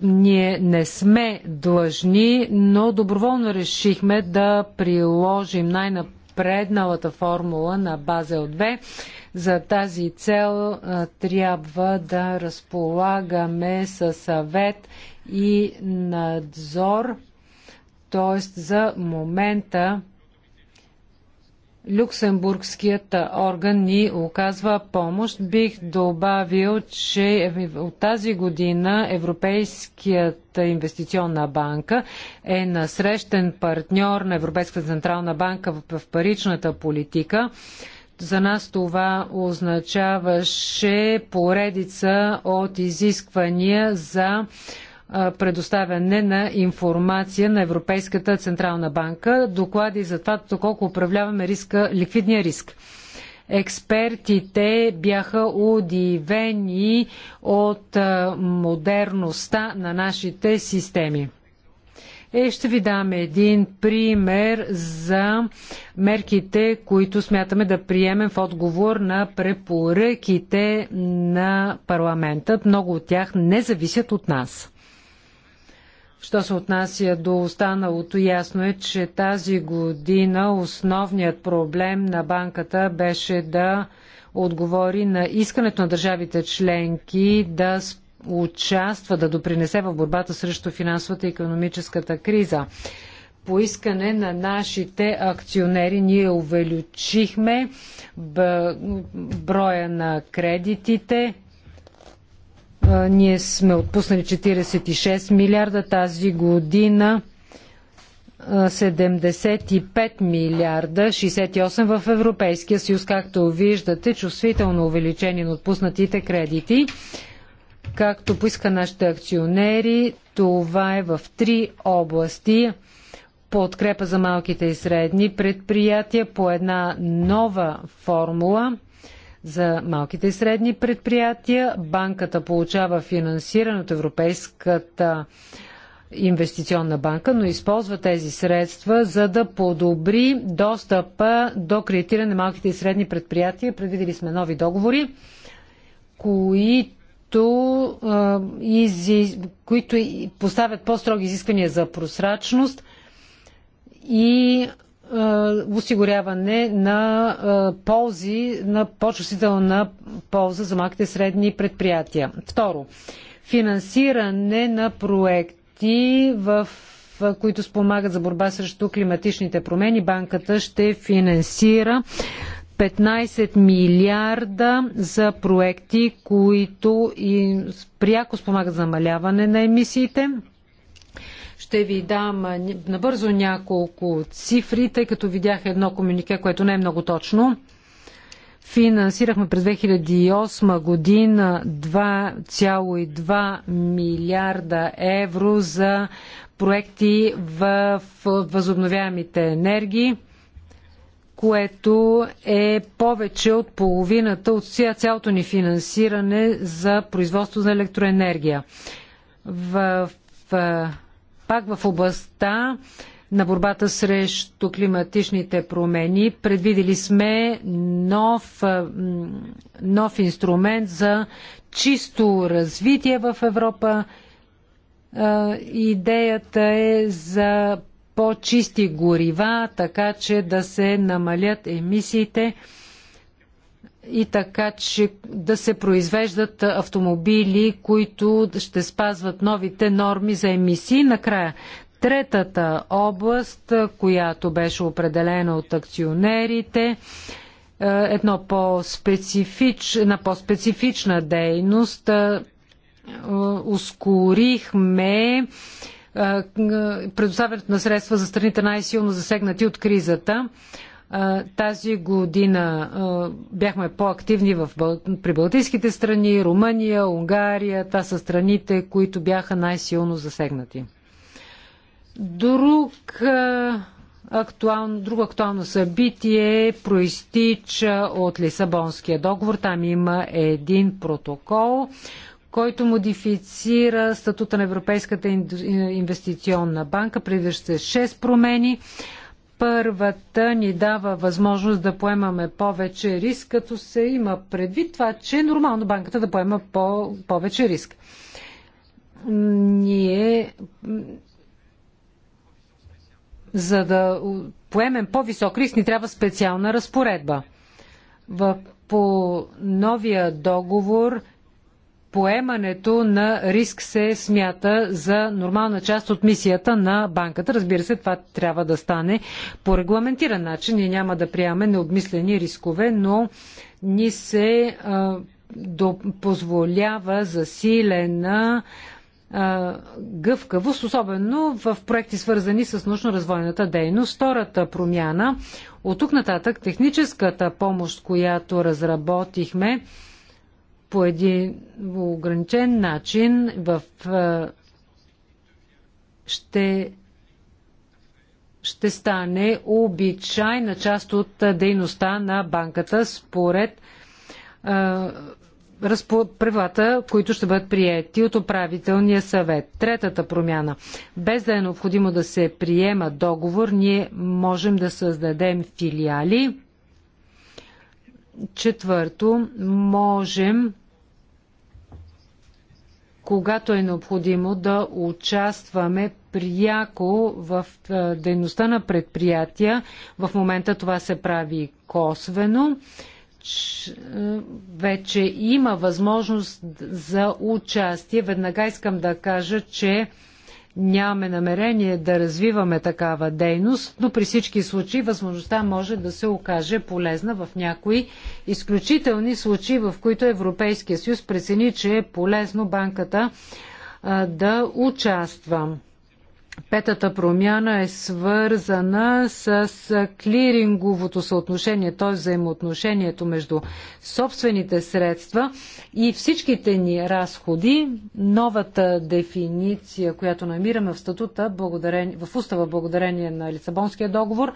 Speaker 5: ние не сме длъжни, но доброволно решихме да приложим най-напредналата формула на Базел 2. За тази цел трябва да разполагаме със съвет и надзор, т.е. за момента люксембургският орган ни оказва помощ. Бих добавил, че от тази година Европейският инвестиционна банка е насрещен партньор на Европейската централна банка в паричната политика. За нас това означаваше поредица от изисквания за предоставяне на информация на Европейската Централна банка, доклади за това доколко управляваме риска, ликвидния риск. Експертите бяха удивени от модерността на нашите системи. Е, ще ви дам един пример за мерките, които смятаме да приемем в отговор на препоръките на парламента. Много от тях не зависят от нас. Що се отнася до останалото, ясно е, че тази година основният проблем на банката беше да отговори на искането на държавите членки да участва, да допринесе в борбата срещу финансовата и економическата криза. По искане на нашите акционери ние увеличихме броя на кредитите, ние сме отпуснали 46 милиарда тази година. 75 милиарда, 68 в Европейския съюз, както виждате, чувствително увеличение на отпуснатите кредити. Както поиска нашите акционери, това е в три области. Подкрепа за малките и средни предприятия по една нова формула за малките и средни предприятия. Банката получава финансиране от Европейската инвестиционна банка, но използва тези средства за да подобри достъпа до кредитиране на малките и средни предприятия. Предвидели сме нови договори, които които поставят по-строги изисквания за прозрачност и е, осигуряване на е, ползи, на по-чувствителна полза за малките и средни предприятия. Второ, финансиране на проекти в които спомагат за борба срещу климатичните промени. Банката ще финансира 15 милиарда за проекти, които и пряко спомагат за намаляване на емисиите. Ще ви дам набързо няколко цифри, тъй като видях едно комюнике, което не е много точно. Финансирахме през 2008 година 2,2 милиарда евро за проекти в възобновяемите енергии което е повече от половината от цялото ни финансиране за производство на електроенергия. В, в пак в областта на борбата срещу климатичните промени. Предвидели сме нов, нов инструмент за чисто развитие в Европа. Идеята е за по-чисти горива, така че да се намалят емисиите и така, че да се произвеждат автомобили, които ще спазват новите норми за емисии. Накрая, третата област, която беше определена от акционерите, е, едно по-специфич, една по-специфична дейност. Е, ускорихме е, предоставянето на средства за страните най-силно засегнати от кризата. Тази година бяхме по-активни в, при Балтийските страни, Румъния, Унгария. Това са страните, които бяха най-силно засегнати. Друг, актуално, друго актуално събитие проистича от Лисабонския договор. Там има един протокол, който модифицира статута на Европейската инвестиционна банка, предвижда се 6 промени Първата ни дава възможност да поемаме повече риск, като се има предвид това, че е нормално банката да поема по- повече риск. Ние за да поемем по-висок риск, ни трябва специална разпоредба. В, по новия договор поемането на риск се смята за нормална част от мисията на банката. Разбира се, това трябва да стане по регламентиран начин. Ние няма да приемаме необмислени рискове, но ни се а, до, позволява засилена а, гъвкавост, особено в проекти свързани с научно-развойната дейност. Втората промяна от тук нататък техническата помощ, която разработихме, по един ограничен начин в, ще, ще стане обичайна част от дейността на банката според правилата, които ще бъдат приети от управителния съвет. Третата промяна. Без да е необходимо да се приема договор, ние можем да създадем филиали. Четвърто, можем когато е необходимо да участваме пряко в е, дейността на предприятия. В момента това се прави косвено. Е, вече има възможност за участие. Веднага искам да кажа, че Нямаме намерение да развиваме такава дейност, но при всички случаи възможността може да се окаже полезна в някои изключителни случаи, в които Европейския съюз прецени, че е полезно банката да участва. Петата промяна е свързана с клиринговото съотношение, т.е. взаимоотношението между собствените средства и всичките ни разходи. Новата дефиниция, която намираме в статута, в устава благодарение на Лисабонския договор,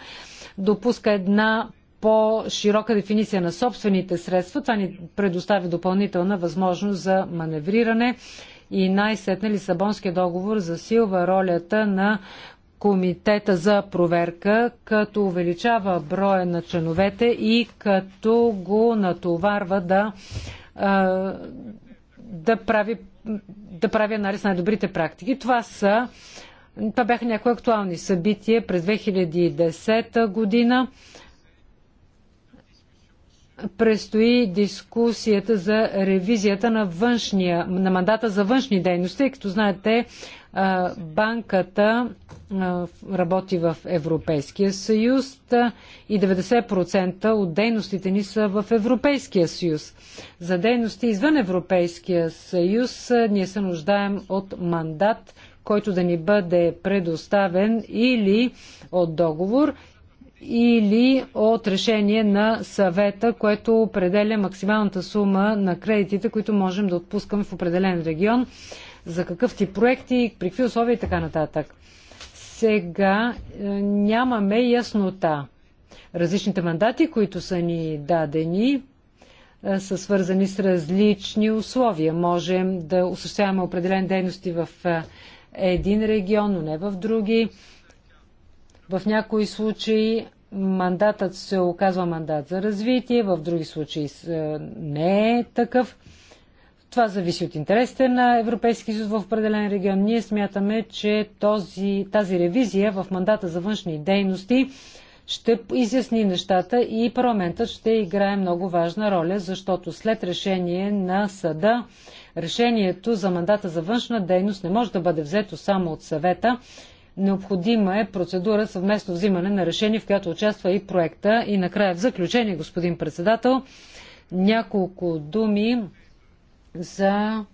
Speaker 5: допуска една по-широка дефиниция на собствените средства. Това ни предоставя допълнителна възможност за маневриране и най-сетне Лисабонския договор засилва ролята на комитета за проверка, като увеличава броя на членовете и като го натоварва да, да, прави, да прави анализ на най-добрите практики. Това са това бяха някои актуални събития през 2010 година предстои дискусията за ревизията на, външния, на мандата за външни дейности. Като знаете, банката работи в Европейския съюз и 90% от дейностите ни са в Европейския съюз. За дейности извън Европейския съюз ние се нуждаем от мандат, който да ни бъде предоставен или от договор, или от решение на съвета, което определя максималната сума на кредитите, които можем да отпускаме в определен регион, за какъв тип проекти, при какви условия и така нататък. Сега е, нямаме яснота. Различните мандати, които са ни дадени, е, са свързани с различни условия. Можем да осъществяваме определен дейности в е, един регион, но не в други. В някои случаи мандатът се оказва мандат за развитие, в други случаи е, не е такъв. Това зависи от интересите на Европейския съюз в определен регион. Ние смятаме, че този, тази ревизия в мандата за външни дейности ще изясни нещата и парламентът ще играе много важна роля, защото след решение на съда решението за мандата за външна дейност не може да бъде взето само от съвета Необходима е процедура съвместно взимане на решение, в която участва и проекта. И накрая в заключение, господин председател, няколко думи за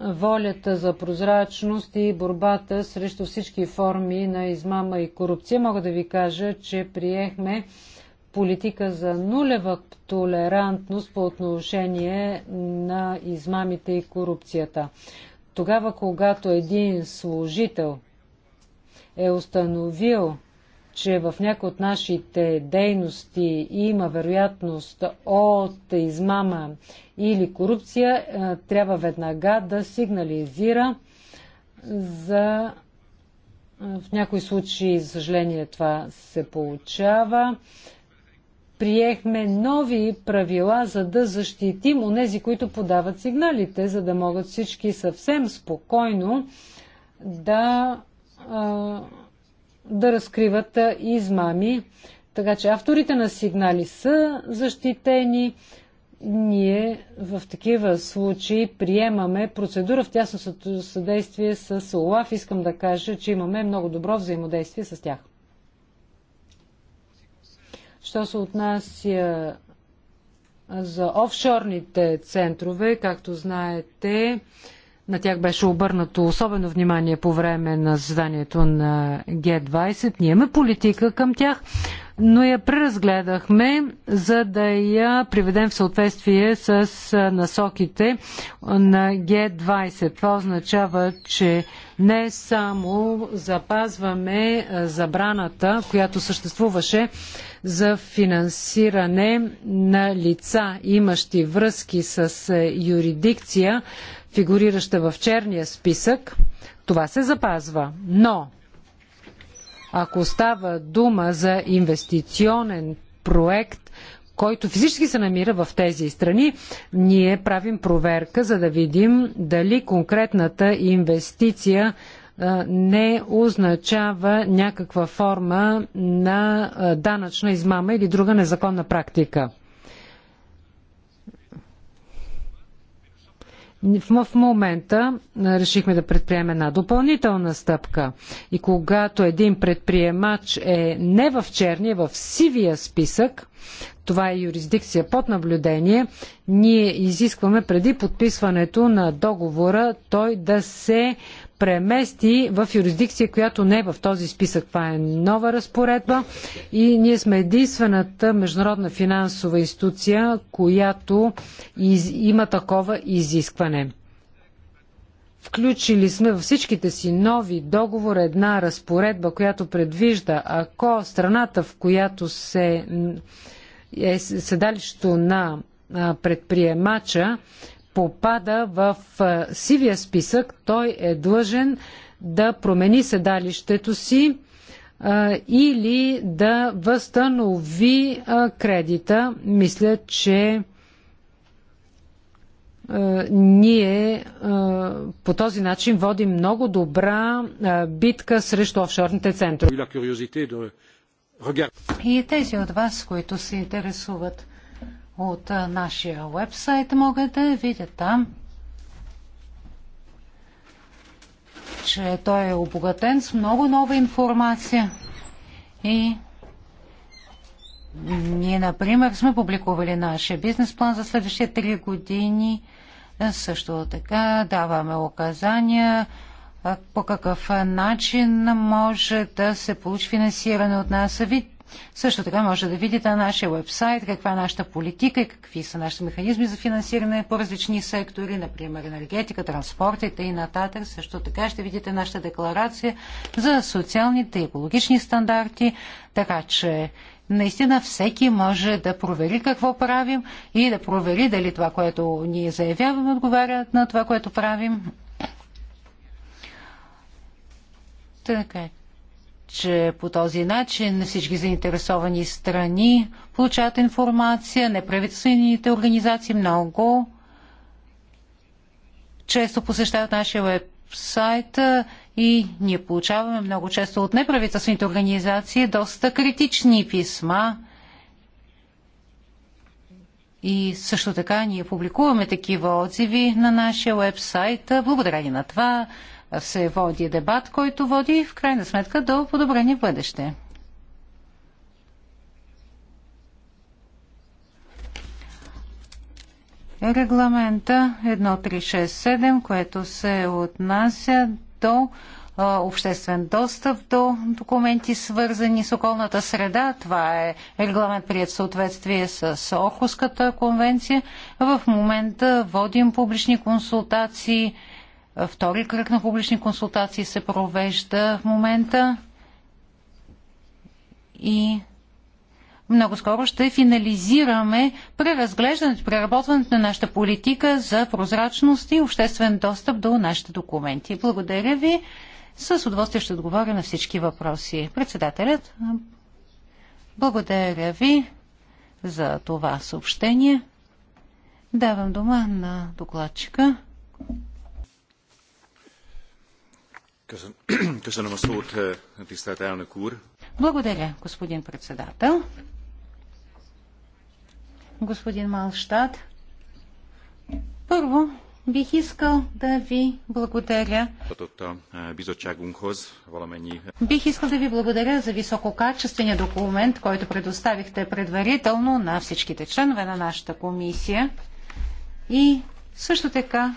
Speaker 5: волята за прозрачност и борбата срещу всички форми на измама и корупция. Мога да ви кажа, че приехме политика за нулева толерантност по отношение на измамите и корупцията. Тогава, когато един служител е установил, че в някои от нашите дейности има вероятност от измама или корупция, е, трябва веднага да сигнализира за е, в някои случаи, за съжаление, това се получава приехме нови правила, за да защитим онези, които подават сигналите, за да могат всички съвсем спокойно да, да разкриват измами. Така че авторите на сигнали са защитени. Ние в такива случаи приемаме процедура в тясно съдействие с ОЛАФ. Искам да кажа, че имаме много добро взаимодействие с тях. Що се отнася за офшорните центрове, както знаете, на тях беше обърнато особено внимание по време на заседанието на Г20. Ние имаме политика към тях, но я преразгледахме, за да я приведем в съответствие с насоките на Г20. Това означава, че не само запазваме забраната, която съществуваше за финансиране на лица, имащи връзки с юрисдикция, фигурираща в черния списък, това се запазва, но ако става дума за инвестиционен проект, който физически се намира в тези страни, ние правим проверка, за да видим дали конкретната инвестиция не означава някаква форма на данъчна измама или друга незаконна практика. В момента решихме да предприемем една допълнителна стъпка и когато един предприемач е не в черния, в сивия списък, това е юрисдикция под наблюдение, ние изискваме преди подписването на договора той да се премести в юрисдикция, която не е в този списък. Това е нова разпоредба и ние сме единствената международна финансова институция, която из... има такова изискване. Включили сме във всичките си нови договори една разпоредба, която предвижда, ако страната, в която се е седалището на предприемача, попада в сивия списък, той е длъжен да промени седалището си или да възстанови кредита. Мисля, че ние по този начин водим много добра битка срещу офшорните центрове.
Speaker 4: И тези от вас, които се интересуват от нашия вебсайт могат да видят там, че той е обогатен с много нова информация и ние, например, сме публикували нашия бизнес план за следващите три години. Е, също така даваме указания по какъв начин може да се получи финансиране от нас. Вид също така може да видите на нашия вебсайт каква е нашата политика и какви са нашите механизми за финансиране по различни сектори, например енергетика, транспортите и нататък. Също така ще видите нашата декларация за социалните и екологични стандарти, така че наистина всеки може да провери какво правим и да провери дали това, което ние заявяваме, отговаря на това, което правим. Така е че по този начин всички заинтересовани страни получават информация, неправителствените организации много често посещават нашия веб-сайт и ние получаваме много често от неправителствените организации доста критични писма. И също така ние публикуваме такива отзиви на нашия Благодаря Благодарение на това се води дебат, който води в крайна сметка до подобрени в бъдеще. Регламента 1367, което се отнася до обществен достъп до документи, свързани с околната среда. Това е регламент прият в съответствие с Охуската конвенция. В момента водим публични консултации е, втори кръг на публични консултации се провежда в момента и много скоро ще финализираме преразглеждането, преработването на нашата политика за прозрачност и обществен достъп до нашите документи. Благодаря ви. С удоволствие ще отговоря на всички въпроси. Председателят, благодаря ви за това съобщение. Давам дума на докладчика.
Speaker 3: Eh,
Speaker 4: благодаря, господин председател. Господин Малштад, първо бих искал да ви благодаря. Eh, бих искал да ви благодаря за висококачествения документ, който предоставихте предварително на всичките членове на нашата комисия. И също така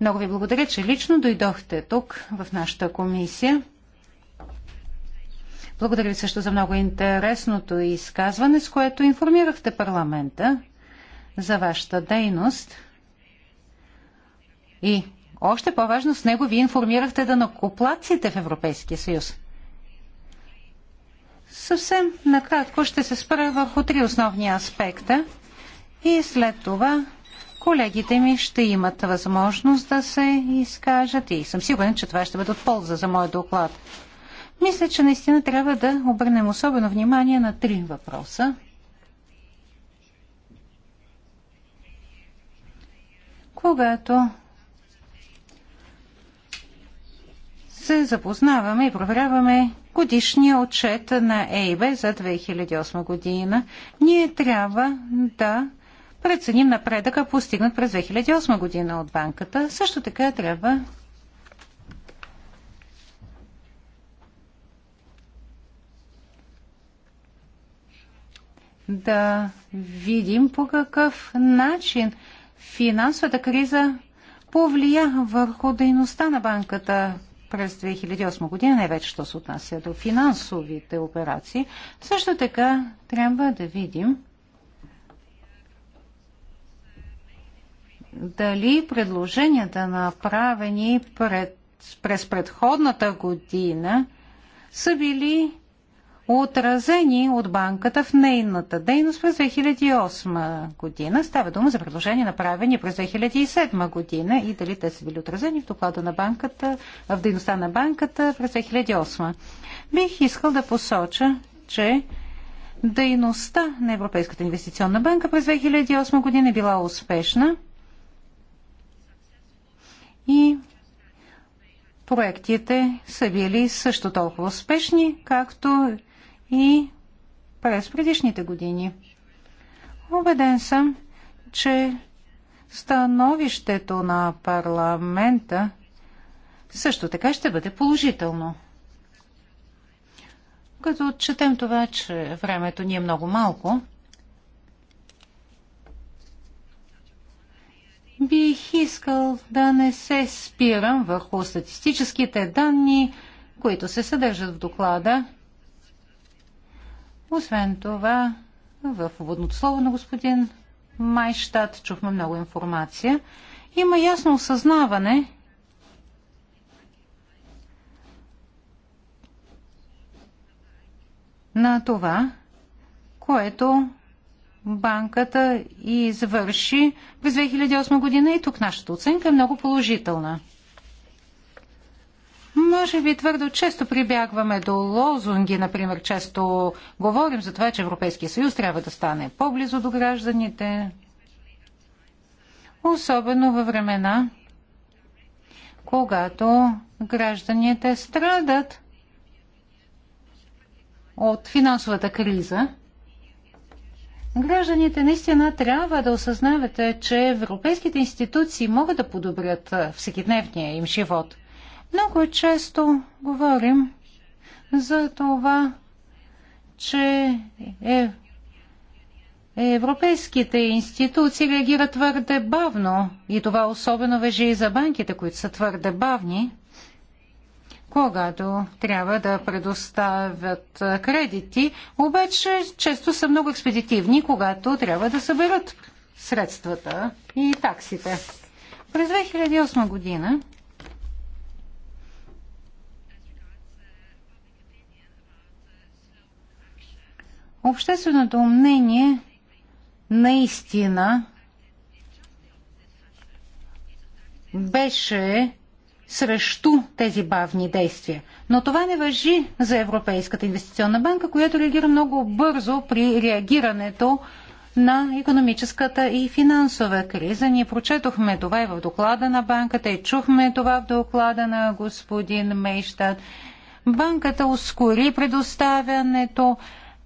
Speaker 4: много ви благодаря, че лично дойдохте тук в нашата комисия. Благодаря ви също за много интересното изказване, с което информирахте парламента за вашата дейност. И още по-важно с него ви информирахте да накоплаците в Европейския съюз. Съвсем накратко ще се спра върху три основни аспекта и след това колегите ми ще имат възможност да се изкажат и съм сигурен, че това ще бъде от полза за моят доклад. Мисля, че наистина трябва да обърнем особено внимание на три въпроса. Когато се запознаваме и проверяваме годишния отчет на ЕИБ за 2008 година, ние трябва да преценим напредъка, постигнат през 2008 година от банката. Също така трябва да видим по какъв начин финансовата криза повлия върху дейността на банката през 2008 година, не вече, що се отнася до финансовите операции. Също така трябва да видим дали предложенията направени пред, през предходната година са били отразени от банката в нейната дейност през 2008 година. Става дума за предложения, направени през 2007 година и дали те са били отразени в доклада на банката, в дейността на банката през 2008. Бих искал да посоча, че дейността на Европейската инвестиционна банка през 2008 година е била успешна – и проектите са били също толкова успешни, както и през предишните години. Обеден съм, че становището на парламента също така ще бъде положително. Като четем това, че времето ни е много малко, Бих искал да не се спирам върху статистическите данни, които се съдържат в доклада. Освен това, в водното слово на господин Майштад чухме много информация. Има ясно осъзнаване, на това, което банката извърши през 2008 година и тук нашата оценка е много положителна. Може би твърдо често прибягваме до лозунги, например, често говорим за това, че Европейския съюз трябва да стане по-близо до гражданите, особено във времена, когато гражданите страдат от финансовата криза Гражданите наистина трябва да осъзнавате, че европейските институции могат да подобрят всекидневния им живот. Много често говорим за това, че е, е европейските институции реагират твърде бавно и това особено вежи и за банките, които са твърде бавни когато трябва да предоставят кредити, обаче често са много експедитивни, когато трябва да съберат средствата и таксите. През 2008 година общественото мнение наистина беше срещу тези бавни действия. Но това не въжи за Европейската инвестиционна банка, която реагира много бързо при реагирането на економическата и финансова криза. Ние прочетохме това и в доклада на банката, и чухме това в доклада на господин Мейштад. Банката ускори предоставянето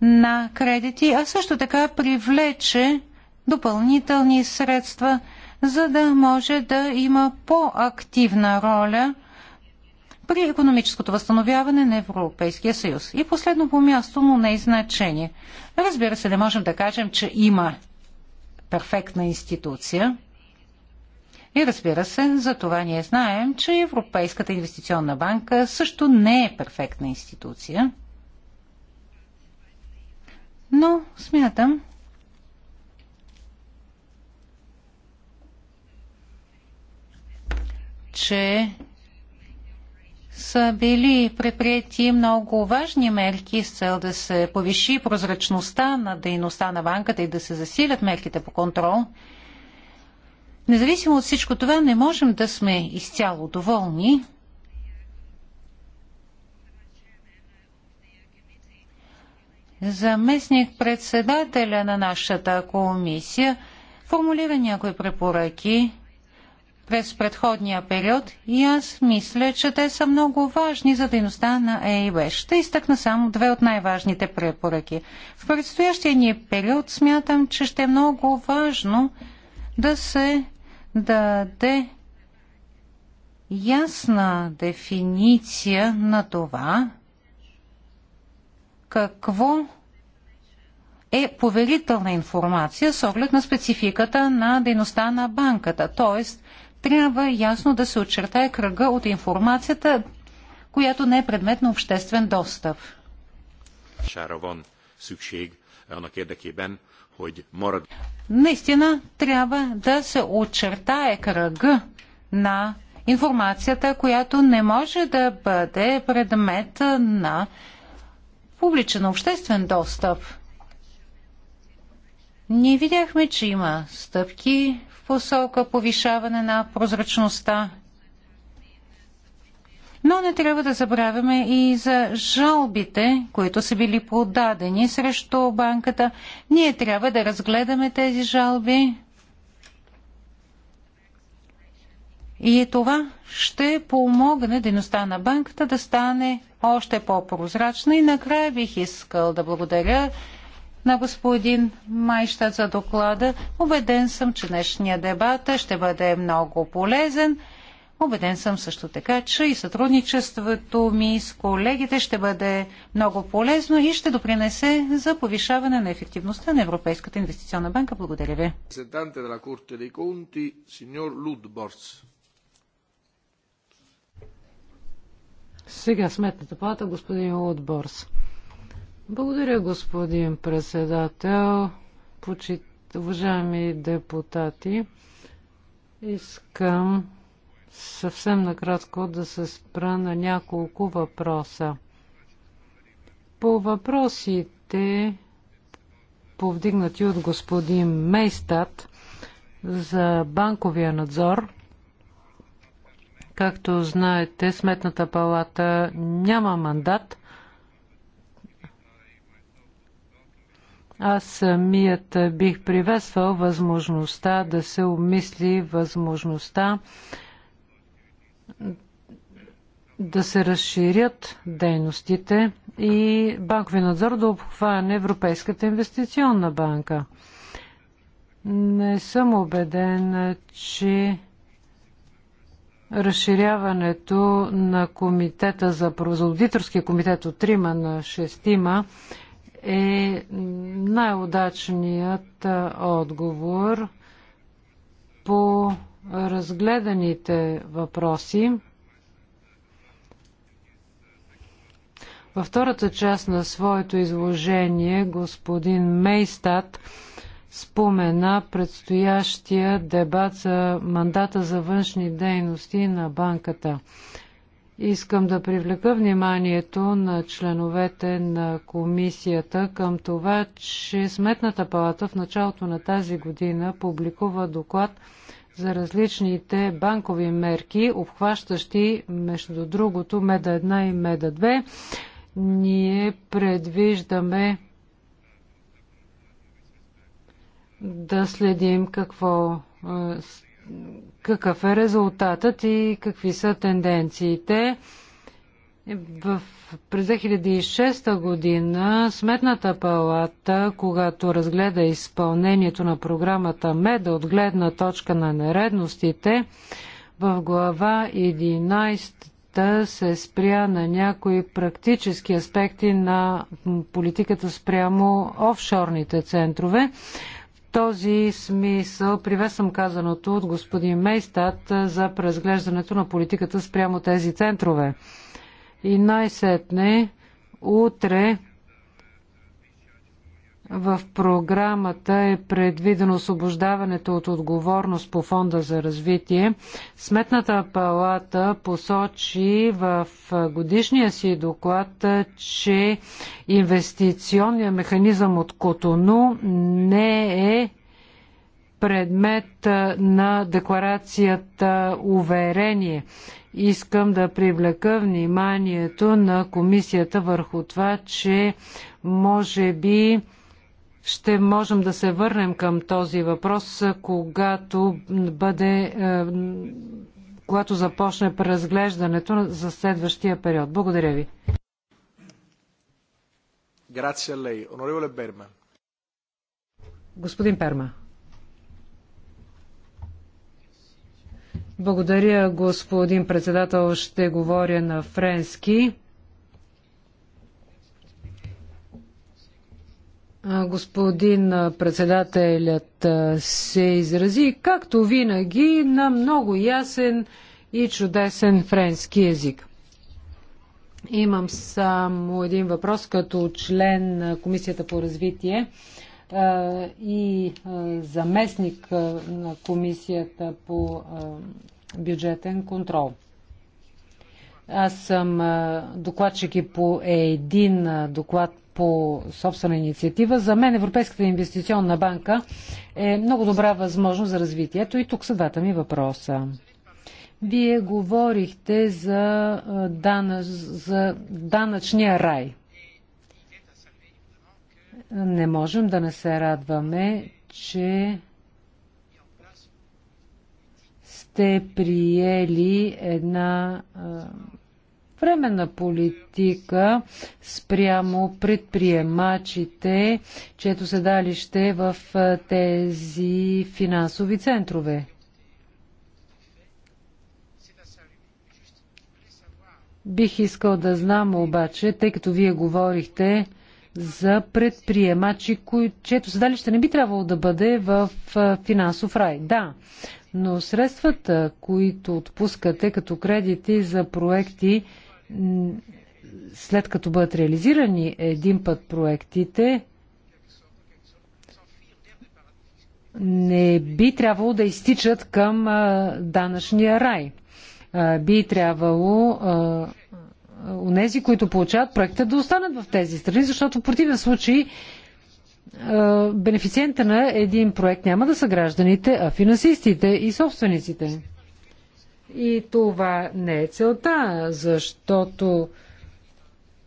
Speaker 4: на кредити, а също така привлече допълнителни средства – за да може да има по-активна роля при економическото възстановяване на Европейския съюз. И последно по място, но не и значение. Разбира се, не можем да кажем, че има перфектна институция. И разбира се, за това ние знаем, че Европейската инвестиционна банка също не е перфектна институция. Но смятам, че са били предприяти много важни мерки с цел да се повиши прозрачността на дейността на банката и да се засилят мерките по контрол. Независимо от всичко това, не можем да сме изцяло доволни. Заместник председателя на нашата комисия формулира някои препоръки, през предходния период и аз мисля, че те са много важни за дейността на ЕИБ. Ще изтъкна само две от най-важните препоръки. В предстоящия ни период смятам, че ще е много важно да се даде ясна дефиниция на това, какво е поверителна информация с оглед на спецификата на дейността на банката. Тоест, трябва ясно да се очертае кръга от информацията, която не е предмет на обществен достъп.
Speaker 3: Е,
Speaker 4: Наистина трябва да се очертае кръга на информацията, която не може да бъде предмет на публичен обществен достъп. Ние видяхме, че има стъпки посока повишаване на прозрачността. Но не трябва да забравяме и за жалбите, които са били подадени срещу банката. Ние трябва да разгледаме тези жалби. И това ще помогне дейността на банката да стане още по-прозрачна. И накрая бих искал да благодаря на господин Майщад за доклада. Обеден съм, че днешния дебат ще бъде много полезен. убеден съм също така, че и сътрудничеството ми с колегите ще бъде много полезно и ще допринесе за повишаване на ефективността на Европейската инвестиционна банка. Благодаря ви.
Speaker 5: Сега сметната палата, господин Лудборс. Благодаря, господин председател. Почит... Уважаеми депутати, искам съвсем накратко да се спра на няколко въпроса. По въпросите, повдигнати от господин Мейстат за банковия надзор, както знаете, Сметната палата няма мандат – Аз самият бих приветствал възможността да се обмисли възможността да се разширят дейностите и банкови надзор да обхване Европейската инвестиционна банка. Не съм убеден, че разширяването на комитета за, за комитет от 3 на 6 е най-удачният отговор по разгледаните въпроси. Във втората част на своето изложение господин Мейстат спомена предстоящия дебат за мандата за външни дейности на банката. Искам да привлека вниманието на членовете на комисията към това, че Сметната палата в началото на тази година публикува доклад за различните банкови мерки, обхващащи, между другото, Меда 1 и Меда 2. Ние предвиждаме да следим какво е, какъв е резултатът и какви са тенденциите. В, през 2006 година Сметната палата, когато разгледа изпълнението на програмата МЕДА от гледна точка на нередностите, в глава 11 се спря на някои практически аспекти на политиката спрямо офшорните центрове този смисъл привесвам казаното от господин Мейстат за преразглеждането на политиката спрямо тези центрове. И най-сетне утре в програмата е предвидено освобождаването от отговорност по фонда за развитие. Сметната палата посочи в годишния си доклад, че инвестиционният механизъм от Котону не е предмет на декларацията уверение. Искам да привлека вниманието на комисията върху това, че може би ще можем да се върнем към този въпрос, когато бъде е, когато започне преразглеждането за следващия период. Благодаря ви. Господин Перма. Благодаря, господин председател. Ще говоря на френски. Господин председателят се изрази, както винаги, на много ясен и чудесен френски язик. Имам само един въпрос като член на Комисията по развитие и заместник на Комисията по бюджетен контрол. Аз съм докладчик и по един доклад по собствена инициатива. За мен Европейската инвестиционна банка е много добра възможност за развитието и тук са двата ми въпроса. Вие говорихте за, данъч, за данъчния рай. Не можем да не се радваме, че сте приели една временна политика спрямо предприемачите, чието седалище е в тези финансови центрове. Бих искал да знам обаче, тъй като вие говорихте за предприемачи, чието седалище не би трябвало да бъде в финансов рай. Да, но средствата, които отпускате като кредити за проекти, след като бъдат реализирани един път проектите, не би трябвало да изтичат към данъчния рай. Би трябвало онези, които получават проекта, да останат в тези страни, защото в противен случай бенефициента на един проект няма да са гражданите, а финансистите и собствениците. И това не е целта, защото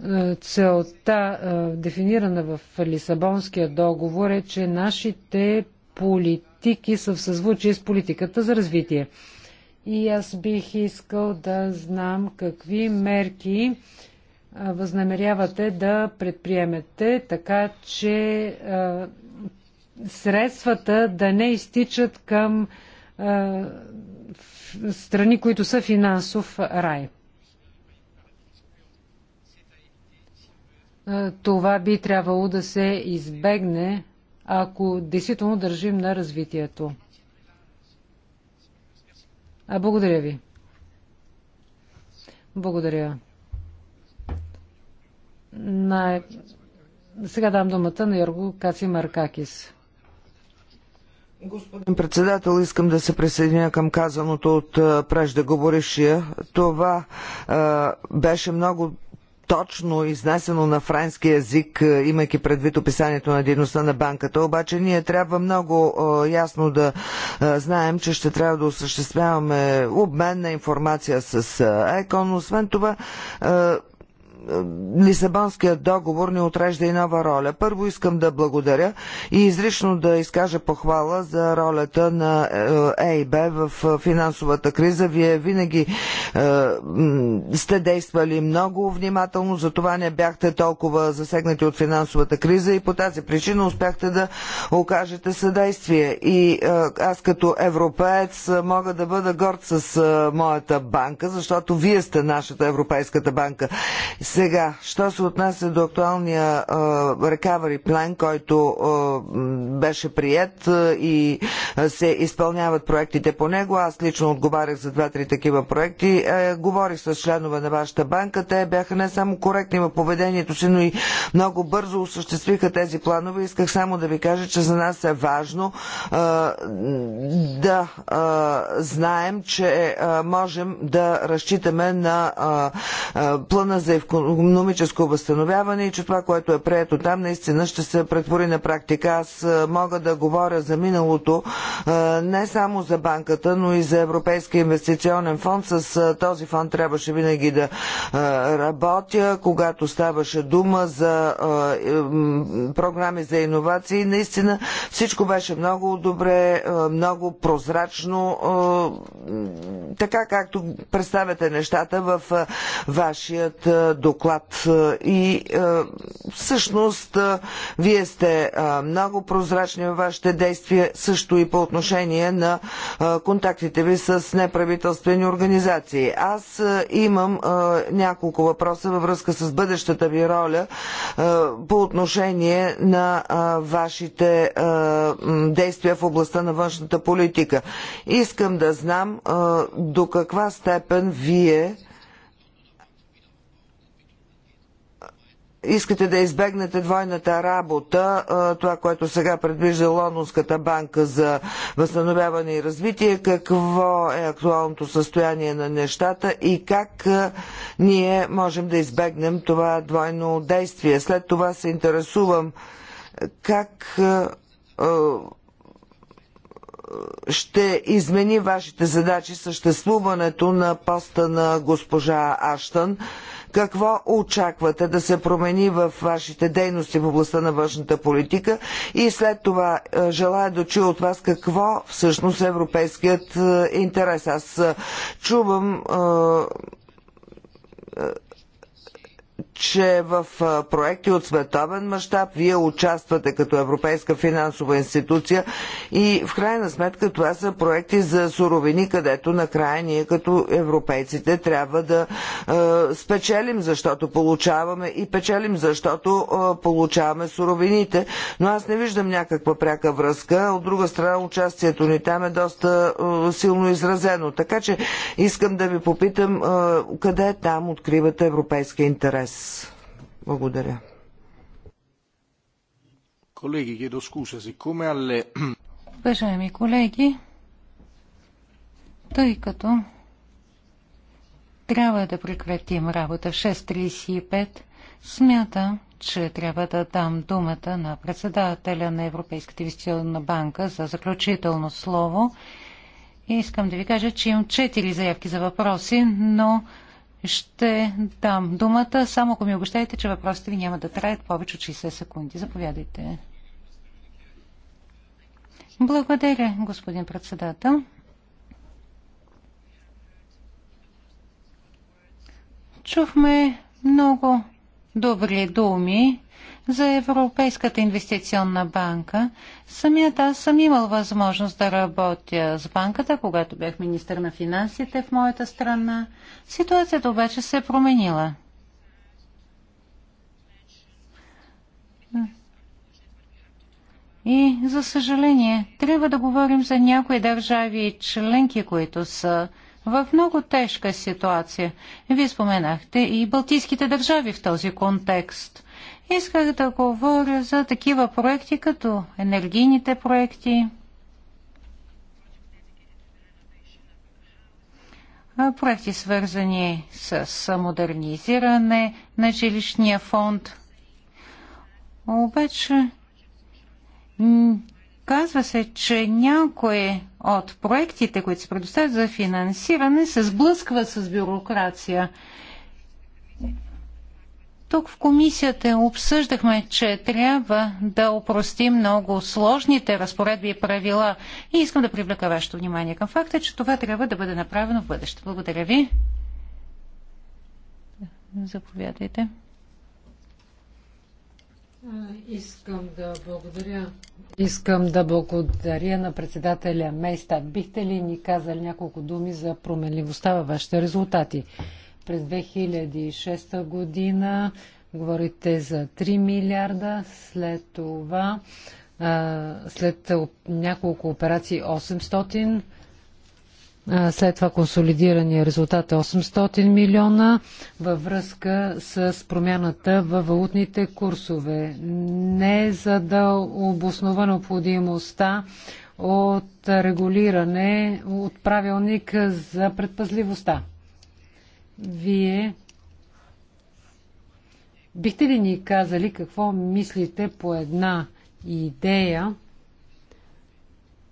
Speaker 5: е, целта, е, дефинирана в Лисабонския договор, е, че нашите политики са в съзвучие с политиката за развитие. И аз бих искал да знам какви мерки е, възнамерявате да предприемете, така че средствата да не изтичат към страни, които са финансов рай. Това би трябвало да се избегне, ако действително държим на развитието. А, благодаря ви. Благодаря. Най... Сега дам думата на Йорго Каци Маркакис.
Speaker 2: Господин председател, искам да се присъединя към казаното от преждеговорившия. Това а, беше много точно изнесено на френски язик, имайки предвид описанието на дейността на банката. Обаче ние трябва много ясно да знаем, че ще трябва да осъществяваме обмен на информация с ЕКОН. Освен това, Лисабонският договор ни отрежда и нова роля. Първо искам да благодаря и изрично да изкажа похвала за ролята на ЕИБ е в е, финансовата криза. Вие винаги е, сте действали много внимателно, за това не бяхте толкова засегнати от финансовата криза и по тази причина успяхте да окажете съдействие. И е, аз като европеец е, мога да бъда горд с е, моята банка, защото вие сте нашата Европейската банка. Сега, що се отнася до актуалния а, recovery план, който а, беше прият а, и а, се изпълняват проектите по него, аз лично отговарях за два-три такива проекти. А, е, говорих с членове на вашата банка. Те бяха не само коректни в поведението си, но и много бързо осъществиха тези планове. Исках само да ви кажа, че за нас е важно а, да а, знаем, че а, можем да разчитаме на а, а, плана за евко економическо възстановяване и че това, което е прието там, наистина ще се претвори на практика. Аз е, мога да говоря за миналото е, не само за банката, но и за Европейския инвестиционен фонд. С е, този фонд трябваше винаги да работя, когато ставаше дума за програми за иновации. Наистина всичко беше много добре, много прозрачно, така както представяте нещата в вашият доклад доклад е, и е, всъщност е, вие сте много прозрачни във вашите действия, също и по отношение на контактите ви с неправителствени организации. Аз имам няколко въпроса във връзка с бъдещата ви роля по отношение на вашите действия в областта на външната политика. Искам да знам до каква степен вие искате да избегнете двойната работа, това, което сега предвижда Лондонската банка за възстановяване и развитие, какво е актуалното състояние на нещата и как ние можем да избегнем това двойно действие. След това се интересувам как ще измени вашите задачи съществуването на поста на госпожа Аштън. Какво очаквате да се промени в вашите дейности в областта на външната политика? И след това е, желая да чуя от вас какво всъщност е европейският е, интерес. Аз е, чувам че в проекти от световен мащаб вие участвате като Европейска финансова институция и в крайна сметка това са проекти за суровини, където накрая ние като европейците трябва да е, спечелим, защото получаваме и печелим, защото е, получаваме суровините. Но аз не виждам някаква пряка връзка. От друга страна участието ни там е доста е, силно изразено. Така че искам да ви попитам къде там откривате европейски интерес. Благодаря.
Speaker 1: Колеги, chiedo scusa, siccome Але.
Speaker 4: Уважаеми колеги, тъй като трябва да прекратим работа в 6.35, смятам, че трябва да дам думата на председателя на Европейската инвестиционна банка за заключително слово. И искам да ви кажа, че имам четири заявки за въпроси, но ще дам думата, само ако ми обещаете, че въпросите ви няма да траят повече от 60 секунди. Заповядайте. Благодаря, господин председател. Чухме много добри думи за Европейската инвестиционна банка. Самият аз съм имал възможност да работя с банката, когато бях министър на финансите в моята страна. Ситуацията обаче се е променила. И, за съжаление, трябва да говорим за някои държави и членки, които са в много тежка ситуация. Вие споменахте и балтийските държави в този контекст. Исках да говоря за такива проекти, като енергийните проекти, проекти свързани с модернизиране на жилищния фонд. Обаче Казва се, че някои от проектите, които се предоставят за финансиране, се сблъскват с бюрокрация. Тук в комисията обсъждахме, че трябва да упростим много сложните разпоредби и правила. И искам да привлека вашето внимание към факта, че това трябва да бъде направено в бъдеще. Благодаря ви. Заповядайте.
Speaker 5: Искам да благодаря. Искам да благодаря на председателя Мейста. Бихте ли ни казали няколко думи за променливостта във вашите резултати? През 2006 година говорите за 3 милиарда, след това след няколко операции 800, след това консолидирания резултат е 800 милиона във връзка с промяната във валутните курсове. Не за да обоснова необходимостта от регулиране от правилник за предпазливостта. Вие бихте ли ни казали какво мислите по една идея,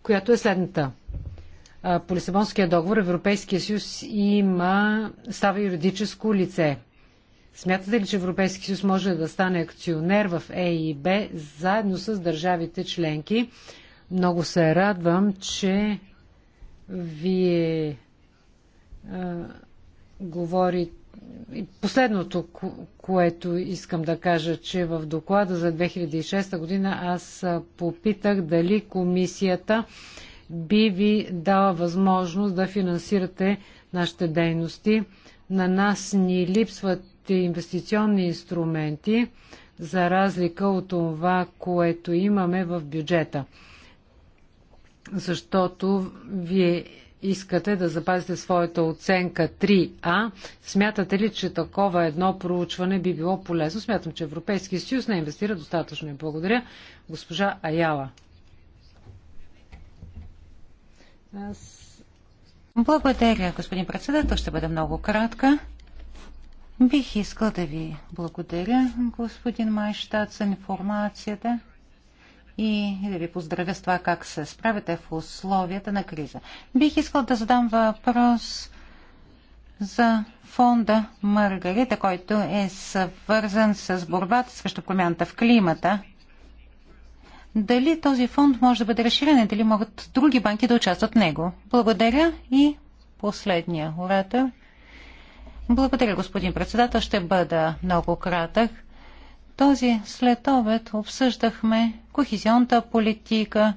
Speaker 5: която е следната? По Лисабонския договор Европейския съюз има, става юридическо лице. Смятате ли, че Европейския съюз може да стане акционер в ЕИБ заедно с държавите членки? Много се радвам, че вие говори. Последното, което искам да кажа, че в доклада за 2006 година аз попитах дали комисията би ви дала възможност да финансирате нашите дейности. На нас ни липсват инвестиционни инструменти, за разлика от това, което имаме в бюджета. Защото вие искате да запазите своята оценка 3А. Смятате ли, че такова едно проучване би било полезно? Смятам, че Европейския съюз не инвестира
Speaker 4: достатъчно. Благодаря. Госпожа Аяла. Благодаря, господин председател. Ще бъда много кратка. Бих искал да ви благодаря, господин Майштат, за информацията и да ви поздравя с това как се справите в условията на криза. Бих искал да задам въпрос за фонда Маргарита, който е свързан с борбата срещу промяната в климата. Дали този фонд може да бъде разширен и дали могат други банки да участват в него? Благодаря и последния оратор. Благодаря, господин председател. Ще бъда много кратък. Този след обед обсъждахме кохизионната политика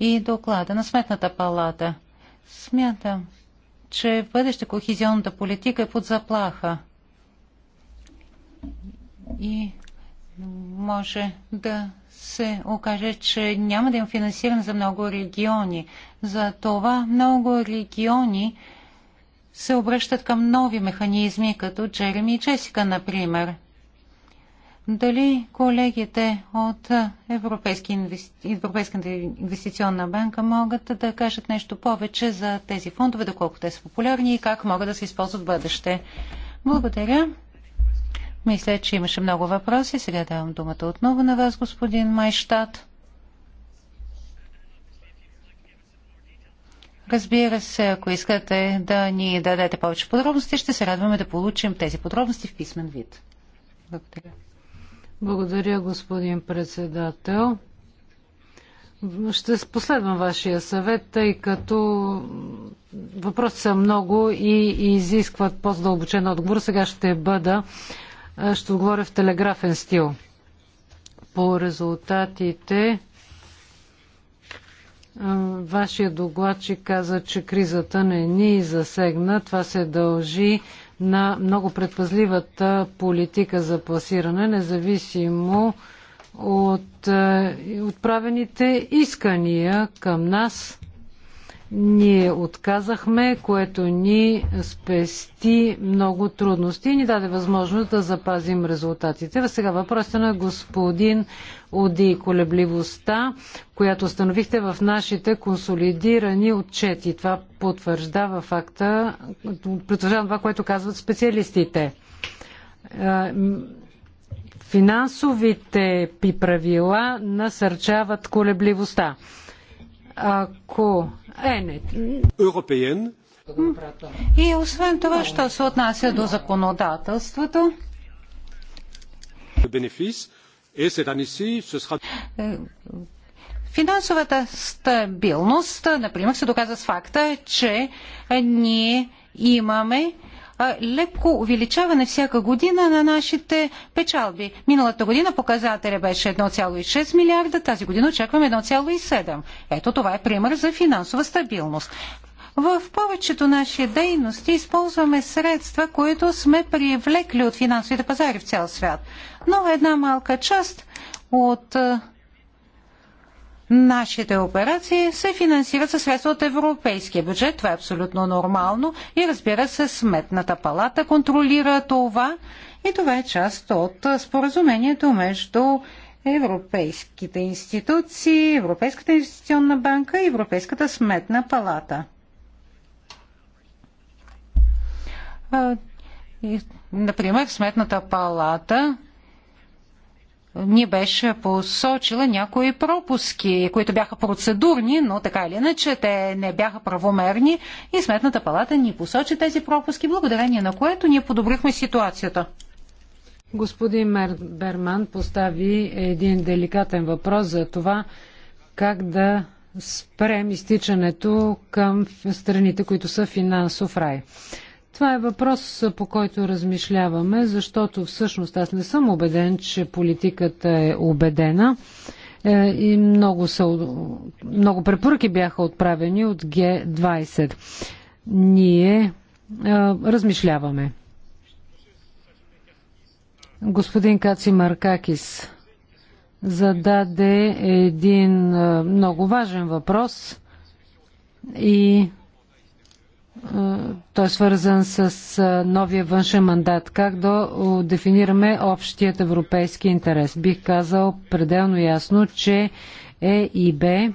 Speaker 4: и доклада на Сметната палата. Смятам, че бъдеще кохизионната политика е под заплаха и може да се окаже, че няма да им финансиране за много региони. За това много региони се обръщат към нови механизми, като Джереми и Джесика, например. Дали колегите от Европейски инвести... Европейската инвестиционна банка могат да кажат нещо повече за тези фондове, доколко те са популярни и как могат да се използват в бъдеще? Благодаря. Мисля, че имаше много въпроси. Сега давам думата отново на вас, господин Майштад. Разбира се, ако искате да ни дадете повече подробности, ще се радваме да получим тези подробности в писмен вид. Благодаря. Благодаря, господин председател.
Speaker 5: Ще последвам вашия съвет, тъй като въпроси са много и изискват по-задълбочен отговор. Сега ще бъда, ще отговоря в телеграфен стил. По резултатите Вашия докладчик каза, че кризата не ни засегна. Това се дължи на много предпазливата политика за пласиране, независимо от е, отправените искания към нас ние отказахме, което ни спести много трудности и ни даде възможност да запазим резултатите. сега въпросът е на господин Оди колебливостта, която становихте в нашите консолидирани отчети. Това потвърждава факта, потвърждава това, което казват специалистите е, финансовите пи правила насърчават
Speaker 4: колебливостта. Ако ЕНЕТ. И освен това, що се отнася до законодателството,
Speaker 1: е е,
Speaker 4: Финансовата стабилност, например, се доказва с факта, че ние имаме леко увеличаване всяка година на нашите печалби. Миналата година показателя беше 1,6 милиарда, тази година очакваме 1,7. Ето това е пример за финансова стабилност. В повечето наши дейности използваме средства, които сме привлекли от финансовите пазари в цял свят. Но една малка част от Нашите операции се финансират със средства от европейския бюджет. Това е абсолютно нормално. И разбира се, сметната палата контролира това. И това е част от споразумението между европейските институции, Европейската инвестиционна банка и Европейската сметна палата. Например, Сметната палата ни беше посочила някои пропуски, които бяха процедурни, но така или иначе те не бяха правомерни и Сметната палата ни посочи тези пропуски, благодарение на което ние подобрихме ситуацията.
Speaker 5: Господин Берман постави един деликатен въпрос за това как да спрем изтичането към страните, които са финансов рай. Това е въпрос, по който размишляваме, защото всъщност аз не съм убеден, че политиката е убедена е, и много, са, много препоръки бяха отправени от Г20. Ние а, е, размишляваме. Господин Каци Маркакис зададе един е, много важен въпрос и е, той е свързан с е, новия външен мандат. Как да дефинираме общият европейски интерес? Бих казал пределно ясно, че Е и Б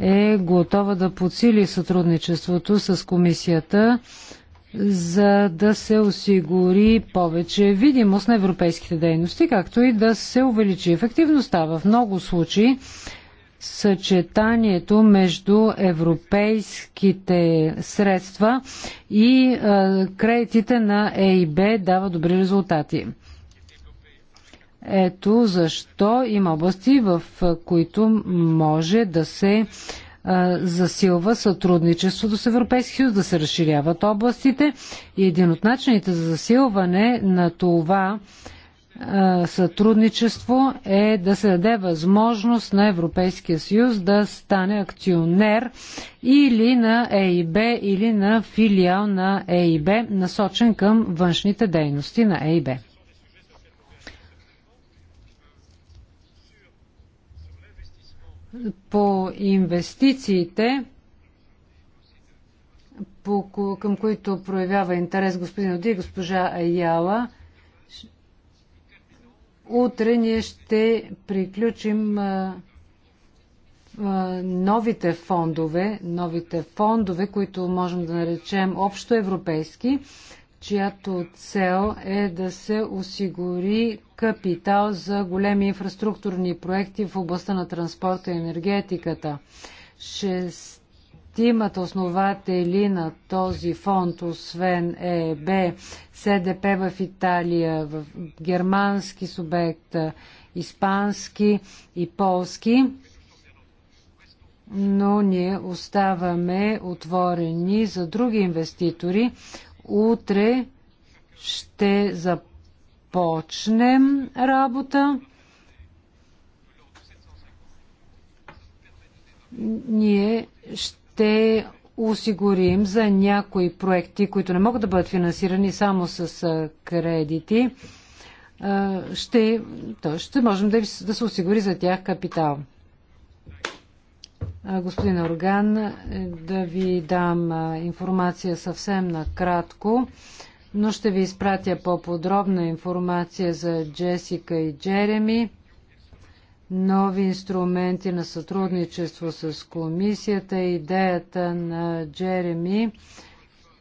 Speaker 5: е готова да подсили сътрудничеството с комисията, за да се осигури повече видимост на европейските дейности, както и да се увеличи ефективността. В много случаи съчетанието между европейските средства и кредитите на ЕИБ дава добри резултати. Ето защо има области, в които може да се засилва сътрудничеството с Европейския съюз, да се разширяват областите. И един от начините за засилване на това сътрудничество е да се даде възможност на Европейския съюз да стане акционер или на ЕИБ, или на филиал на ЕИБ, насочен към външните дейности на ЕИБ. По инвестициите, по, към които проявява интерес господин Оди и госпожа Аяла – Утре ние ще приключим новите фондове, новите фондове, които можем да наречем общо европейски, чиято цел е да се осигури капитал за големи инфраструктурни проекти в областта на транспорта и енергетиката. 6 Петимата основатели на този фонд, освен ЕБ, СДП в Италия, в германски субект, испански и полски, но ние оставаме отворени за други инвеститори. Утре ще започнем работа. Ние ще ще осигурим за някои проекти, които не могат да бъдат финансирани само с кредити, ще, то ще можем да, да се осигури за тях капитал. Господин Орган, е, да ви дам информация съвсем накратко, но ще ви изпратя по-подробна информация за Джесика и Джереми нови инструменти на сътрудничество с комисията. Идеята на Джереми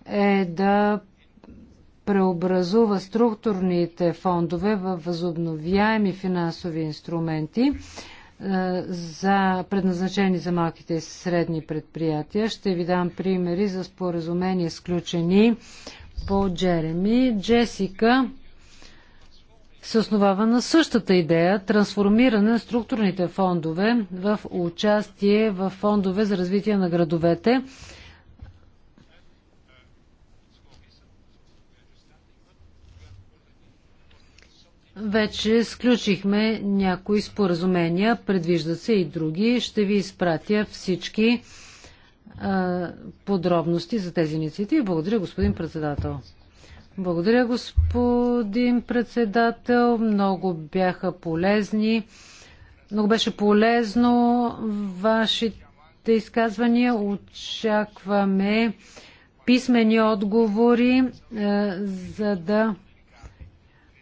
Speaker 5: е да преобразува структурните фондове в възобновяеми финансови инструменти е, за предназначени за малките и средни предприятия. Ще ви дам примери за споразумения, сключени по Джереми. Джесика се основава на същата идея – трансформиране на структурните фондове в участие в фондове за развитие на градовете. Вече сключихме някои споразумения, предвиждат се и други. Ще ви изпратя всички а, подробности за тези инициативи. Благодаря, господин председател. Благодаря, господин председател. Много бяха полезни. Много беше полезно вашите изказвания. Очакваме писмени отговори, е, за да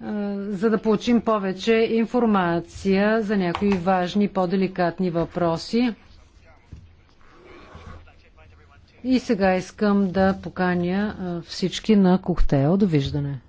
Speaker 5: е, за да получим повече информация за някои важни, по-деликатни въпроси. И сега искам да поканя всички на коктейл. Довиждане!